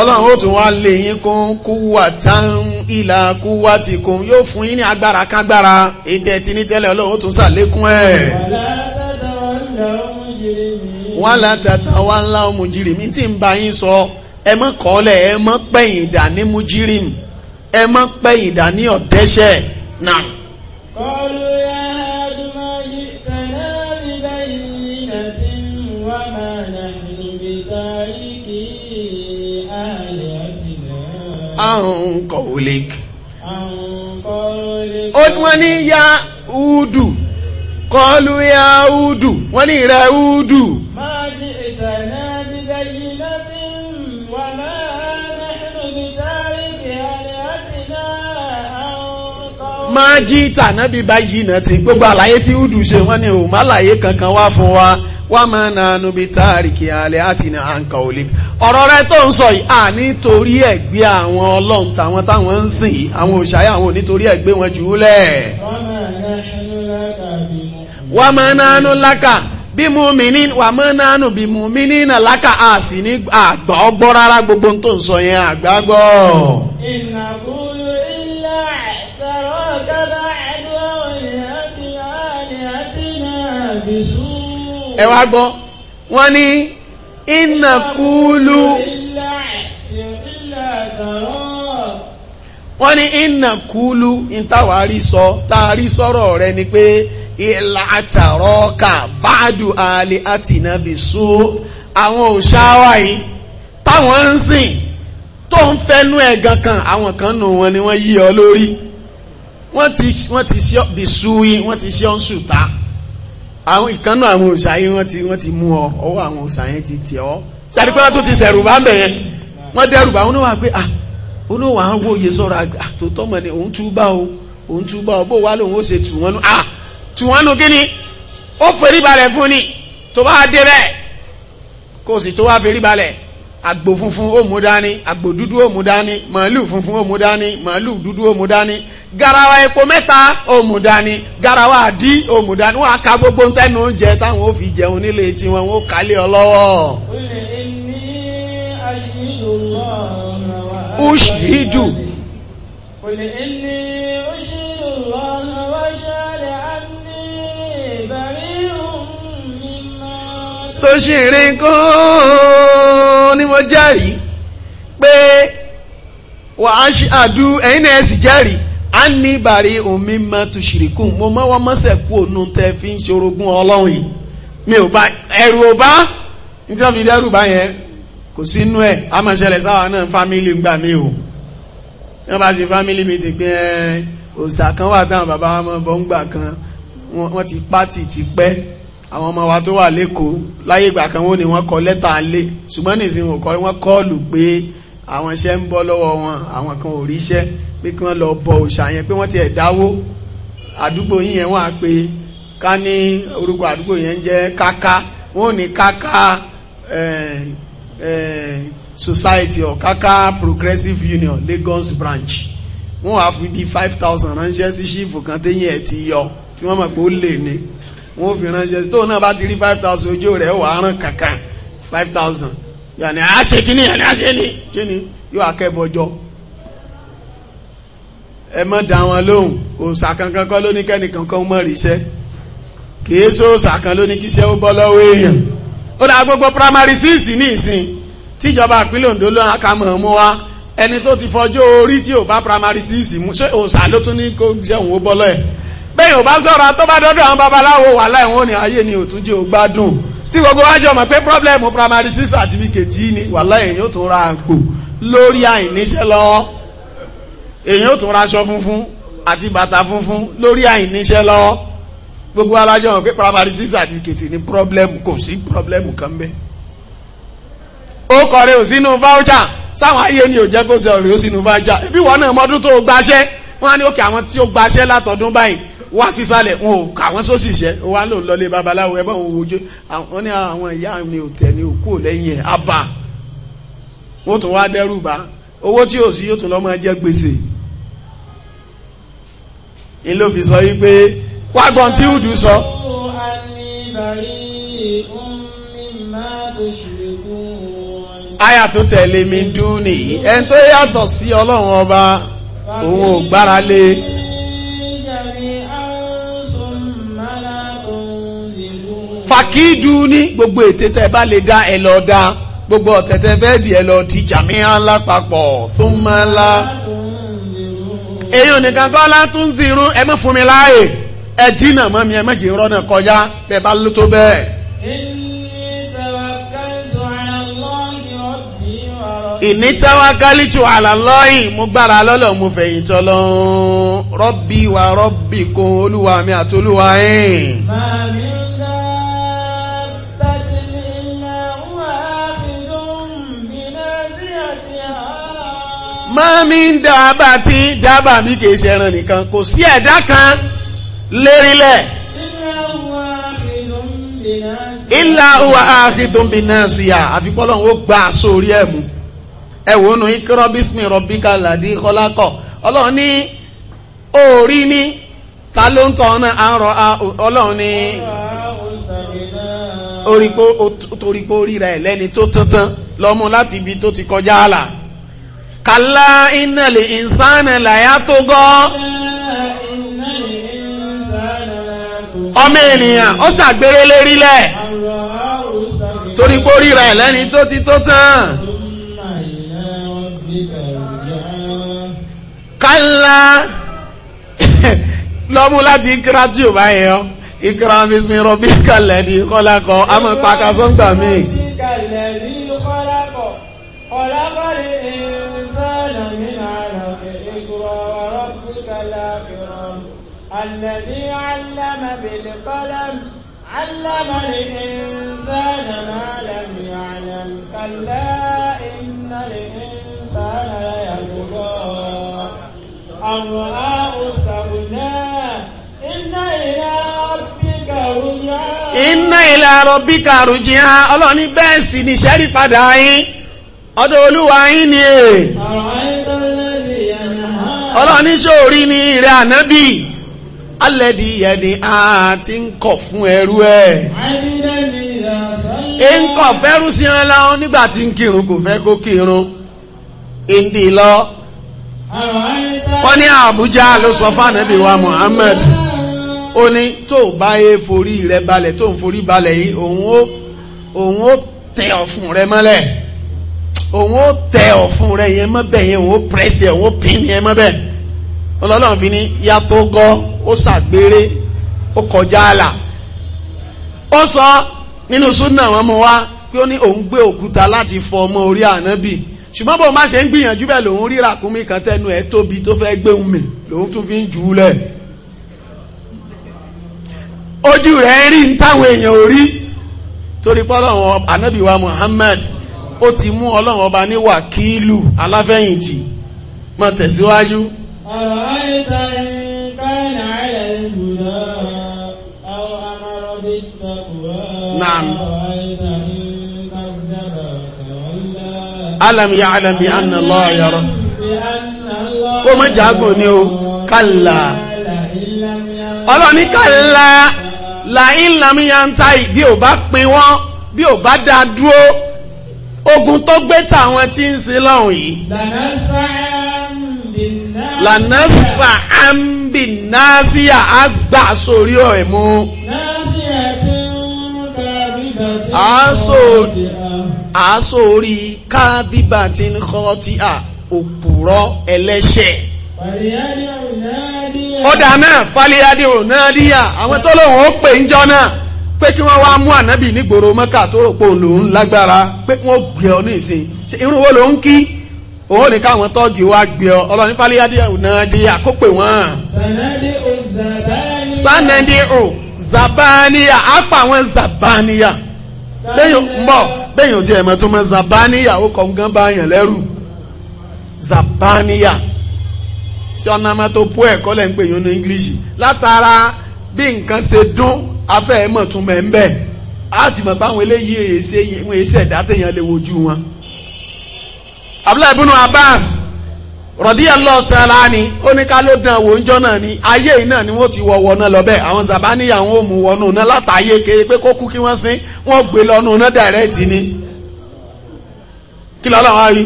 ọlọ́run ó tún wá lè yín kún ìlà kúwà ti kún yóò fún yín ní agbára kágbára ètò ẹ̀tì ní tẹ́lẹ̀ ọlọ́run ó tún sàlékún ẹ̀ wọ́n látàtà wá ńlá mùjírìmí tí ń bá yín sọ ẹ mọ́ kọ́lẹ̀ ẹ pẹ̀yìn dà ní ẹ pẹ̀yìn dà ní àrùn kọ̀ọ̀lẹ́k ó ní wọ́n ní ya udu. kọlu ya udu. wọ́n ní ìrẹ́ údù máa jí tànábí bá yìí náà ti gbogbo àlàyé tí údù ṣe wọ́n ní òun má láyé kankan wá fún wa wà máa na nubi táàríkì alẹ́ àti ní àǹkà òlè ọ̀rọ̀ rẹ tó ń sọ yìí à nítorí ẹ̀gbẹ́ àwọn ọlọ́run tàwọn táwọn ń sìn àwọn òṣàyà àwọn nítorí ẹ̀gbẹ́ wọn jù ú lẹ̀ wà máa nánú bí mu mi ní wà máa nánú bí mu mi ní nà lákà à sì ní àgbà ọgbọ́ rárá gbogbo tó ń sọ yẹn àgbà gbọ́. ìnà ẹ wá gbọ́ wọ́n ní ìnàkúlù wọ́n ní ìnàkúlù ìtawàrí sọ taari sọ̀rọ̀ rẹ ni pé ìlà àtàrọ́kà báàdù àlè àtìnàbìsú àwọn òṣàwà yìí táwọn ń sìn tó ń fẹ́nu ẹ̀gàn kan àwọn kan nù wọn ni wọ́n yí ọ lórí wọ́n ti ṣe bìsú yìí wọ́n ti ṣe ọ́n sùtá àwọn ìkánná àwọn òṣàyí wọ́n ti wọ́n ti mú ọ ọwọ́ àwọn òṣàyí ti tẹ̀ ọ́ ṣàdípẹ́ tó ti sẹ̀rù bá wọ́n dẹ́rù wọn wà pé ah olówó àwọn wòye sọ́ra àtòtọ́ ah, mọ̀ ni òun túbá o òun túbá o bó wà lóun ó ṣe tù wọ́n nù ah tù wọ́n nù kí ni ó fèrí balẹ̀ fún ni tó bá dé bẹ́ẹ̀ kó o sì tó wá fèrí àgbò funfun ó mú dání àgbò dúdú ó mú dání màálù funfun ó mú dání màálù dúdú ó mú dání garawa epo mẹ́ta ó mú dání garawa adi o mú dání wọ́n á ka gbogbo ń tẹ́nu oúnjẹ táwọn ó fi jẹun nílé tiwọn wọ́n ó kálé ọ lọ́wọ́. ushhidu. tó ṣì rìn kún ni mo jẹ́rìí pé wàá àdú ẹ̀yin náà sì jẹ́rìí a ní ìbàrí omi ma tu ṣìrìkún mo mọ́ wọ́n mọ́sẹ̀ kú ònú tẹ́ fi ń ṣorogún ọlọ́run yìí mi ò bá ẹ̀rù ò bá ní tí wọ́n fi dẹ́rù bá yẹn kò sínú ẹ̀ a máa ṣẹlẹ̀ sáwọn náà fámílì gbà mí o wọ́n bá ṣe fámílì mi ti pín ẹ̀ òòsà kan wà táwọn bàbá wọn bọ́ ń gbà kan wọ́n ti pátì ti pẹ́ àwọn ọmọ wa tó wà lẹ́kọ̀ọ́ láyé ìgbà kan wọ́n ní wọ́n kọ lẹ́tà lé ṣùgbọ́n nísìnyí wọ́n kọ wọ́n kọ́ọ̀lù pé àwọn iṣẹ́ ń bọ́ lọ́wọ́ wọn àwọn kan ò ríṣẹ́ pé kí wọ́n lọ bọ òòṣà yẹn pé wọ́n ti ẹ̀dáwó àdúgbò yìí yẹn wọ́n á pé ká ní orúkọ àdúgbò yẹn ń jẹ́ káká wọ́n ò ní káká eh, eh, society or káká progressive union Lagos branch wọ́n wàá fi bíi five thousand ránṣẹ́ sí ṣífù kan téyìn ẹ̀ ti yọ tí wọ́n mọ̀ pé ó lè ní wọ́n fi ránṣẹ́ tó náà bá ti rí five thousand ojú rẹ̀ wà á rán kankan five thousand yóò ní àṣẹ kí ni yóò ní àṣẹ ni kí ni yóò akẹ́bọjọ́ ẹ má dá wọn lóhùn òòsà kankan kọ́ ló ní kẹ́nìkan kan mọ̀ ríṣẹ́ kìí sóòsà kan ló ní kíṣẹ́ ó bọ́ lọ́wọ́ èèyàn ó dá gbogbo primary six ní ìsìn tíjọba ìpínlẹ̀ Ondo ló ká mọ̀ mú wa ẹni tó ti fọjọ́ orí tí ò bá primary six mú ṣé òòsà ló tún ní kó jẹun ó bọ́ lọ́ẹ̀ bẹ́ẹ̀ ò bá sọ̀rọ̀ tó bá dọ́dọ̀ àwọn babaláwo wà láì wọ́n ní ayé ni òtún jẹ́ ògbádùn tí gbogbo wa jọ mọ̀ pé pọ́blẹ́mù primary six certificate yìí ni wà láì èyí ó tún ra àgbò lórí àìníṣẹ́ lọ́wọ́ èyí ó tún ra aṣọ funfun àti bàtà funfun lórí àìníṣẹ́ lọ́wọ́ gbogbo wa lájọ mọ̀ pé primary six certificate ni pọ́blẹ́mù kò sí pọ́blẹ́mù kan bẹ́ẹ̀ ó kọ̀rẹ́ ò sínú voucher sáwọn ayé ni ò jẹ́ kó ṣe ọ̀rẹ́ ó sínú voucher ibi wọn náà mọ́dún tó gbaṣẹ́ wọ́n á ní òkè àwọn tí ó gbaṣẹ́ látọ̀dún báyìí wá sísàlẹ̀ wọn ò kà sósì iṣẹ́ wà ló lọlé babaláwo ẹbọ́ òun wojú wọ́n ní àwọn ìyá mi ò tẹ̀ ní òkú lẹ́yìn ẹ̀ abà wọ́n tún wá dẹ́rù bá owó tí ò sí yóò tún lọ́ máa jẹ́ gbèsè ìlú fi sọ wípé wágbọ́n tí ùdù sọ. aya tó tẹ̀lé mi dún nìyí ẹni tó yàtọ̀ sí ọlọ́run ọba òun ò gbára lé. fàkídù ní gbogbo ètè tẹ́ bá lè dá ẹ lọ dá gbogbo ọ̀tẹ̀tẹ̀ fẹ́ di ẹ lọ di jàmíà lápapọ̀ tó máa la. èèyàn nìkan kọ́ la tún zirun ẹ mọ̀ fún mi láàyè ẹ dínà mọ́ mi ẹ mọ̀ jẹ́ rọ́nà kọjá bẹ́ẹ̀ bá ló tó bẹ́ẹ̀. ìní táwa àlàlọ́yìn mo gbára lọ́lọ́ mo fẹ̀yìn tọ́lọ́run rọ́bì wa rọ́bì kò olúwa mi àtolúwa yìí. mọ́mí dábà tí dábà mi kìí ṣe ẹran nìkan kò sí ẹ̀dá kan lérílẹ̀ ìlà huwa ààfidùn bí náà sí à àfikọ́lọ́n ó gbà sórí ẹ̀mú ẹ̀wọ̀n nù ikọ́rọ́ bísmì rọ̀bíkà làdí kọ́lákọ̀ ọlọ́run ní orí ní ta ló ń tọ́ ọ̀nà àárọ̀ ọlọ́run ní orípo orí rẹ̀ lẹ́ni tó tuntun lọ́mú láti ibi tó ti kọjá àlà kàlá innal insana layatgha ọmọ ènìyàn ó ṣàgbéré lérí lẹ̀ torí pé orí rẹ̀ lẹ́ni tó ti tó tán kàlá [laughs] lọ́mú láti ikra tí ò bá yẹ ọ́ ikra bismi rabbikal ladhi khalaq àmọ́ pàkà sọ́ńtà míì. الذي علم بالقلم علم الإنسان ما لم يعلم كلا إن الإنسان ليطغى أن رآه استغنى إن إلى ربك رجعا إن إلى ربك رجعا ọlọ́ni bẹ́ẹ̀ sì ni ṣẹ́rí padà olúwa yín ni èè ọlọ́ni ṣòrí ni ìrẹ́ ànábì alẹ́dí yẹni a ti ń kọ̀ fún ẹrú ẹ̀ e ń kọ̀ fẹ́rú sí ọ́n láwọn nígbà tí ń kírun kò fẹ́ kó kírun ìdí lọ wọ́n ní Àbújá ló sọ fánàbí wa Muhammad ó ní tó bá yé forí rẹ balẹ̀ tó ń forí balẹ̀ yìí òun ó òun ó tẹ ọ̀fun rẹ mọ́lẹ̀ òun ó tẹ ọ̀fun rẹ yẹn mọ́bẹ̀ yẹn òun ó pẹ́sì ẹ̀ òun ó pín yẹn mọ́bẹ̀ ọlọ́lọ́run fi ní yàtọ̀ gọ́ ó ṣàgbéré ó kọjá àlà ó sọ nínú súnà wọn mú wá pé ó ní òun gbé òkúta láti fọ ọmọ orí ànábì ṣùgbọ́n bó má ṣe ń gbìyànjú bẹ́ẹ̀ lòun rí ràkúnmí kan tẹnu ẹ̀ tóbi tó fẹ́ gbé un mì lòun tún fi ń jù ú lẹ̀ ojú rẹ̀ rí ń táwọn èèyàn ò rí torí pọ́lọ́wọ́n ànábì wa Muhammad ó ti mú ọlọ́run ọba ní wàkílù aláfẹ̀yìntì mọ̀ tẹ̀síwájú. ọ̀rọ̀ ayé ta ẹ̀ بالهدى نعم ألم يعلم بأن الله يرى ni ọlọ́ni kàlà láìlàmíyàntà bí ò bá pin wọ́n bí ò bá dá dúró ogun tó gbé tàwọn tí ń lànàfà àmbì nàásíà àgbà sórí ọ̀rẹ́ mú. àásò àásò orí kábíbà tí ń kọ́ tí a òpùrọ́ ẹlẹ́ṣẹ̀. ọ̀dà náà falíyádé ò náà díyà àwọn tó lóun ó pè ń jọ náà pé kí wọ́n wá mú ànábì nígboro mọ́kà tó rò pé òun lòún lágbára pé wọ́n gbé ọ ní ìsìn irú wo ló kí òun ní káwọn tọ́jú wá gbé ọ ọlọ́ni fàlíyàdí ọ̀nàdí àkópè wọn. sanadi o zabaniya apá àwọn zabaniya lẹ́yìn mbọ̀ lẹ́yìn òjì ẹ̀mọ́ tó mọ zabaniya ó kọ̀ nǹkan bá yàn lẹ́rù zabaniya ṣé ọ̀nà máa tó pọ̀ ẹ̀kọ́ lẹ́ ń pè yín ní English látara bí nǹkan ṣe dún afẹ́ ẹ̀mọ́ tún mẹ́ ń bẹ̀ á ti mọ̀ pé àwọn eléyìí èyí ẹ̀dá téèyàn lè wojú wọn abdullahi ibn abbas radiyallahu ta'ala ni ó ní ká ló dán wò ń jọ́ náà ni ayé yìí náà ni wọ́n ti wọ̀ wọ̀nà lọ bẹ́ẹ̀ àwọn sàbáníyà wọn ò mú wọnú náà látàyè kéré pé kó kú kí wọ́n sin wọ́n gbé lọ́nù náà dàrẹ́ẹ̀tì ni kí lọ́la wá rí.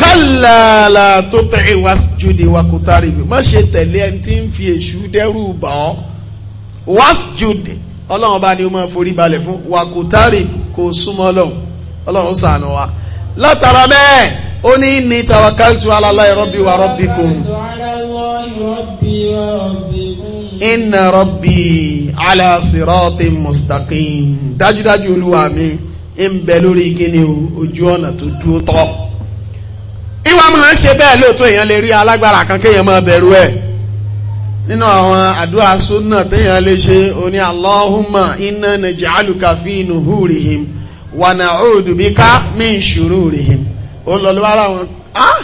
kálá la tó tẹ̀ wá jùdí wa kó tari bí má ṣe tẹ̀lé ẹni tí ń fi èṣù dẹ́rù bà ọ́ wá jùdí ọlọ́run bá ní o máa forí balẹ̀ fún wa kó tari kó súnmọ́ ọlọ́run ọlọ́run ṣàánú wa látara bẹ́ẹ̀ ó ní ní tawakaltu ala Allahi rabbi wa rabbikum inna rabbi ala siratin mustaqim dájúdájú olúwa mi ń bẹ lórí kíni ojú ọ̀nà tó dúró tọ́ ìwà máa ń ṣe bẹ́ẹ̀ lóòótọ́ èèyàn lè rí alágbára kan kéèyàn máa bẹ̀rù ẹ̀ nínú àwọn àdúrà súnà téèyàn lè ṣe oní Allahumma inna naj'aluka fi nuhurihim wà na'udhu bika min shururihim ó o lọ ara wọn ah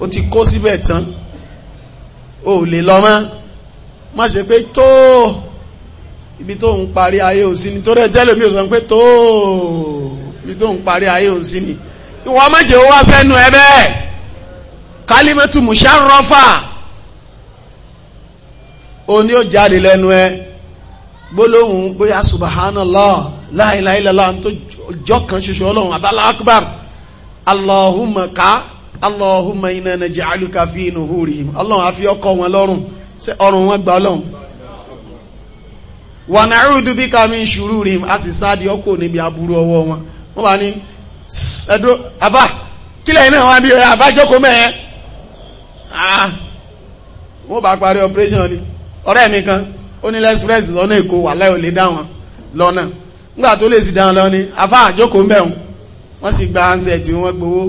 o ti kó síbẹ̀ tán o lè lọ mọ́ má ṣe pé tó ibi tó ń parí ayé òsì ni tó rẹ̀ tẹ́lẹ̀ mi ò sọ pé tó ibi tó ń parí ayé òsì ni ìwọ má jẹ́ wá ẹ ó jáde ẹ gbólóhùn bóyá la tó jọ kan ṣoṣo ọlọ́run abala akbar ka ká allahumma inna aluka fi nuhurihim ọlọ́run àfi ọkọ wọn lọ́rùn ṣe ọrùn wọn gba ọlọ́run wa na'udhu bika min shururihim a sì sáàdì níbi aburú ọwọ́ wọn bá ní kílẹ̀ iná wọn bí ah. bá parí ọ̀rẹ́ mi kan ó ní lẹ́sìrẹ́sì lọ́nà èkó nígbà tó lè sì dáhùn lọ ní afá àjókòó mẹ́un wọ́n sì gba ansẹ̀ tí wọ́n gbowó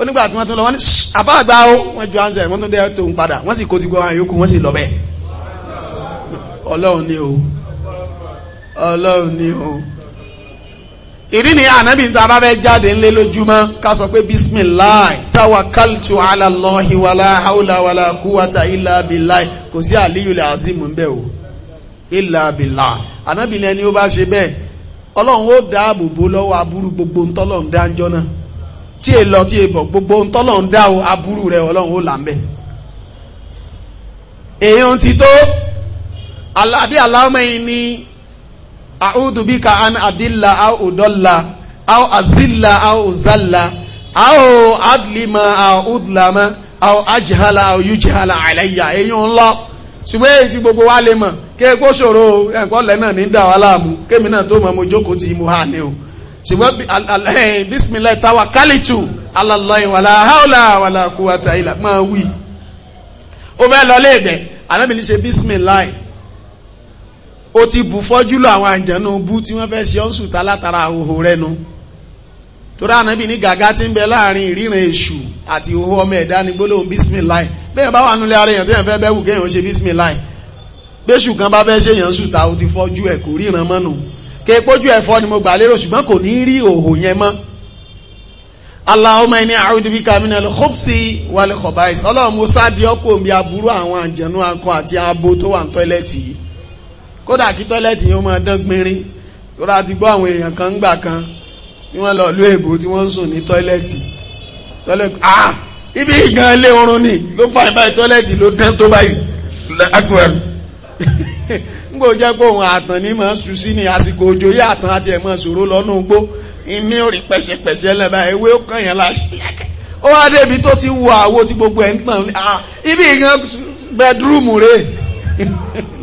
ó nígbà tí wọ́n tó lọ wọ́n ní afá àgbà ó wọ́n ju ansẹ̀ wọ́n tó dẹ́ tó ń padà wọ́n sì kó ti gbọ́ àwọn yòókù wọ́n sì lọ bẹ́ẹ̀ ọlọ́run ni o ọlọ́run ni o ìrí ni ànábì tá a bá fẹ́ jáde ńlé lójúmọ́ ká sọ pé bismillah tawakkaltu ala Allahi wala hawla wala quwwata illa billah kò sí àlíyùlẹ̀ azim ń bẹ̀ o illa billah ànábì ni ẹni ó bá ṣe bẹ́ẹ̀ ọlọ́run ó dáàbò bò lọ́wọ́ aburú gbogbo ntọ́lọ́run dá ń jọ́nà tí è lọ tí è bọ̀ gbogbo ntọ́lọ́run dá o aburú rẹ̀ ọlọ́run ó là ń bẹ̀. èèyàn ti tó alábí aláwọ̀mẹ́yìn ní àhúdùbíkà an adìlà àhùdọ́là àhù àzìlà àhùzàlà àhù àdìlímà àhùdùlámà àhù àjìhàlà àhù yújìhàlà àlẹ́yà èèyàn ńlọ ṣùgbọ́n èyí tí gbogbo wa lè mọ̀ kí ṣòro ẹ̀kọ́ lẹ́ ní dà wá láàmú kémi náà tó mọ̀ mo jókòó ti mo hà ní o ṣùgbọ́n eh, bisimilayi tawa kálítù alalayi wàlá haula wàlá kúwàtà ilà máa wí o fẹ́ lọ léèbẹ̀ alábìlì ṣe bisimilayi o ti bù fọ́jú lọ àwọn àjànú bú tí wọ́n fẹ́ ṣe ọ́ sùtá látara àhòhò rẹ nu torí ànábì ní gàgá tí ń bẹ láàrin ìríran èṣù àti òhò ọmọ ẹ̀dá ní gbólóhùn bisimilayi bẹ́ẹ̀ bá wà nílé ara èèyàn tí èèyàn fẹ́ bẹ́ẹ̀ wù kéèyàn ṣe bisimilayi gbéṣù kan bá fẹ́ ṣe yàn sùta ó ti fọ́jú ẹ̀ kò ríran mọ́nu kí pójú ẹ̀ fọ́ ni mo gbà lérò ṣùgbọ́n kò ní rí òhò yẹn mọ́ Allahumma inni a'udhu bika minal khubsi wal khaba'is ọlọ́run mo sáàdì ọkọ̀ mi aburú àwọn àjẹnú akọ àti abo tó wà ní tọ́ẹ̀lẹ̀tì yìí kódà kí tọ́ẹ̀lẹ̀tì yìí ó máa dán gbinrin kódà ti gbọ́ àwọn èèyàn kan ńgbà kan tí wọ́n lọ lú èbó tí wọ́n ń sùn ní tọ́ẹ̀lẹ̀tì tọ́ẹ̀lẹ̀tì ah ibi ìgan ilé oorun ni ló fà báyìí tọ́ẹ̀lẹ̀tì ló dán tó báyìí ngbò jẹ́ pé òun àtàn ní máa sùn sí ni àsìkò òjò yí àtàn àti ẹ̀mọ́ ṣòro lọ́nà ògbó ní orí pẹ̀ṣẹ̀pẹ̀ṣẹ̀ lẹ́bà ewé ó kàn yẹn láṣẹ ó wá débi tó ti wọ àwo tí gbogbo ẹ̀ ń tàn ibi ìgan bẹdrúmù rè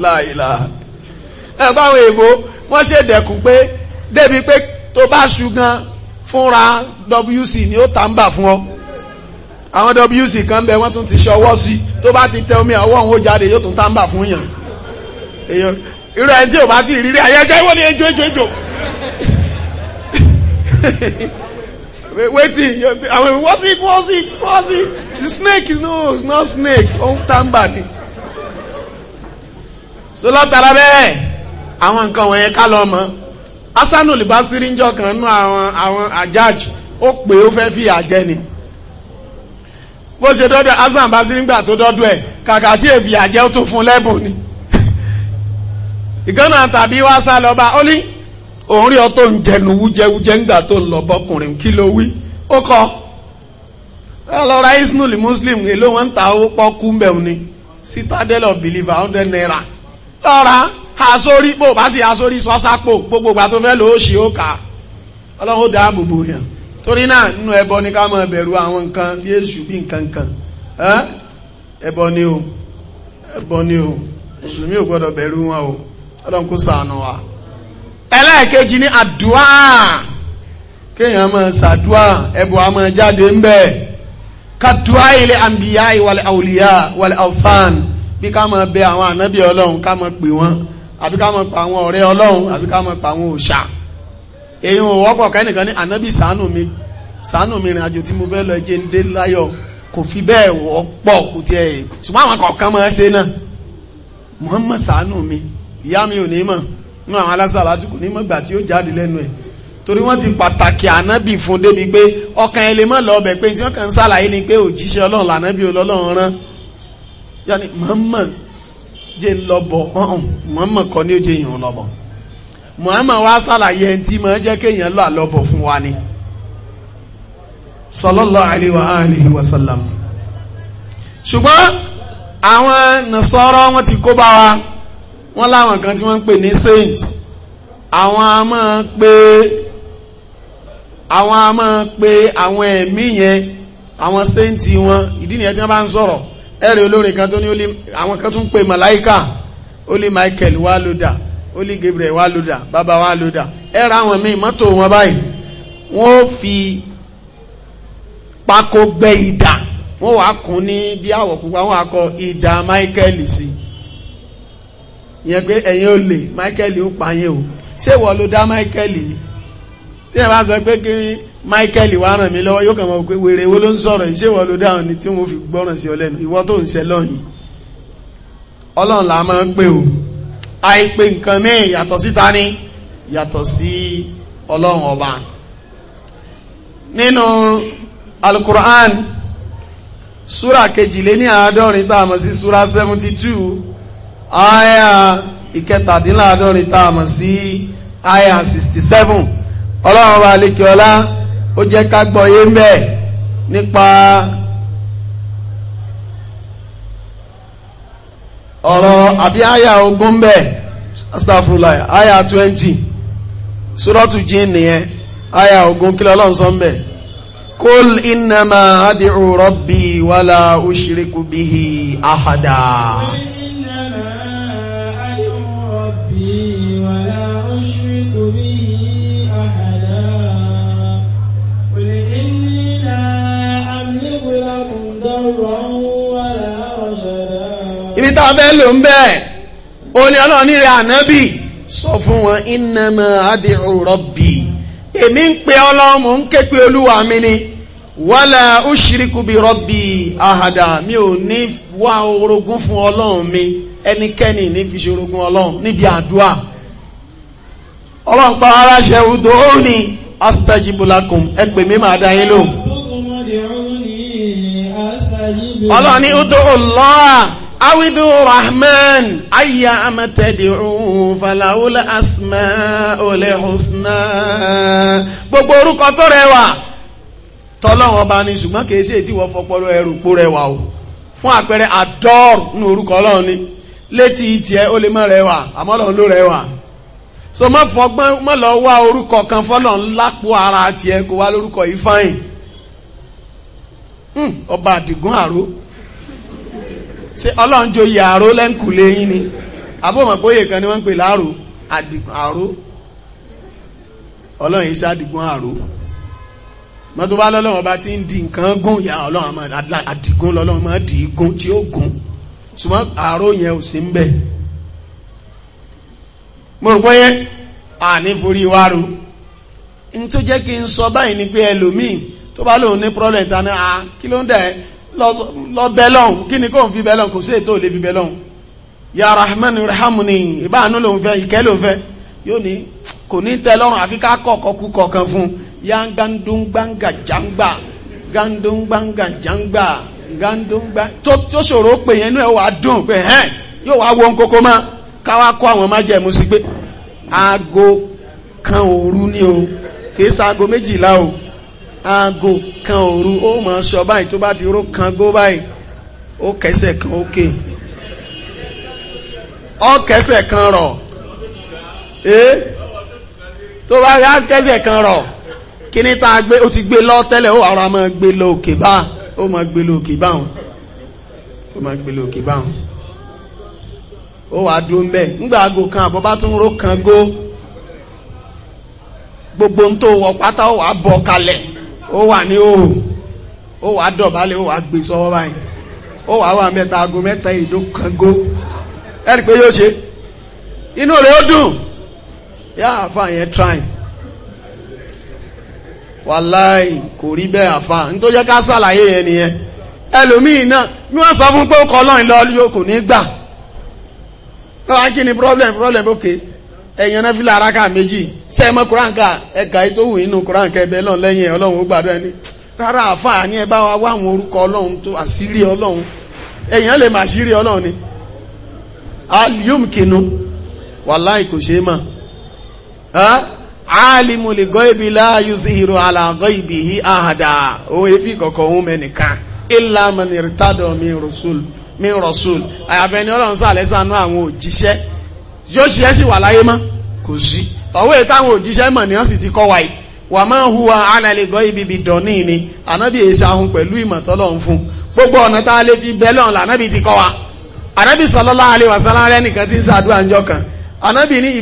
láìla ẹgbàwọn èèbó wọ́n ṣe dẹ̀kùn pé débi pé tó bá ṣùgàn fúnra WC ni ó tàǹbà fún ọ àwọn WC kan bẹ wọ́n tún ti ṣọwọ́ sí tó bá ti tẹ omi ọwọ́ òun ó jáde yóò tún tàǹbà fún yàn irú ẹni tí ò bá ti ìrírí ayẹjọ́ ìwọ́n ni ejò ejò ejò [laughs] wetin I mean, what's it what's it what's it the snake is no it's not snake ó ń tán bàdì so látara bẹ́ẹ̀ àwọn nǹkan wọ̀nyẹn ká lọ mọ́ asanu lè bá sírí ńjọ kan nú àwọn àwọn àjáàjì ó pè ó fẹ́ fi àjẹ ni bó ṣe dọ́dọ̀ asan bá sírí ńgbà tó dọ́dọ̀ ẹ̀ kàkà tí èfì àjẹ́ ó tún fún lẹ́bùn ni ìkànnà tàbí wá sá lọ́ba ó ní òun rí ọ tó ń jẹnu wújẹwújẹ ńgbà tó ń lọ bọkùnrin kí ló wí ó kọ ọlọ́ra isnul muslim èló wọn ń ta owó pọ́kú mbẹ̀hún ni citadel of believer hundred naira lọ́ra asórí pò bá sì asórí sọ́sápò gbogbo ìgbà tó fẹ́ lò ó ṣe ó kà á ọlọ́run ó dá gbogbo yẹn torí náà nínú ẹbọ ni ká máa bẹ̀rù àwọn nǹkan bí èṣù bí nǹkan kan ẹbọ ni o ẹbọ ni o mùsùlùmí ò gbọ́dọ̀ bẹ̀rù wọn o ọlọ́run kó ṣàánú wa ẹlẹ́ẹ̀kejì ní àdúà kéèyàn máa ṣàdúà ẹ̀bùn á máa jáde ń bẹ̀ kàdúà ilé àǹbíyá ìwàlẹ̀ àwòlíyá ìwàlẹ̀ àwòfàn bí ká máa bẹ àwọn ànábì ọlọ́run ká máa pè wọ́n àbí ká máa pa àwọn ọ̀rẹ́ ọlọ́run àbí ká máa pa àwọn òòṣà èyí ò wọ́pọ̀ kẹ́nìkan ní ànábì ṣàánú mi ṣàánú mi rìn àjò tí mo fẹ́ lọ jẹ́ ń dé láyọ̀ kò fi bẹ́ẹ̀ wọ́pọ̀ kò ṣùgbọ́n àwọn kọ̀ọ̀kan máa ṣe náà Muhammad ṣàánú mi ìyá mi ò ní mọ̀ nínú àwọn alásàlájú kò ní mọ̀ gbà tí ó jáde lẹ́nu ẹ̀ torí wọ́n ti pàtàkì ànábì fún débi pé ọkàn ẹ̀ lè mọ̀ lọ́ọ̀bẹ̀ pé tí wọ́n kàn ń sàlàyé ni pé òjíṣẹ́ ọlọ́run lànábì ọlọ́run rán yáni mọ̀ọ́mọ̀ jẹ́ ń lọ́bọ̀ ọ̀hún mọ̀ọ́mọ̀ kọ́ ní ó jẹ́ èèyàn lọ́bọ̀ mọ̀ọ́mọ̀ wá sàlàyé ẹni tí mọ̀ọ́ jẹ́ kéèyàn lọ àlọ́bọ̀ fún wa ni sallallahu alaihi àwọn nàṣọ́rọ́ wọn ti kó bá wa wọ́n láwọn kan tí wọ́n ń pè ní saint àwọn a máa pè àwọn a máa pè àwọn ẹ̀mí yẹn àwọn saint wọn ìdí nìyẹn tí wọ́n bá ń sọ̀rọ̀ ẹ̀rì olórin kan tó ní olè àwọn kan tún pè màláìkà olè Michael wà lódà olè Gabriel wà lódà bàbá wà lódà ẹ̀rọ àwọn míì mọ́tò wọn báyìí wọ́n fi pákó gbẹ́ ìdà wọ́n wàá kún ní bí àwọ̀ pupa wọ́n wàá kọ ìdà Michael sí i ìyẹn pé ẹ̀yin ò lè Michael ó pa yín o ṣé ìwọ ló dá Michael yìí tí ẹ bá sọ pé kí Michael wá ràn mí lọ́wọ́ yóò kàn mọ̀ pé wèrè wo ló ń sọ̀rọ̀ yìí ṣé ìwọ ló dáhùn ni tí mo fi gbọ́ràn sí ọ lẹ́nu ìwọ tó ń ṣe lọ́yìn ọlọ́run là máa ń pè o àìpé nǹkan mẹ́rin yàtọ̀ sí ni yàtọ̀ sí ọlọ́run ọba nínú alukur'an súra kejìléní àádọ́rin tá a mọ̀ sí súra seventy two aya ìkẹtàdínláàdọ́rin tá a mọ̀ sí aya 67 ọlọ́run wa alekeola ó jẹ́ ká gbọ́ yé mbẹ́ nípa ọ̀rọ̀ àbí aya ogún mbẹ́ astafurulaya aya twenty surọ́tù jíìn nìyẹn aya ogún sọ adi'u rabbi wala ushriku bihi ahada. به ولا أشرك به أحدا قل إني لا أملك لكم ضرا ولا ibi tá a fẹ́ lò ń bẹ́ẹ̀ o ní ọlọ́run rẹ̀ ànábì sọ fún wọn innama ad'u rabbi èmi ń pe ọlọ́run ń ké pe olúwa mi ni wala ushriku bi rabbi ahada mi ò ní wá orogún fún ọlọ́run mi ẹnikẹ́ni ní fi ṣorogún ọlọ́run níbi àdúà ọlọ́run ara ṣe udò ó ní astajibulakum ẹ pè mí máa dá yín lóhùn ọlọ́run ní udò Allah awidu rahman ayya amatẹ́dìrún falawula asma olè husna gbogbo orúkọ tó rẹwà tọ́lọ́run ọba ni ṣùgbọ́n kìí ṣe tí wọ́n fọpọlọ ẹrù pó rẹwà o fún àpẹẹrẹ àdọ́ọ̀rù ní orúkọ ọlọ́run ni létí ìtìẹ́ ó lè mọ́ rẹwà àmọ́ ọlọ́run ló rẹwà so mọ́ fọgbọ́n mọ́ lọ wá orúkọ kan fọ́lọ́run lápò ara tiẹ̀ kó wá lórúkọ ìfáyìn hmm, ọba àdìgún àró ṣe ọlọ́run joyè àró lẹ́ǹkùlé yín ni àbọ̀mọ̀póyè kan ni wọ́n ń pè láàrò àdìgún àró ọlọ́run yìí ṣe àdìgún àró mọ́tò bá lọ́lọ́wọ́ bá ti ń di nǹkan gùn ya ọlọ́run máa àdìgún lọ́lọ́run máa dì í gùn tí ó gùn ṣùgbọ́n àárò yẹn ò sí ń bẹ̀. mo rò pé àní forí wa ro tó jẹ́ kí n sọ báyìí ni pé ẹlòmíì tó bá lòun ní problem ta ni ah kí ló ń dẹ̀ lọ bẹ́ lọ́hùn kí ni kò ń fi bẹ́ lọ́hùn kò sí ètò òlé fi bẹ́ lọ́hùn ya rahman rahamuni ìbáàánú lòun fẹ́ ìkẹ́ lòun fẹ́ yóò ní kò ní tẹ́ lọ́rùn àfi ká kọ̀ọ̀kọ̀ kú kọ̀ọ̀kan fún un ya gandun gbanga jangba gandungba to jangba gandun gbanga tó tó ṣòro pé yẹn inú ẹ wà dùn pé hẹ́n yóò wá wọ́n kókó mọ́ káwá kọ́ àwọn májẹ̀mú aago kan oru ni o ago meji la o aago kan oru o ma so báyìí to bá ti ró kan gó bayi o kẹsẹ̀ kan oke o kese kan ro ee to bá rí kese kan ro kíní tá gbé ó ti gbé lọ tẹ́lẹ̀ ó ara máa gbé lọ òkè bá ó máa gbé lọ òkè báhùn ó máa gbé lọ òkè ó dúró ńgbà aago kan àbọ̀ bá tún gbogbo ń tó wọ pátá ó wà bọ̀ kalẹ̀ ó wà ní òhò ó wa dọ̀bálẹ̀ ó wà gbé sọ́wọ́ báyìí ó wà wà mẹ́ta aago mẹ́ta ìdó kan gó ẹ̀rí pé yóò ṣe inú rẹ̀ ó dùn yáà fà yẹn wàláì kò rí bẹ́ẹ̀ àfà nítorí jẹ́ ká sàlàyé yẹn nìyẹn ẹlòmíì náà bí wọ́n sọ fún pé ó kọ́ lọ́yìn lọ́ọ́ yóò kò ní kí ni problem problem okay ẹ̀yàn náà fi lára ká méjì ṣe ẹmọ kùránkà ẹ̀ka ètò wù inú kùránkà ẹbẹ̀ náà lẹ́yìn ọlọ́run ó ẹni rárá ni ní wa wá àwọn orúkọ ọlọ́run tó àṣírí ọlọ́run ẹ̀yàn lè ṣírí ọlọ́run kò alimu li gọ́ibi la yuzihiru ala gọ́ibihi ahada o ebi kọ̀kọ̀ ohun mẹ́nìkan illa man irtada min rasul min rasul àyàfẹ́ ni ọlọ́run sànú àwọn òjíṣẹ́ yóò ṣiṣẹ́ sì wà láyé mọ́ kò sí ọ̀wé e táwọn òjíṣẹ́ ojise ní wọ́n sì ti kọ́ wa ma wà máa huwa ala li bi ni èsì e gbogbo ọ̀nà tá a lè fi bẹ́ẹ̀ ti kọ́ wa ti ń sàdúrà kan Anabi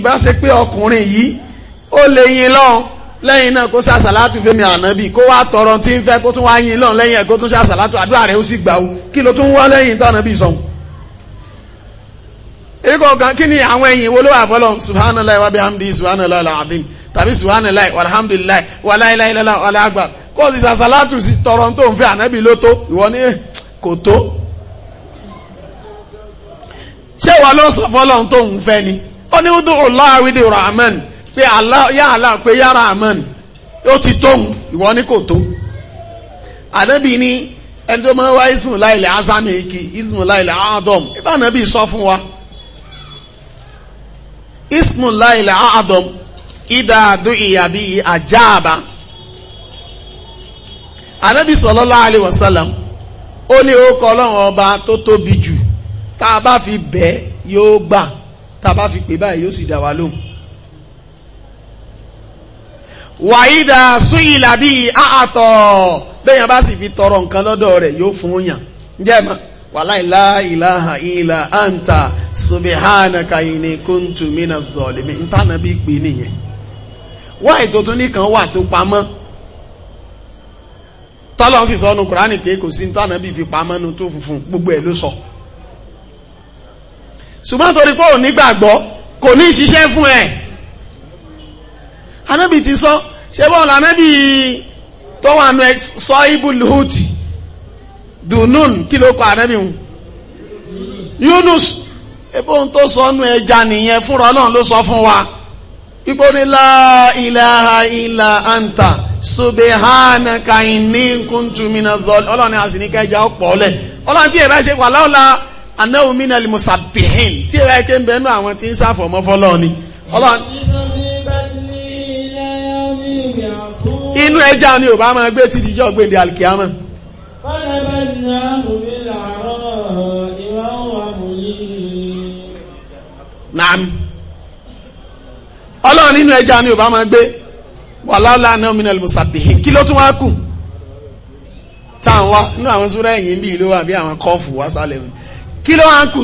ó lè yin lọ́hùn lẹ́yìn náà kó ṣàṣàlátù fẹ́mi ànábì kó wá tọrọ tí ń fẹ́ kó tún wá yin lọ́hùn lẹ́yìn ẹ̀ kó tún ṣàṣàlátù àdúrà rẹ̀ ó sì gbà ó kí ló tún wá lẹ́yìn tó ànábì sọ̀hún. ikọ̀ kan kí ni àwọn ẹ̀yìn wo ló wà fọlọ́ subhanallah wa bihamdi subhanallah alaadim tàbí subhanallah walhamdulillah walailailala walaagba kó o sì ṣàṣàlátù sí tọrọ tó ń fẹ́ ànábì ló tó ìwọ ni eh, kò tó. ṣé wà ló sọ fọlọ́ tó ń fẹ́ ni ó ní wúdú ọlọ́ àwídìí rahman pé yá Allah pé yá Rahman ó ti tóhun ìwọ ní kò tó ànábì ní ẹni tó máa wá ismaila ilẹ̀ azami eki ismaila ilẹ̀ adam ìbánabi sọ fún wa ismaila ilẹ̀ adam ìdàdú ìyàbí àjáàbá ànábì sallallahu alaihi wasallam ó ní orúkọ ọlọ́run ọba tó tóbi jù tá a bá fi bẹ́ẹ̀ yóò gbà tá a bá fi pè báyìí yóò sì dá wa lóhùn wàídà súìlà bí àtọ̀ bẹ́yàn bá sì fi tọrọ nǹkan lọ́dọ̀ rẹ̀ yóò fún yàn jẹ́mà wàláìlá ìlàhà ìlà àǹtà subhanaka inni kuntu minaz zalimin bí pè nìyẹn wá ètò nìkan wà tó pamọ́ tọ́lọ́ sì sọ́nu kùránì pé kò sí ìtànà bí fi pamọ́ nu tó funfun gbogbo ẹ̀ ló sọ ṣùgbọ́n torí pé ò nígbàgbọ́ kò ní ṣiṣẹ́ fún ẹ̀ anábì ti sọ ṣe bọ́ọ̀lù anábì tó wà nù ẹ sọ ibùlùhùtì dùnún kí ló kọ anábì hùn Yunus ebo ohun tó sọ nù ẹja nìyẹn fúnra náà ló sọ fún wa ipò ní la ilaha ila anta subhanaka inni kuntu minaz zalim ọlọ́run ni a sì ní kẹja ọ̀pọ̀ ọ̀lẹ̀ ọlọ́run tí ìrẹsẹ̀ wà láwùlá anáwó minal musabbihin tí ìrẹsẹ̀ ń bẹ́ẹ̀ nù àwọn tí ń sáfọ̀ mọ́fọ́lọ́ ni ọlọ́run. inú ẹja ni ò máa gbé ti dìjọ́ gbèdè alkiyama. naam ọlọ́run nínú ẹja ni ò máa gbé wàláàlá náà mi nàlẹ́ mùsàbíhì kí ló tún wá kù táwọn nínú àwọn súnra ẹ̀yìn bíi ló wà bí àwọn kọ́ọ̀fù wá sálẹ̀ mi kí ló wá kù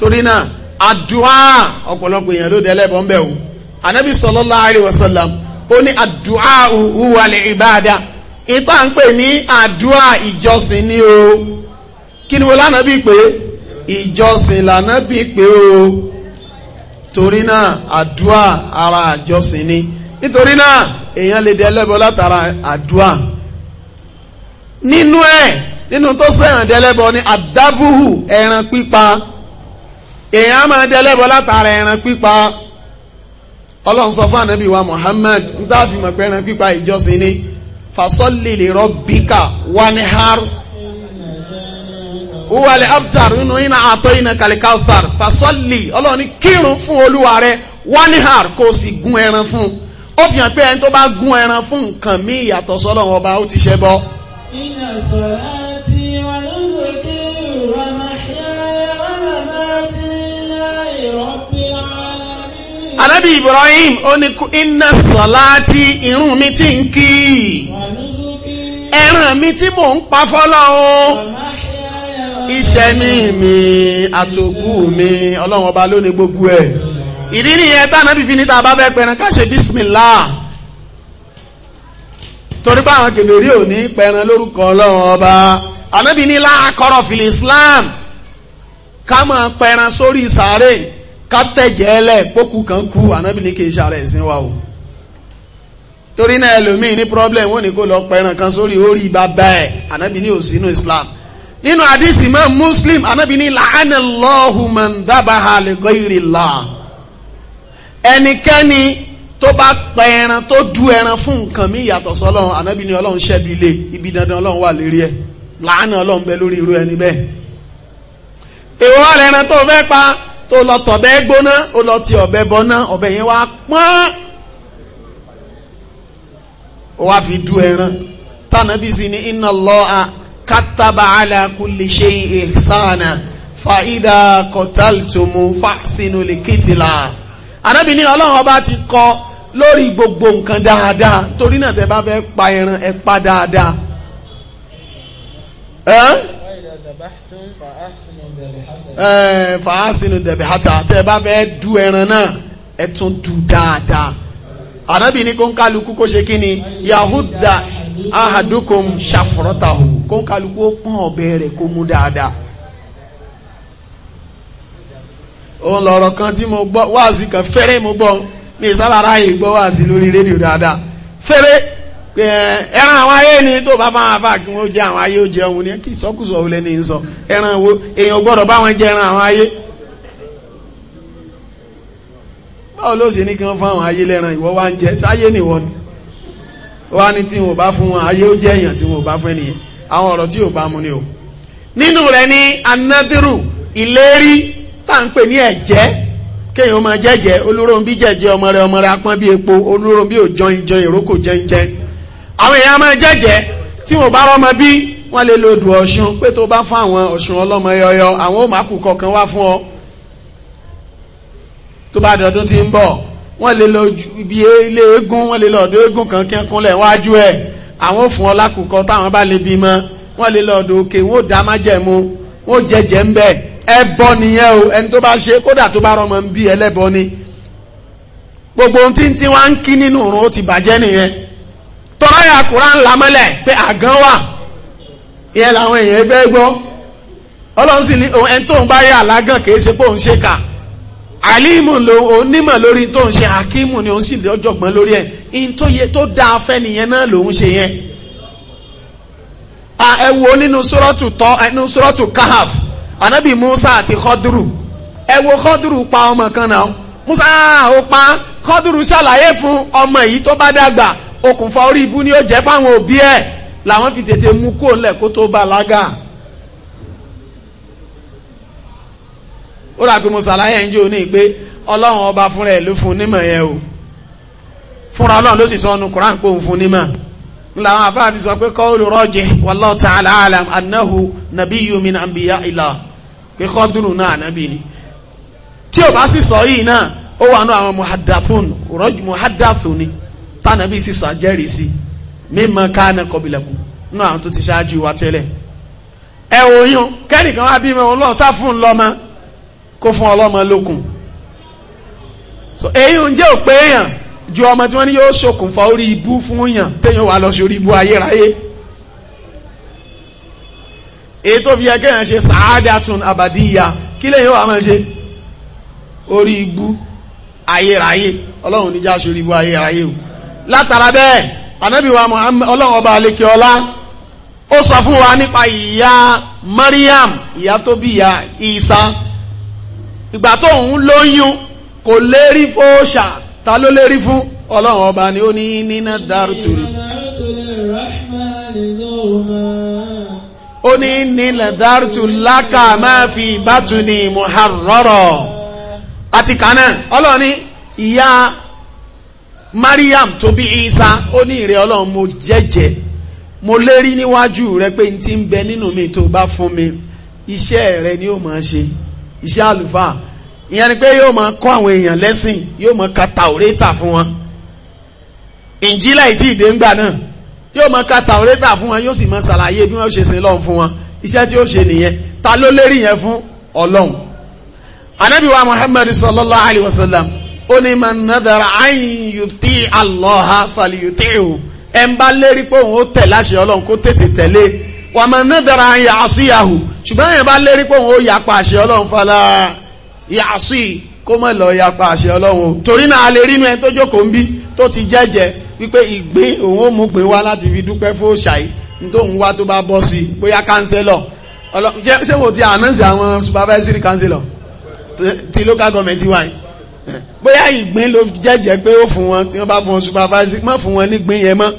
torí náà ọ̀pọ̀lọpọ̀ èèyàn ló ń bẹ̀ ó ní àdúà huwa li ìbáadà ìta ń pè ní àdúà ìjọsìn ní ni mo lánàá bí pé ìjọsìn lánàá bí pé o torí náà àdúà ara àjọsìn ni nítorí náà èèyàn lè di ẹlẹ́bọ látara àdúà nínú ẹ̀ nínú tó sẹ́yàn ni àdábùhù ẹran pípa èèyàn máa látara ẹran ọlọ́run sọ fún ànábì wa Muhammad ń tá fi mọ̀ pé ẹran pípa ìjọsìn ni fasọ́lì lè rọ bíkà wanihar wúwalẹ̀ abtar nínú iná àtọ́ iná kalikautar fasọ́lì ọlọ́run ní kírun fún olúwa rẹ wanihar kó o sì gún ẹran fún ó fi hàn pé ẹni tó bá gún ẹran fún nǹkan míì yàtọ̀ sọ́lọ́run ọba ó ti ṣẹbọ. iná sọ̀rọ̀ àti wàlẹ́. anábì ibrahim ó ní iná sọ̀láti irun mi tí ń kí ẹran mi tí mò ń pa fọ́lọ́ o ìṣẹ̀mí mi àtòkù mi ọlọ́run ọba ló ní gbogbo ẹ̀ ìdí nìyẹn tá anábì fi níta bá fẹ́ pẹran ká ṣe bísmìlá torí pé àwọn kèlèrí pẹran lórúkọ ọlọ́run ọba anábì ní láàkọ́rọ̀ fìlì islam ká máa pẹran sórí sàárè kátẹ̀jẹ́ ẹlẹ̀ pókù kan kú ànábì ní kìí ṣàrẹ̀ ẹ̀sìn wa o torí náà ẹlòmíì ní problem wọ́n ní kó lọ pẹran kan sórí orí bàbá ẹ̀ ànábì ní òsínú Islam nínú àdísì mọ́ Muslim ànábì ní la'anallahu man dhabaha li ghayrillah ẹnikẹ́ni tó bá pa ẹran tó du ẹran fún nǹkan mí yàtọ̀ sọ́lọ́run ànábì ní ọlọ́run ṣẹ́bi ilé ibi dandan ọlọ́run wà lérí ẹ̀ làánà ọlọ́run bẹ lórí irú ẹni bẹ́ẹ̀ èwo wà tó fẹ́ pa tó lọ tọ̀bẹ́ gbóná ó lọ ti ọ̀bẹ bọ́ná ọ̀bẹ yẹn wá pọ́n ó wá fi du ẹran tànàbí sí ni inna Allaha kataba ala kulli shay'in ihsana fa idha qataltumu fahsinu likitla ànábì ní ọlọ́run ọba ti kọ lórí gbogbo nǹkan dáadáa torí náà tẹ́ bá fẹ́ pa ẹran ẹ pa dáadáa fàásìnù dẹ̀bìhátà tẹ́ ẹ bá fẹ́ du ẹran náà ẹ tún du dáadáa ànábì ní kóńkálukú kó ṣe kí ni yahuda ahadukum ṣàfọ̀rọ̀tàhù kóńkálukú ó pọ́n ọ̀bẹ rẹ̀ kó mú dáadáa òun lọ̀rọ̀ kan tí mo gbọ́ wáàsí kan fẹ́rẹ́ mo gbọ́ mi sábà ráyè gbọ́ wáàsí lórí rédíò dáadáa fẹ́rẹ́ pé ẹran àwọn ayé ni tó bá bá wọn bá kí wọ́n jẹ àwọn ayé ó jẹ ohun ní kí ìsọkúsọ òun lẹ́ni sọ ẹran wo èèyàn gbọ́dọ̀ bá wọn jẹ ẹran àwọn ayé báwo ló sì ní kí wọ́n fún àwọn ayé lẹ́ran ìwọ wá ń jẹ sáyé ni wọ́n wá ní tí wọ́n bá fún wọn ayé ó jẹ èèyàn tí wọ́n bá fún ẹnìyẹn àwọn ọ̀rọ̀ tí yóò bá mú ni o nínú rẹ ní anadiru ìlérí tá à àwọn èèyàn máa jẹ́jẹ́ tí wọ́n bá rọ́mọ bí wọ́n lè lo odò ọ̀ṣun pé tó bá fún àwọn ọ̀ṣun ọlọ́mọ yọyọ àwọn òmàkù kọ̀ọ̀kan wá fún ọ tó bá dọ̀dún ti ń bọ̀ wọ́n lè lọ ibi ilé eégún wọ́n lè lọ ọ̀dọ̀ eégún kan kí wọ́n kúnlẹ̀ wájú ẹ̀ àwọn òfun ọlákùkọ táwọn bá lè bímọ wọ́n lè lọ ọ̀dọ̀ òkè wọ́n dá májẹ̀mú wọ́n ò ń bẹ̀ ẹbọ nìyẹn o ẹni tó bá ṣe kódà tó bá rọmọ ń bí ẹlẹ́bọ ni gbogbo ohun tí ń tí wá ń kí nínú òrùn ó ti bàjẹ́ nìyẹn tọ́rọ ya kùrán lámọ́lẹ̀ pé àgán wà ìyẹn làwọn èèyàn ẹgbẹ́ gbọ́ ọlọ́run sì ní ẹni tó ń bá yà lágàn kìí ṣe pé òun ṣe kà alimu lo onímọ̀ lórí tó ń ṣe hakimu ni òun sì lọ́jọ̀gbọ́n lórí ẹ̀ in tó yẹ tó dáa fẹ́ nìyẹn náà lòun ṣe yẹn ẹ wo nínú sọ́rọ́tù tọ́ ẹnu sọ́rọ́tù kahaf anabi musa àti kọ́dúrù ẹ kọ́dúrù pa ọmọ kan náà musa ó pa kọ́dúrù ṣàlàyé fún ọmọ yìí tó bá dàgbà okùnfà orí ibú ni ó jẹ́ fáwọn òbí ẹ̀ làwọn fi tètè mú kó lẹ̀ kó tó bàlágà. ó rà pé mo ṣàlàyé ń jò ní pé ọlọ́run ọba fúnra ẹ̀ ló fún nímọ̀ yẹn o fúnra ọlọ́run ló sì sọ ọ́nù kúrán pé òun fún nímọ̀ làwọn àfáà fi sọ pé qawlu rajih wallahu ta'ala alam annahu nabiyyun min anbiya illah pé Khadiru náà ànábì ni tí ò bá sì sọ yìí náà ó wà nù àwọn muhaddathun rọ́jì muhaddathun ni tánàbí sì sọ àjẹ́rìí sí mímọ káàna kọbìlẹ̀kù ní àwọn tó ti ṣáájú wa tẹ́lẹ̀ ẹ oyún kẹ́nìkan wá bímọ ọlọ́run sá fún lọ́mọ kó fún ọlọ́mọ lókun so èyí ń jẹ́ òpé èèyàn ju ọmọ tí wọ́n ní yóò ṣokùnfà orí ibú fún èèyàn téèyàn wà lọ sí orí ibú ayérayé èyí tó fi yẹ kéèyàn ṣe sàádàtún àbàdíyà kí lèyìn wà máa ṣe orí ibú ayérayé ọlọ́run níjà ṣe ibú ayérayé o látara bẹ́ẹ̀ ànábì wa Muhammad ọlọ́run ọba àlekè ọlá ó sọ fún wa nípa ìyá Mariam ìyá tó bí ìyá Isa ìgbà tó ń lóyún kò lérí fóòṣà ta ló lérí fún ọlọ́run ọba ni ó ní nínà dárútùrù ó ní nílẹ̀ dárútù lákà máa fi bátuni muharrọ́rọ̀ àti kànáà ọlọ́run ní ìyá Mariam tó bí Isa ó ní ìrẹ́ ọlọ́run mo jẹ́jẹ́ mo lérí níwájú rẹ pé n ti ń bẹ nínú mi tó bá fún mi iṣẹ́ rẹ ni yóò máa ṣe iṣẹ́ àlùfáà ìyẹn ni pé yóò máa kọ́ àwọn èèyàn lẹ́sìn yóò máa ka tàwórẹ́tà fún wọn ìnjílẹ̀ ìtì ìdéǹgbà náà yóò máa ka tàwórẹ́tà fún wọn yóò sì máa ṣàlàyé bí wọ́n ṣe sin lọ́hùn fún wọn iṣẹ́ tí ó ṣe nìyẹn ta ló lérí yẹn fún ọlọ́run anábìwá Muhammad sallallahu alayhi wa sallam ó ní man nadhara an yuti Allah falyuti'hu ẹ̀ lérí pé òun ó tẹ̀ láṣẹ ọlọ́run kó tètè tẹ̀lé wa man nadhara an ya'siyahu ṣùgbọ́n ẹ̀ lérí pé òun ó yapa àṣẹ ọlọ́run fala kó lọ yapa àṣẹ ọlọ́run o torí náà a lè rí inú ẹni tó jókòó ń bí tó ti jẹ́jẹ́ wípé ìgbín òun ó mú pé wá fi dúpẹ́ fún nítorí wá tó bá bọ́ sí bóyá kánsẹ́lọ̀ ṣé wo ti bóyá ìgbín ló jẹ́jẹ́ pé ó fún wọn tí wọ́n bá fún wọn supervisor mọ́ fún wọn nígbín yẹn mọ́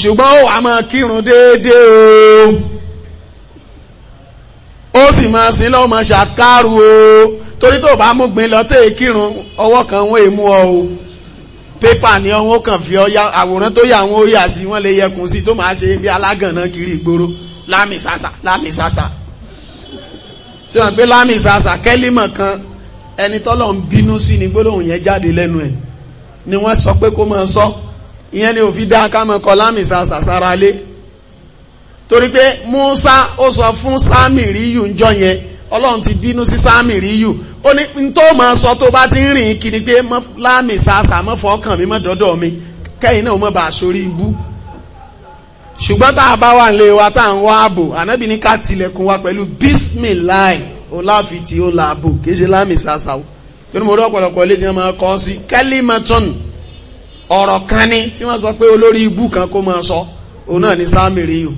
ṣùgbọ́n ó wà máa kírun déédéé o ó sì máa sin lọ́wọ́ máa ṣàkárù o torí tó bá mú gbin lọ tẹ́ kírun ọwọ́ kan wọ́n èmú ọ o pépà ni ọwọ́ kan fi ọ ya àwòrán tó yà wọ́n ó yà sí wọ́n lè yẹkùn sí tó máa ṣe bí alágànná kiri ìgboro lámì sàṣà lámì sàṣà ṣé wọn pé lámì sàṣà kẹ́límọ̀ kan ẹni tọ́lọ̀ ń bínú sí ni gbólóhùn yẹn jáde lẹ́nu ẹ̀ ni wọ́n sọ pé kó máa sọ ìyẹn ni òfin dá ká máa kọ lámìsà sàsára lé torí pé Musa ó sọ fún sáàmì ríyù ńjọ yẹn ọlọ́run ti bínú sí sáàmì ríyù ó ní n tó máa sọ tó bá ti ń rìn kiri pé lámìsà sàmọ́fọ́ ọkàn mi mọ́ dọ́dọ̀ mi kẹ́yìn náà mọ́ bá sórí ibú ṣùgbọ́n tá a bá wà nílé wa tá à ń wá ààbò ànábì ó láàfi tí ó láàbò kìí ṣe láàmì sàṣàwò torí mo rí ọ̀pọ̀lọpọ̀ ilé tí wọ́n máa kọ́ sí kẹ́límọ́tọ́n ọ̀rọ̀ kan ní tí wọ́n sọ pé olórí ibú kan kó máa sọ òun náà ní sáàmì rí yìí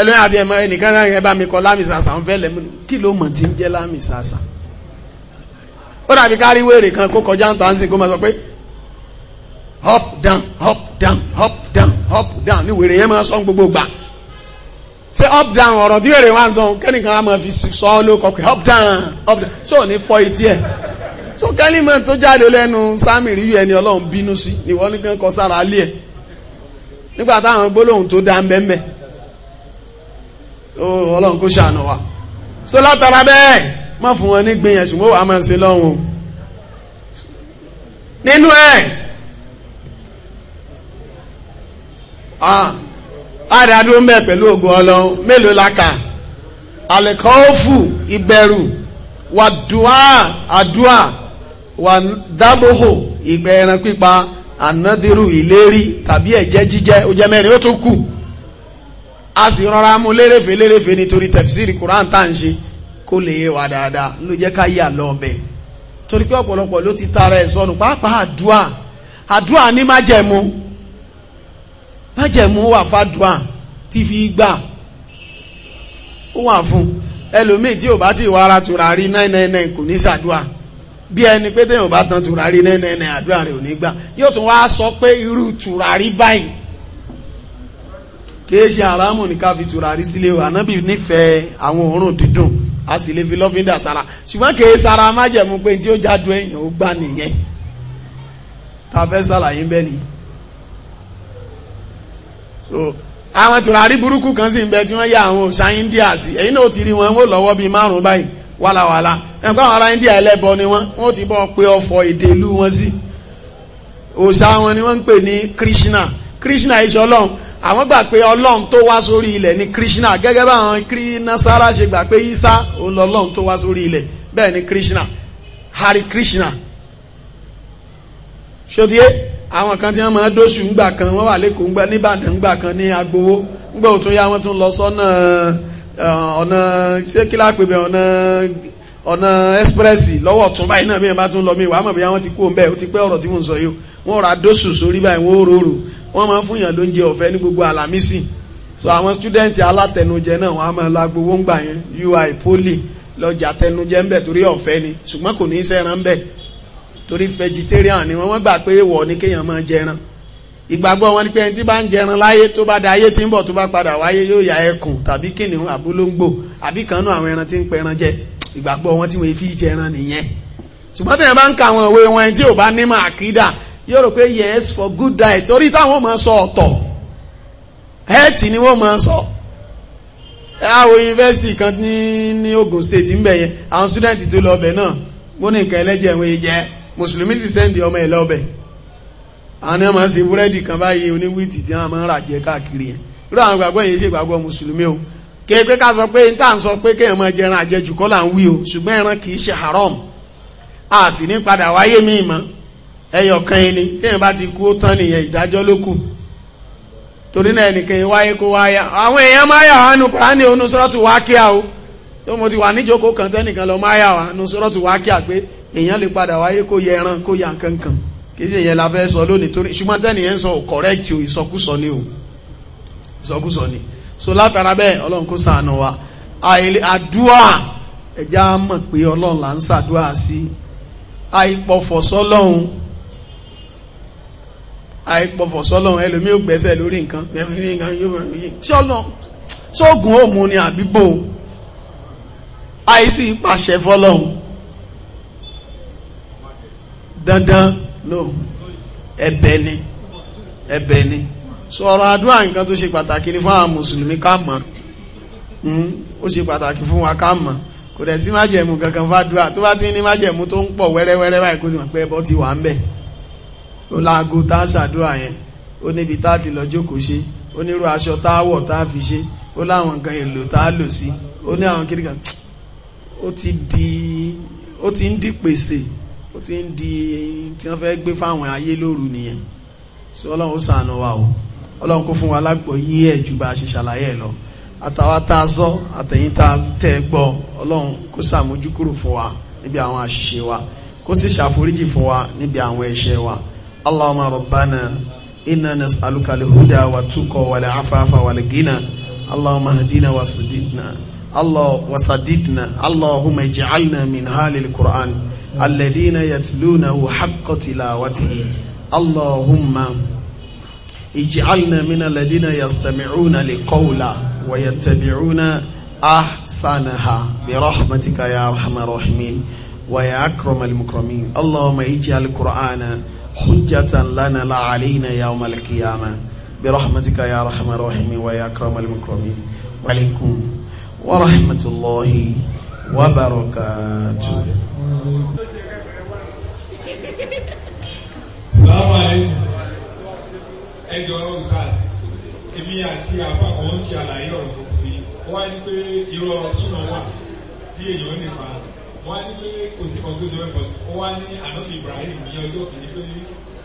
ẹlẹ́yìn àti ẹ̀mọ́ ẹnìkan náà yẹn bá mi kọ láàmì sàṣà ń fẹ́lẹ̀ mú kí ló mọ̀ tí ń jẹ́ láàmì sàṣà ó dàbí kárí wèrè kan kó kọjá ń tàn sí kó máa sọ pé up down up down up down up down ní wèrè yẹn máa sọ gbogbo gbà ṣe up down ọ̀rọ̀ tí èrè wá ń sọ kẹ́nìkan á máa fi sọ ọ́ ló pé up down up down tí ò ní fọ etí ẹ̀ tó kẹ́límọ̀ tó jáde lẹ́nu sáàmì rí ẹni ọlọ́run bínú sí ìwọ nìkan kọ sára alẹ́ ẹ̀ nígbà táwọn gbólóhùn tó dá mbẹ́mbẹ́ oh, ọlọ́run kó ṣàánú wa so látara bẹ́ẹ̀ má fún wọn ní gbìyànjú mọ́ wàá máa ṣe lọ́hùn nínú ẹ̀ ah, àdádúró mẹ́ pẹ̀lú ògùn ọlọ́run mélòó láka àlẹ́kọ́ọ́fù ìbẹ̀rù wà dùá àdúà wà dábòhò ìgbẹ́ ẹran pípa ànádìrú ìlérí tàbí ẹ̀jẹ́ jíjẹ ó mẹ́rin ó tún kù a sì rọra mú lérèfé lérèfé nítorí tẹ̀fsìrì kùrán tá ń ṣe kó lè yé wa dáadáa ló jẹ́ ká yà lọ ọbẹ̀ torí pé májẹ̀mú wà fàdùà tí fi gbà ó wà fún ẹlòmíì tí ò bá ti wà ara tùràrí 999 kò ní ṣàdùà bí ẹni pé téèyàn bá tan tùràrí 999 àdúrà rẹ̀ ò ní gbà yóò tún wá sọ pé irú tùràrí báyìí kìí ṣe àrámù ní ká fi tùràrí sílé o ànábì nífẹ̀ẹ́ àwọn òórùn dídùn a sì lè fi lọ́fíńdà sára ṣùgbọ́n kìí sára májẹ̀mú pé tí ó jáde èèyàn ó gbà nìyẹn ta fẹ́ sàlàyé bẹ́ẹ̀ ni so àwọn tùràrí burúkú kan sì ń bẹ tí wọ́n yá àwọn òṣà India sí èyí náà ti rí wọn wọ́n lọ́wọ́ bíi márùn-ún báyìí wàlàwàlà ẹ̀kọ́ àwọn ará India ẹlẹ́bọ ni wọ́n wọ́n ti bọ́ pé ọ̀fọ̀ èdè wọn sí òṣà wọn ni wọ́n ń pè ní Krishna Krishna iṣẹ́ ọlọ́run àwọn gbà pé ọlọ́run tó wá sórí ilẹ̀ ni Krishna gẹ́gẹ́ bá àwọn Nasara ṣe gbà pé Isa òun lọ́lọ́run tó wá sórí ilẹ̀ bẹ́ẹ̀ ni Krishna Hare Krishna ṣòdíé àwọn kan tí wọ́n máa dóṣù ńgbà kan wọ́n wà lẹ́kọ̀ọ́ ńgbà nìbàdàn ńgbà kan ní agbowó ńgbà òtún yá wọ́n tún lọ sọ́nà eh, ọ̀nà ṣé kí lápè bẹ̀ ọ̀nà ọ̀nà ẹ́sprẹ́sì lọ́wọ́ ọ̀tún báyìí náà bí wọ́n bá tún lọ mí wàá mọ̀ bí wọ́n ti kú bẹ́ẹ̀ ó ti pẹ́ ọ̀rọ̀ tí mò ń sọ yìí wọ́n ra dóṣù sórí báyìí wọ́n rorò wọ́n so àwọn stúdẹ́ǹtì alátẹnujẹ náà wọ́n á máa la gbowó ń gbà yẹn ui poli lọ́jà tẹnujẹ ń bẹ̀ torí torí vegetarian ni wọn wọn gbà pé wọ ní kéèyàn máa jẹran ìgbàgbọ́ wọn ni pé ẹni tí bá ń jẹran láyé tó bá da ayé tí ń bọ̀ tó bá padà wáyé yóò ya ẹkùn tàbí kìnìún àbúlóńgbò àbí kànú àwọn ẹran tí ń pẹran jẹ ìgbàgbọ́ wọn tí wọ́n fi jẹran nìyẹn ṣùgbọ́n bá ń ka àwọn òwe wọn tí ò ní yóò rò pé yes for good diet orí táwọn máa sọ ọ̀tọ̀ health àwọn yunifásitì kan ní Ogun State ń yẹn mùsùlùmí sì sẹ́ndì ọmọ ẹ̀ lọ́bẹ̀ àwọn ọmọ sí búrẹ́dì kan báyìí oníwìtì tí wọ́n máa ń rà jẹ káàkiri yẹn irú àwọn gbàgbọ́ yẹn ṣe gbàgbọ́ mùsùlùmí o kéèpé ká sọ pé níta ń sọ pé kéèyàn máa jẹran àjẹjù kọ́ là ń wí o ṣùgbọ́n ẹran kì í ṣe haram a sì ní padà wáyé míì mọ́ ẹyọ kan ẹni kéèyàn bá ti kú ó tán nìyẹn ìdájọ́ ló kù torí náà ẹnìkan wáyé kó wáyà àwọn èèyàn máa yà wánu Kùránì onú wákíá o tó mọ̀ ti wà níjókòó kan lọ máa yà wá nù sọ́rọ̀ tó wá kí à pé èyàn lè padà wáyé kó yẹ ẹran kó yà kankan kìí ìyẹn la sọ lónìí torí ṣùgbọ́n tẹ́nìyẹn ń sọ ò o ìsọkúsọ ni o ìsọkúsọ ni so látara bẹ́ẹ̀ ọlọ́run kó wa àìlè mọ̀ pé ọlọ́run là ń sí àìpọ̀fọ̀ sọ́lọ́run àìpọ̀fọ̀ sọ́lọ́run àìsí pàṣẹ fọ́lọ́hun dandan no ẹ̀bẹ̀ ni ẹ̀bẹ̀ ni sọ̀rọ̀ àdúrà nǹkan tó ṣe pàtàkì ní fún àwọn mùsùlùmí ká mọ̀ hmm, ó ṣe pàtàkì fún wa ká mọ̀ kò dẹ̀ sí májẹ̀mú kankan fàdúrà tó bá ti ní májẹ̀mú tó ń pọ̀ wẹ́rẹ́wẹ́rẹ́ báyìí kó ti mọ̀ pé ẹbọ ti wà ń bẹ̀ ó láago tá a ṣàdúrà yẹn ó níbi tá a ti lọ jókòó ṣe ó nírú aṣọ tá a wọ̀ tá a fi ṣe ó láwọn nǹkan èlò tá a lò sí ó ní àwọn kiri kan ó ti di ó ti ń di pèsè ó ti ń di tí wọ́n fẹ́ gbé fáwọn ayé lóru nìyẹn so ọlọ́run ó ṣàánú wa o ọlọ́run kó fún wa lágbọ̀ yí ẹ̀ ju bá a ṣe ṣàlàyé ẹ̀ lọ àtàwọn tá a sọ àtẹ̀yìn tá a tẹ́ gbọ́ ọlọ́run kó ṣàmójú fún wa níbi àwọn àṣìṣe wa kó sì ṣàforíjì fún wa níbi àwọn ẹ̀ṣẹ̀ wa allahumma rabbana inna nas'aluka al-huda wa tuqa wal afafa wal ghina allahumma الله وصددنا اللهم اجعلنا من هال القرآن الذين يتلونه حق تلاوته اللهم اجعلنا من الذين يستمعون لقولا ويتبعون أحسنها برحمتك يا أرحم الراحمين ويا أكرم المكرمين اللهم اجعل القرآن حجة لنا لا علينا يوم القيامة برحمتك يا أرحم الراحمين ويا أكرم المكرمين وعليكم ورحمة الله وبركاته السلام عليكم ẹjọ́ sars èmi àti àpapọ̀ ń ṣe àlàyé ọ̀rọ̀ gbogbo yìí wọ́n á ní pé irọ́ súnà wà tí èèyàn lè pa wọ́n á ní pé kò sí kan tó jọ ẹ̀ bọ̀t wọ́n á ní ànáfì Ibrahim ní ọjọ́ kìíní pé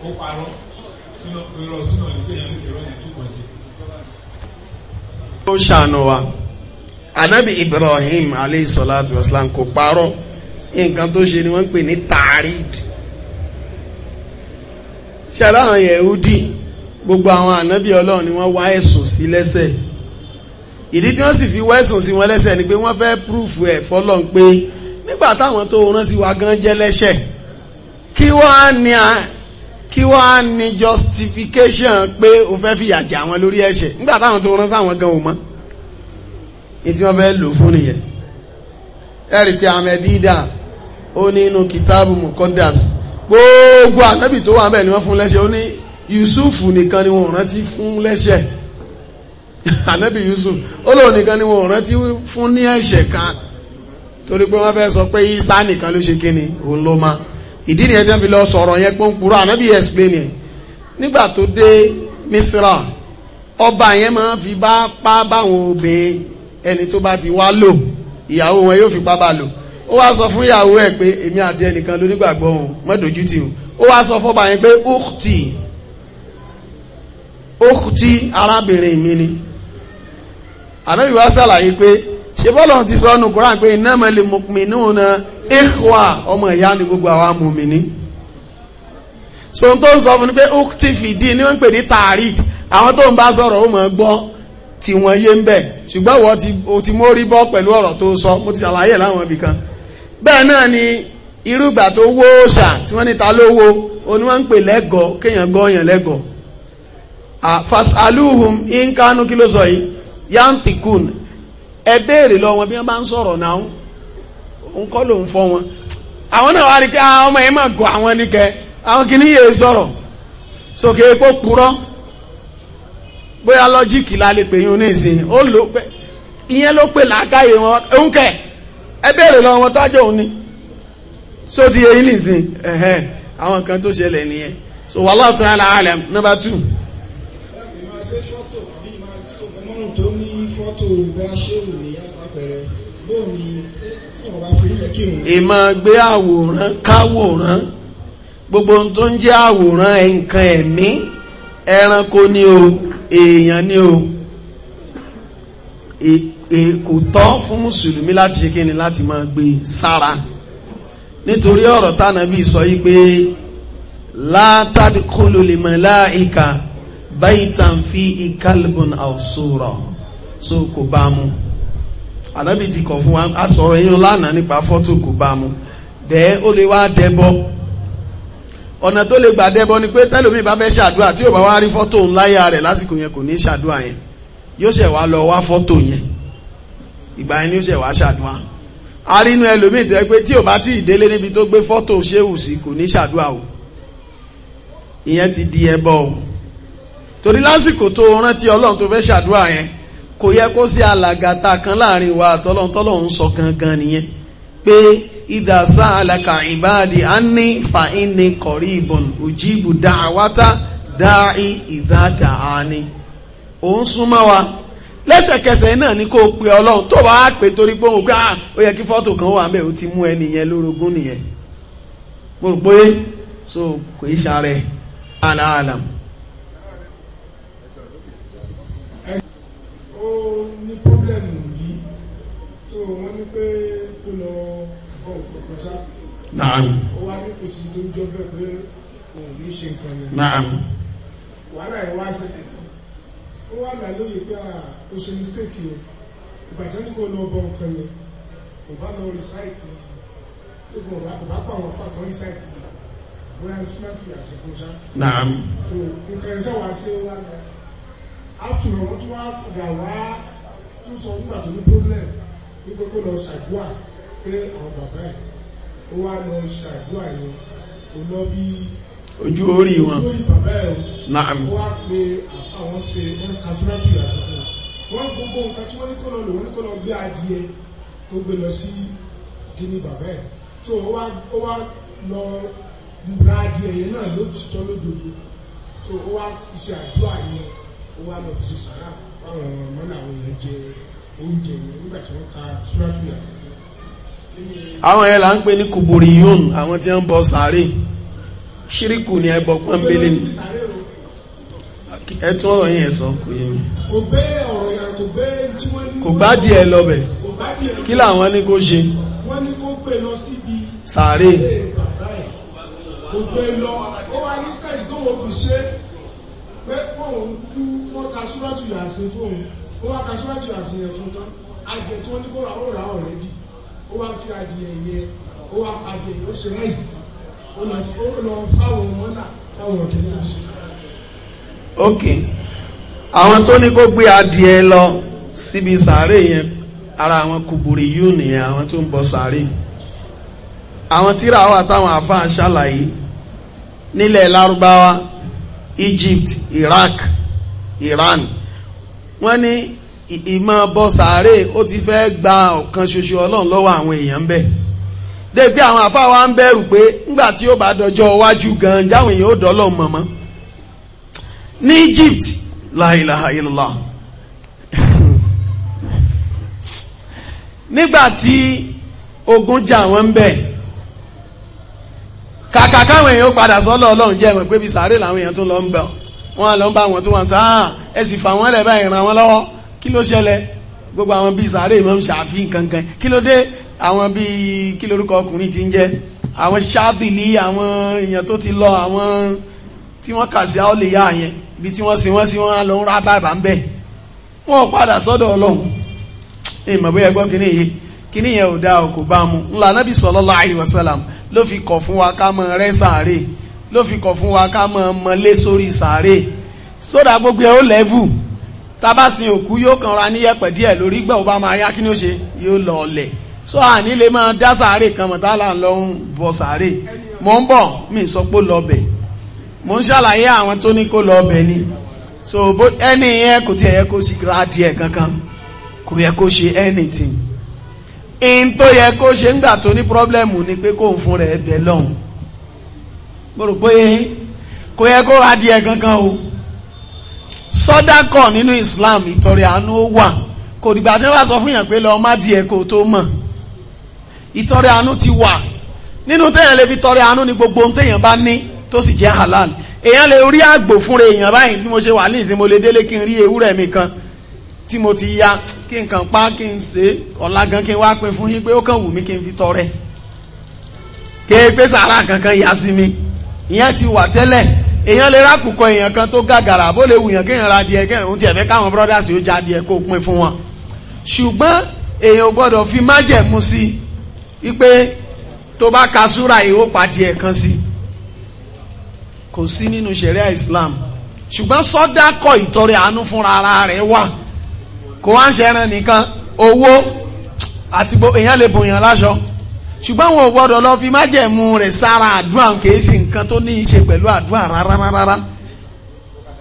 ó parọ́ irọ́ súnà ní pé èèyàn lè rọ́ ẹ̀ sí. ó ṣàánú wa anabi ibrahim alayhi salatu wasalam kò parọ́ nǹkan tó ṣe ni wọ́n ń pè ní tààríd ṣe aláwọn yẹ̀húdí gbogbo àwọn ànábì ọlọ́run ni wọ́n wá ẹ̀sùn sí lẹ́sẹ̀ ìdí tí wọ́n sì fi wá ẹ̀sùn sí wọn lẹ́sẹ̀ ni pé wọ́n fẹ́ púrùfù ẹ̀ fọ́lọ́run pé nígbà táwọn tó rán sí wa gan jẹ́ lẹ́ṣẹ̀ kí wàá ní kí wàá ní justification pé o fẹ́ fìyà jẹ àwọn lórí ẹ̀ṣẹ̀ nígbà táwọn tó rán sáwọn gan ò mọ̀ ìtí wọ́n fẹ́ lò fún nìyẹn ẹ̀rì pé amẹ́dídà ó ní inú kìtàbù mọ̀kọ́dàs gbogbo ànábì tó wà bẹ́ẹ̀ ni wọ́n fún lẹ́ṣẹ̀ ó ní Yusuf nìkan ni wọ́n rántí fún lẹ́ṣẹ̀ [laughs] ànábì Yusuf ó lóun nìkan ni wọ́n rántí fún ní ẹ̀ṣẹ̀ kan torí pé wọ́n fẹ́ sọ pé Isa nìkan ló ṣe kíni òun ló ma ìdí nìyẹn tó fi lọ sọ̀rọ̀ yẹn pé ń kúrò explain yẹn nígbà tó dé Misra ọba yẹn máa fi bá pa báwọn obìnrin ẹni tó bá ti wá lò ìyàwó wọn yóò fipá bá lò ó wá sọ fún ìyàwó ẹ̀ pé èmi àti ẹnìkan lónígbàgbọ́ òun mọ́dójú tì ó wá sọ fọ́ba yẹn pé ukhti ukhti arábìnrin mi ni ànábì wá sàlàyé pé ṣe bọ́lọ̀ ti sọ ọ́nù kúrán pé innamal mu'minuna ikhwa ọmọ ìyá ni gbogbo àwa mùmìnì so tó ń sọ fún ni pé ukhti fìdí ni wọ́n ń pè ní tààrí àwọn tó ń bá sọ̀rọ̀ ó mọ̀ gbọ́ tí wọ́n yé ń bẹ̀ ṣùgbọ́n wọ́n ti mórí bọ́ pẹ̀lú ọ̀rọ̀ tó sọ mo ti ṣàlàyé láwọn ibì kan bẹ́ẹ̀ náà ni irúgbà tó wó ṣà tí wọ́n níta lówó oní wọ́n ń pè lẹ́gọ̀ọ́ kéèyàn gọ́ọ̀yàn lẹ́gọ̀ọ́ fasaluhum inkanu kí ló sọ yìí yantikun ẹ béèrè lọ wọn bí wọ́n bá ń sọ̀rọ̀ náà ń kọ́ ló ń fọ́ wọn àwọn náà wá rí pé ah, ọmọ yẹn máa gọ àwọn níkẹ àwọn kìíní bóyá lọ́jíìkì lálẹ́ pé yún nísìn ó lò pé ìyẹn ló pè làákàyè wọn òun kẹ ẹ bẹ̀rẹ̀ lọ wọn tọ́jú òun ni so ti eyín nísìn ẹ̀hẹ́n àwọn kan tó ṣẹlẹ̀ nìyẹn so wallahu ta'ala alam number two. tó ní fọ́tò bá ṣéwù ní àtàpẹrẹ bó ni ìmọ̀ gbé àwòrán káwòrán gbogbo ohun tó ń jẹ́ àwòrán nǹkan ẹ̀mí ẹranko ni o èèyàn ni o e, e, kò tọ́ fún mùsùlùmí láti ṣe kíni láti máa gbé sára nítorí ọ̀rọ̀ tánàbí sọ yí pé látàdíkúlù lè mọ̀ láìka fi ikalbun àwòsòrò so kò bá mu ànábì kọ̀ fún wa a sọ̀rọ̀ lánàá nípa fọ́tò kò mu dẹ́ ó lè wá ọ̀nà tó lè gbà dẹ́bọ ni pé tẹ́lómi bá fẹ́ ṣàdúrà tí yóò bá wá rí fọ́tò ńláyà rẹ̀ lásìkò yẹn kò ní ṣàdúrà yẹn yóò ṣẹ̀ wá lọ wá fọ́tò yẹn ìgbà yẹn ni yóò ṣẹ̀ wá ṣàdúrà a rí inú ẹlòmíì tó yẹ pé tí ò bá tí ì délé níbi tó gbé fọ́tò ṣéwù sí kò ní ṣàdúrà o ìyẹn ti di ẹbọ o torí lásìkò tó rántí ọlọ́run tó fẹ́ ṣàdúrà yẹn kò yẹ idha sa'alaka ibadi anni fa inni qaribun ujibu da'wata da'i idha da'ani o ń súnmọ́ wa lẹ́sẹ̀kẹsẹ̀ náà ni kò pe Ọlọ́run tó wàá pè torí pé òun gbà ah, ó yẹ kí fọ́tò kan wà bẹ́ẹ̀ ó ti mú ẹni yẹn lórogún nìyẹn mo rò pé so kò í ṣàrẹ aláàlám. ó ní pọ́blẹ́mù yìí so wọ́n ní pé. Naam. Ó wá ní kò sí tó ń jọ bẹ́ẹ̀ pé òun ní ṣe nǹkan yẹn. Naam. Wàhálà ẹ̀ wá ṣẹlẹ̀ sí. Ó wà lálóye pé ó ah, ṣe mistake yẹn. Ìbàjẹ́ ní kò lọ bọ nǹkan yẹn. Kò bá lọ recite yẹn. Kò bá pa àwọn fà kan yẹn. Bóyá ní Súmẹ́tì àṣẹ fún ṣá. Naam. So nǹkan ẹ̀ṣẹ̀ wá sí wá lọ. A tún ọ̀rọ̀ tí wọ́n á wá tún sọ nígbà tó ní problem. Ní pé lọ ṣàdúrà pé àwọn bàbá ẹ̀ ó wá lọ ṣàdúrà yẹn kò lọ bí ojú orí wọn ojú orí bàbá ẹ̀ ó wá pé àwọn ṣe wọn ka súrátù ìyàsí fún wọn gbogbo nǹkan tí wọ́n ní kó lọ lò wọ́n ní kó lọ gbé adìẹ tó gbé lọ sí gíní bàbá ẹ̀ tó ó wá lọ ra adìẹ yẹn náà ló títọ́ lódodo tó ó wá ṣe àdúrà yẹn ó wá lọ fi ṣe sàrà báwọn ọmọ náà wọ́n yẹn jẹ oúnjẹ yẹn nígbà tí wọ́n ka súrátù ìyàsí àwọn ẹ̀là ń pè ní kùbùrì yún àwọn tí ó ń bọ sàárè ṣíríkù ní ẹbọ pọ́nbélé ni ẹtún ọ̀rọ̀ yẹn sọ kò yé mi kò bá díẹ̀ lọ́bẹ̀ kí làwọn ní kó ṣe sàárè kò gbé lọ ó wá ní sẹ́yìn tó wọ́n kò ṣe pé fóun kú wọ́n ka súrátù yàsín fóun ó wá ka súrátù yàsín yẹn fún tán àjẹ tí wọ́n ní kó ra ó rà ọ̀rẹ́dì ó wá fi adìyẹ yẹ ó wá adìyẹ ó ṣe ráìsì ó lọ fáwọn wọn náà fáwọn ọ̀kẹ́ ní oṣù. ok àwọn tó ní kó gbé adìyẹ lọ síbi sàárè yẹn ara àwọn kùbùrì yìí nìyẹn àwọn tó ń bọ sàárè àwọn tíra wà táwọn àfáà ṣàlàyé nílẹ̀ lárúbáwá Egypt Iraq Iran wọ́n ní ìmọ̀ bọ́ sàárè ó ti fẹ́ gba ọ̀kan ṣoṣo ọlọ́run lọ́wọ́ àwọn èèyàn ń bẹ dé pé àwọn àfáà wa ń bẹ̀rù pé ńgbà tí ó bá dọjọ́ iwájú gan jáwọn èèyàn ó dọ́lọ́ mọ̀mọ́ ní Egypt la ilaha illallah [laughs] nígbà tí ogun jà wọ́n ń bẹ kàkà káwọn èèyàn padà sọ́lọ́ ọlọ́run jẹ́ ẹ̀wọ̀n pé bí sàárè làwọn èèyàn tó lọ ń bẹ̀ wọ́n lọ ń bá wọn tó wọn sọ ah, ẹ̀ fà wọ́n lẹ̀ báyìí ràn wọ́n lọ́wọ́ kí ló ṣẹlẹ̀ gbogbo àwọn bíi sàárè Imam Shafi kankan kí ló dé àwọn bíi kí lórúkọ ọkùnrin ti ń jẹ́ àwọn Ṣábìlì àwọn èèyàn tó ti lọ àwọn tí wọ́n kà sí àwọn olèyà yẹn ibi tí wọ́n sin wọ́n sí wọ́n lọ ń rá bàbá ń bẹ̀ wọ́n padà sọ́dọ̀ Ọlọ́run ìmọ̀ bóyá gbọ́ kí fi kọ̀ fún wa ká fi kọ̀ fún wa ká mọ mọlé sórí tábà sin òkú yóò kàn ra ní yẹ̀pẹ̀ díẹ̀ lórí gbẹ̀ ó bá yá kí ni ó ṣe yóò lọ ọ̀lẹ̀ so àní lè máa dá sàárè kan mọ̀ tálà lọ ń bọ sàárè mò ń bọ̀ mi sọ pé lọ́bẹ̀ mò ń ṣàlàyé àwọn tó ní kó lọ́bẹ̀ ni so ẹni yẹn kò tiẹ̀ yẹ kó sí gírádìẹ̀ kankan kò yẹ kó ṣe anything in tó yẹ kó ṣe ń gbà tó ní pírọ́blẹ́mù ni pé kó ń fún rẹ̀ bẹ̀ lọ́hùn mo rò pé kò yẹ kó ra díẹ̀ kankan o sọ́dákọ̀ nínú Islam ìtọrẹ àánú wà kò dìgbà tí wọ́n bá sọ fún yàn pé lọ má díẹ̀ kó tó mọ̀ ìtọrẹ àánú ti wà nínú téèyàn lè fi tọrẹ àánú ni gbogbo ohun téèyàn bá ní tó sì jẹ́ halal èèyàn lè rí àgbò fúnra èèyàn báyìí bí mo ṣe wà nísìn mo lè délé kí n rí ewúrẹ́ mi kan tí mo ti ya kí n kàn pa kí n ṣe ọ̀la gan kí n wá pín fún yín pé ó kàn wù mí kí n fi tọrẹ kéèpé sàrà kankan yá sí mi ìyẹn ti wà tẹ́lẹ̀ èèyàn lè rákùkọ èèyàn kan tó gàgàrà bó lè wùyàn kéèyàn ra díẹ̀ kéèyàn ohun tí ẹ̀fẹ́ káwọn brothers yóò já díẹ̀ kó pin fún wọn ṣùgbọ́n èèyàn ò gbọ́dọ̀ fi májẹ̀mú sí wípé tó bá ka súra yìí ó pa díẹ̀ kan sí kò sí nínú sharia Islam ṣùgbọ́n sọ́dákọ̀ ìtọrẹ àánú fúnra ara rẹ̀ wà kò wá ń ṣẹran nìkan owó àti èèyàn lè bòyàn láṣọ ṣùgbọ́n wọn ò gbọ́dọ̀ lọ fi májẹ̀mú rẹ̀ sára àdúrà kìí ṣe nǹkan tó ní í ṣe pẹ̀lú àdúrà rárárárá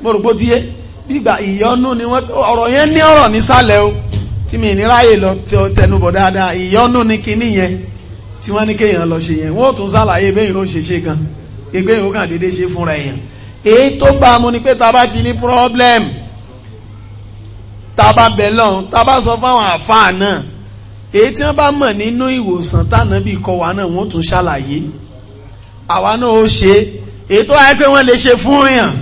gbọ́dọ̀gbọ́ ti yé gbígbà ìyọnu ni wọ́n ọ̀rọ̀ yẹn ní ọ̀rọ̀ nísàlẹ̀ o tí mi ní ráyè lọ tí ó tẹnubọ̀ dáadáa ìyọnu ni kinní yẹn tí wọ́n ní kéèyàn lọ ṣe yẹn wọ́n ò tún ṣàlàyé bẹ́yìn ló ṣe ṣe gan gbégbé yìí ó kàn déédéé ṣe fúnra èèyàn èyí tó bá mu ni pé ta bá ti ní problem ta bá bẹ̀ lọ́hùn ta bá sọ fáwọn àfáà náà èyí tí wọn bá mọ̀ nínú ìwòsàn tánàbí kọ́ wa náà wọ́n tún ṣàlàyé àwa náà ó ṣe èyí tó wáyé pé wọ́n lè ṣe fún yàn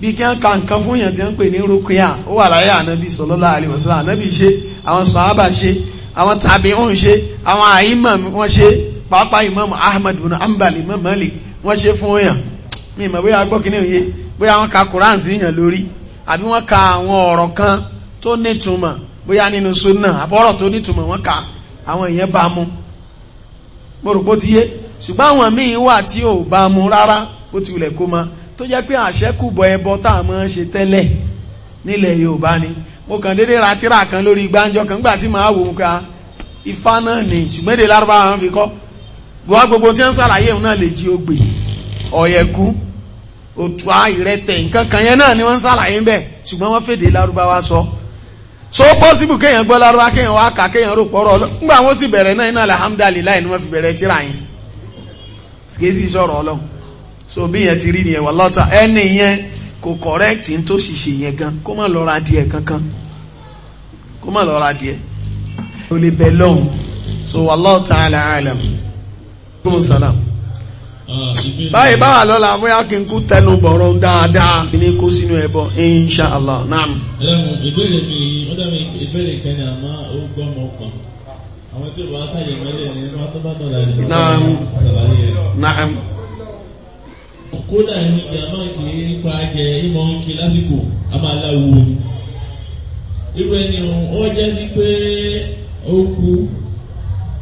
bí kí wọ́n ka nǹkan fún yàn tí wọ́n pè ní rúkìá ó wà láyé ànábì sallallahu alaihi wasallam ànábì ṣe àwọn sàhábà ṣe àwọn tàbí tàbíùn ṣe àwọn àyímọ̀ wọ́n ṣe pàápàá Imam ahmed bin Hanbal Imam Malik wọ́n ṣe fún yàn mi mọ̀ bóyá gbọ́ kíní òye bóyá wọn ka Quran sí yàn lórí àbí wọn ka àwọn ọ̀rọ̀ kan tó nítumọ̀ bóyá nínú sunna àbọ̀rọ̀ tó nítumọ̀ wọn kà àwọn èèyàn bá mu mo rò pó ti yé ṣùgbọ́n àwọn míì wà tí ò bá mu rárá bó ti wulẹ̀ kó ma tó jẹ́ pé àṣẹ́kùbọ̀ ẹbọ tá ṣe tẹ́lẹ̀ nílẹ̀ Yorùbá ni mo kàn déédéé ra tírà kan lórí gbáǹjọ kan gbà tí màá wò ó ka ifá náà ni ṣùgbọ́n èdè lárúbáwá wọn fi kọ́ bùhá gbogbo tí wọ́n ṣàlàyé òun náà lè jí ogbè ọ̀yẹ̀kú òtùá ìrẹtẹ̀ nǹkan kan yẹn náà ni wọ́n ṣàlàyé ń bẹ̀ ṣùgbọ́n wọ́n fèdè lárúbáwá sọ so possible kéèyàn gbọ́ lárúbá kéèyàn wá kà kéèyàn rò pọ̀rọ̀ ọlọ́ ńgbà wọ́n bẹ̀rẹ̀ náà iná alhamdulilayi ni wọ́n fi bẹ̀rẹ̀ tíra yẹn kèésì sọ̀rọ̀ ọlọ. so bí yẹn ti rí nìyẹn wà lọ́ta ẹni yẹn kò correct tó ṣìṣe yẹn kankan kó má díẹ̀ so wà báyìí báwà lọ́la bóyá kí n kú tẹnu bọ̀rọ̀ dáadáa bí ní kó sínú ẹbọ insha allah naam. ìbéèrè mi wọ́n ìbéèrè àmọ́ ó gbọ́ àwọn tí mẹ́lẹ̀ wọ́n tó bá tọ̀lá ní wọ́n sàlàyé rẹ̀. naam. kódà ní kì í pa ìmọ̀ ń kí lásìkò a máa láwo irú ẹni ó jẹ́ ní pé ó kú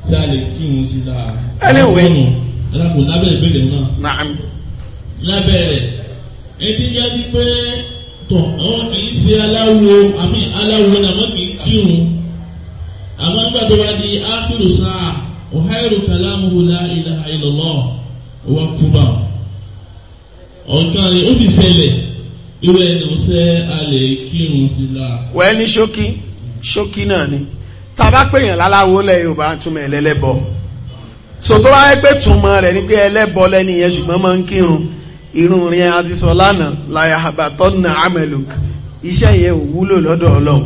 tí a ẹlẹ́kùn lábẹ́ ìbéèrè náà. Naam. Lábẹ́ rẹ̀, ẹni yá ni pé tọ̀ àwọn kì í ṣe aláwo àmì aláwo náà wọ́n kì í kírun. Àmọ́ nígbà tó bá di ákìlù sáà, ọ̀háìrù kàlámù la ilaha illallah wa kúbà. Ọ̀kan rẹ̀ ó sì ṣẹlẹ̀ irú ẹni ọ̀sẹ̀ alẹ̀ kírun sí la. Wẹ́ẹ́ ní ṣókí, ṣókí náà ni. Tàbá pèèyàn láláwo lẹ̀ Yorùbá túnmẹ̀ lẹ́lẹ́bọ̀. so tó bá re pé túmọ̀ rẹ̀ ni pé ẹlẹ́bọ irun rẹ̀ àti sọ lánàá láyà àbàtọ́ nà ameluk iṣẹ́ yẹn ò wúlò lọ́dọ̀ ọlọ́run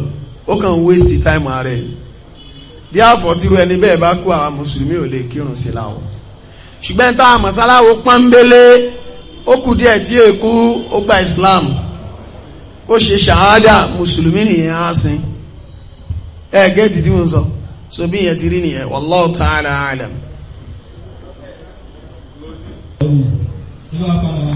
ó kàn wéèsì táìmù ààrẹ díàfọ̀ tírú ẹni bẹ́ẹ̀ bá kú àwọn mùsùlùmí ò lè kírun sí láwọ̀ ṣùgbọ́n tá a mọ̀sáláwo pọ́nbélé ó kù Islam ó ṣe ṣàhádà mùsùlùmí nìyẹn á sin so bí ìyẹn ti rí nìyẹn ẹ̀wù ìwà padà wà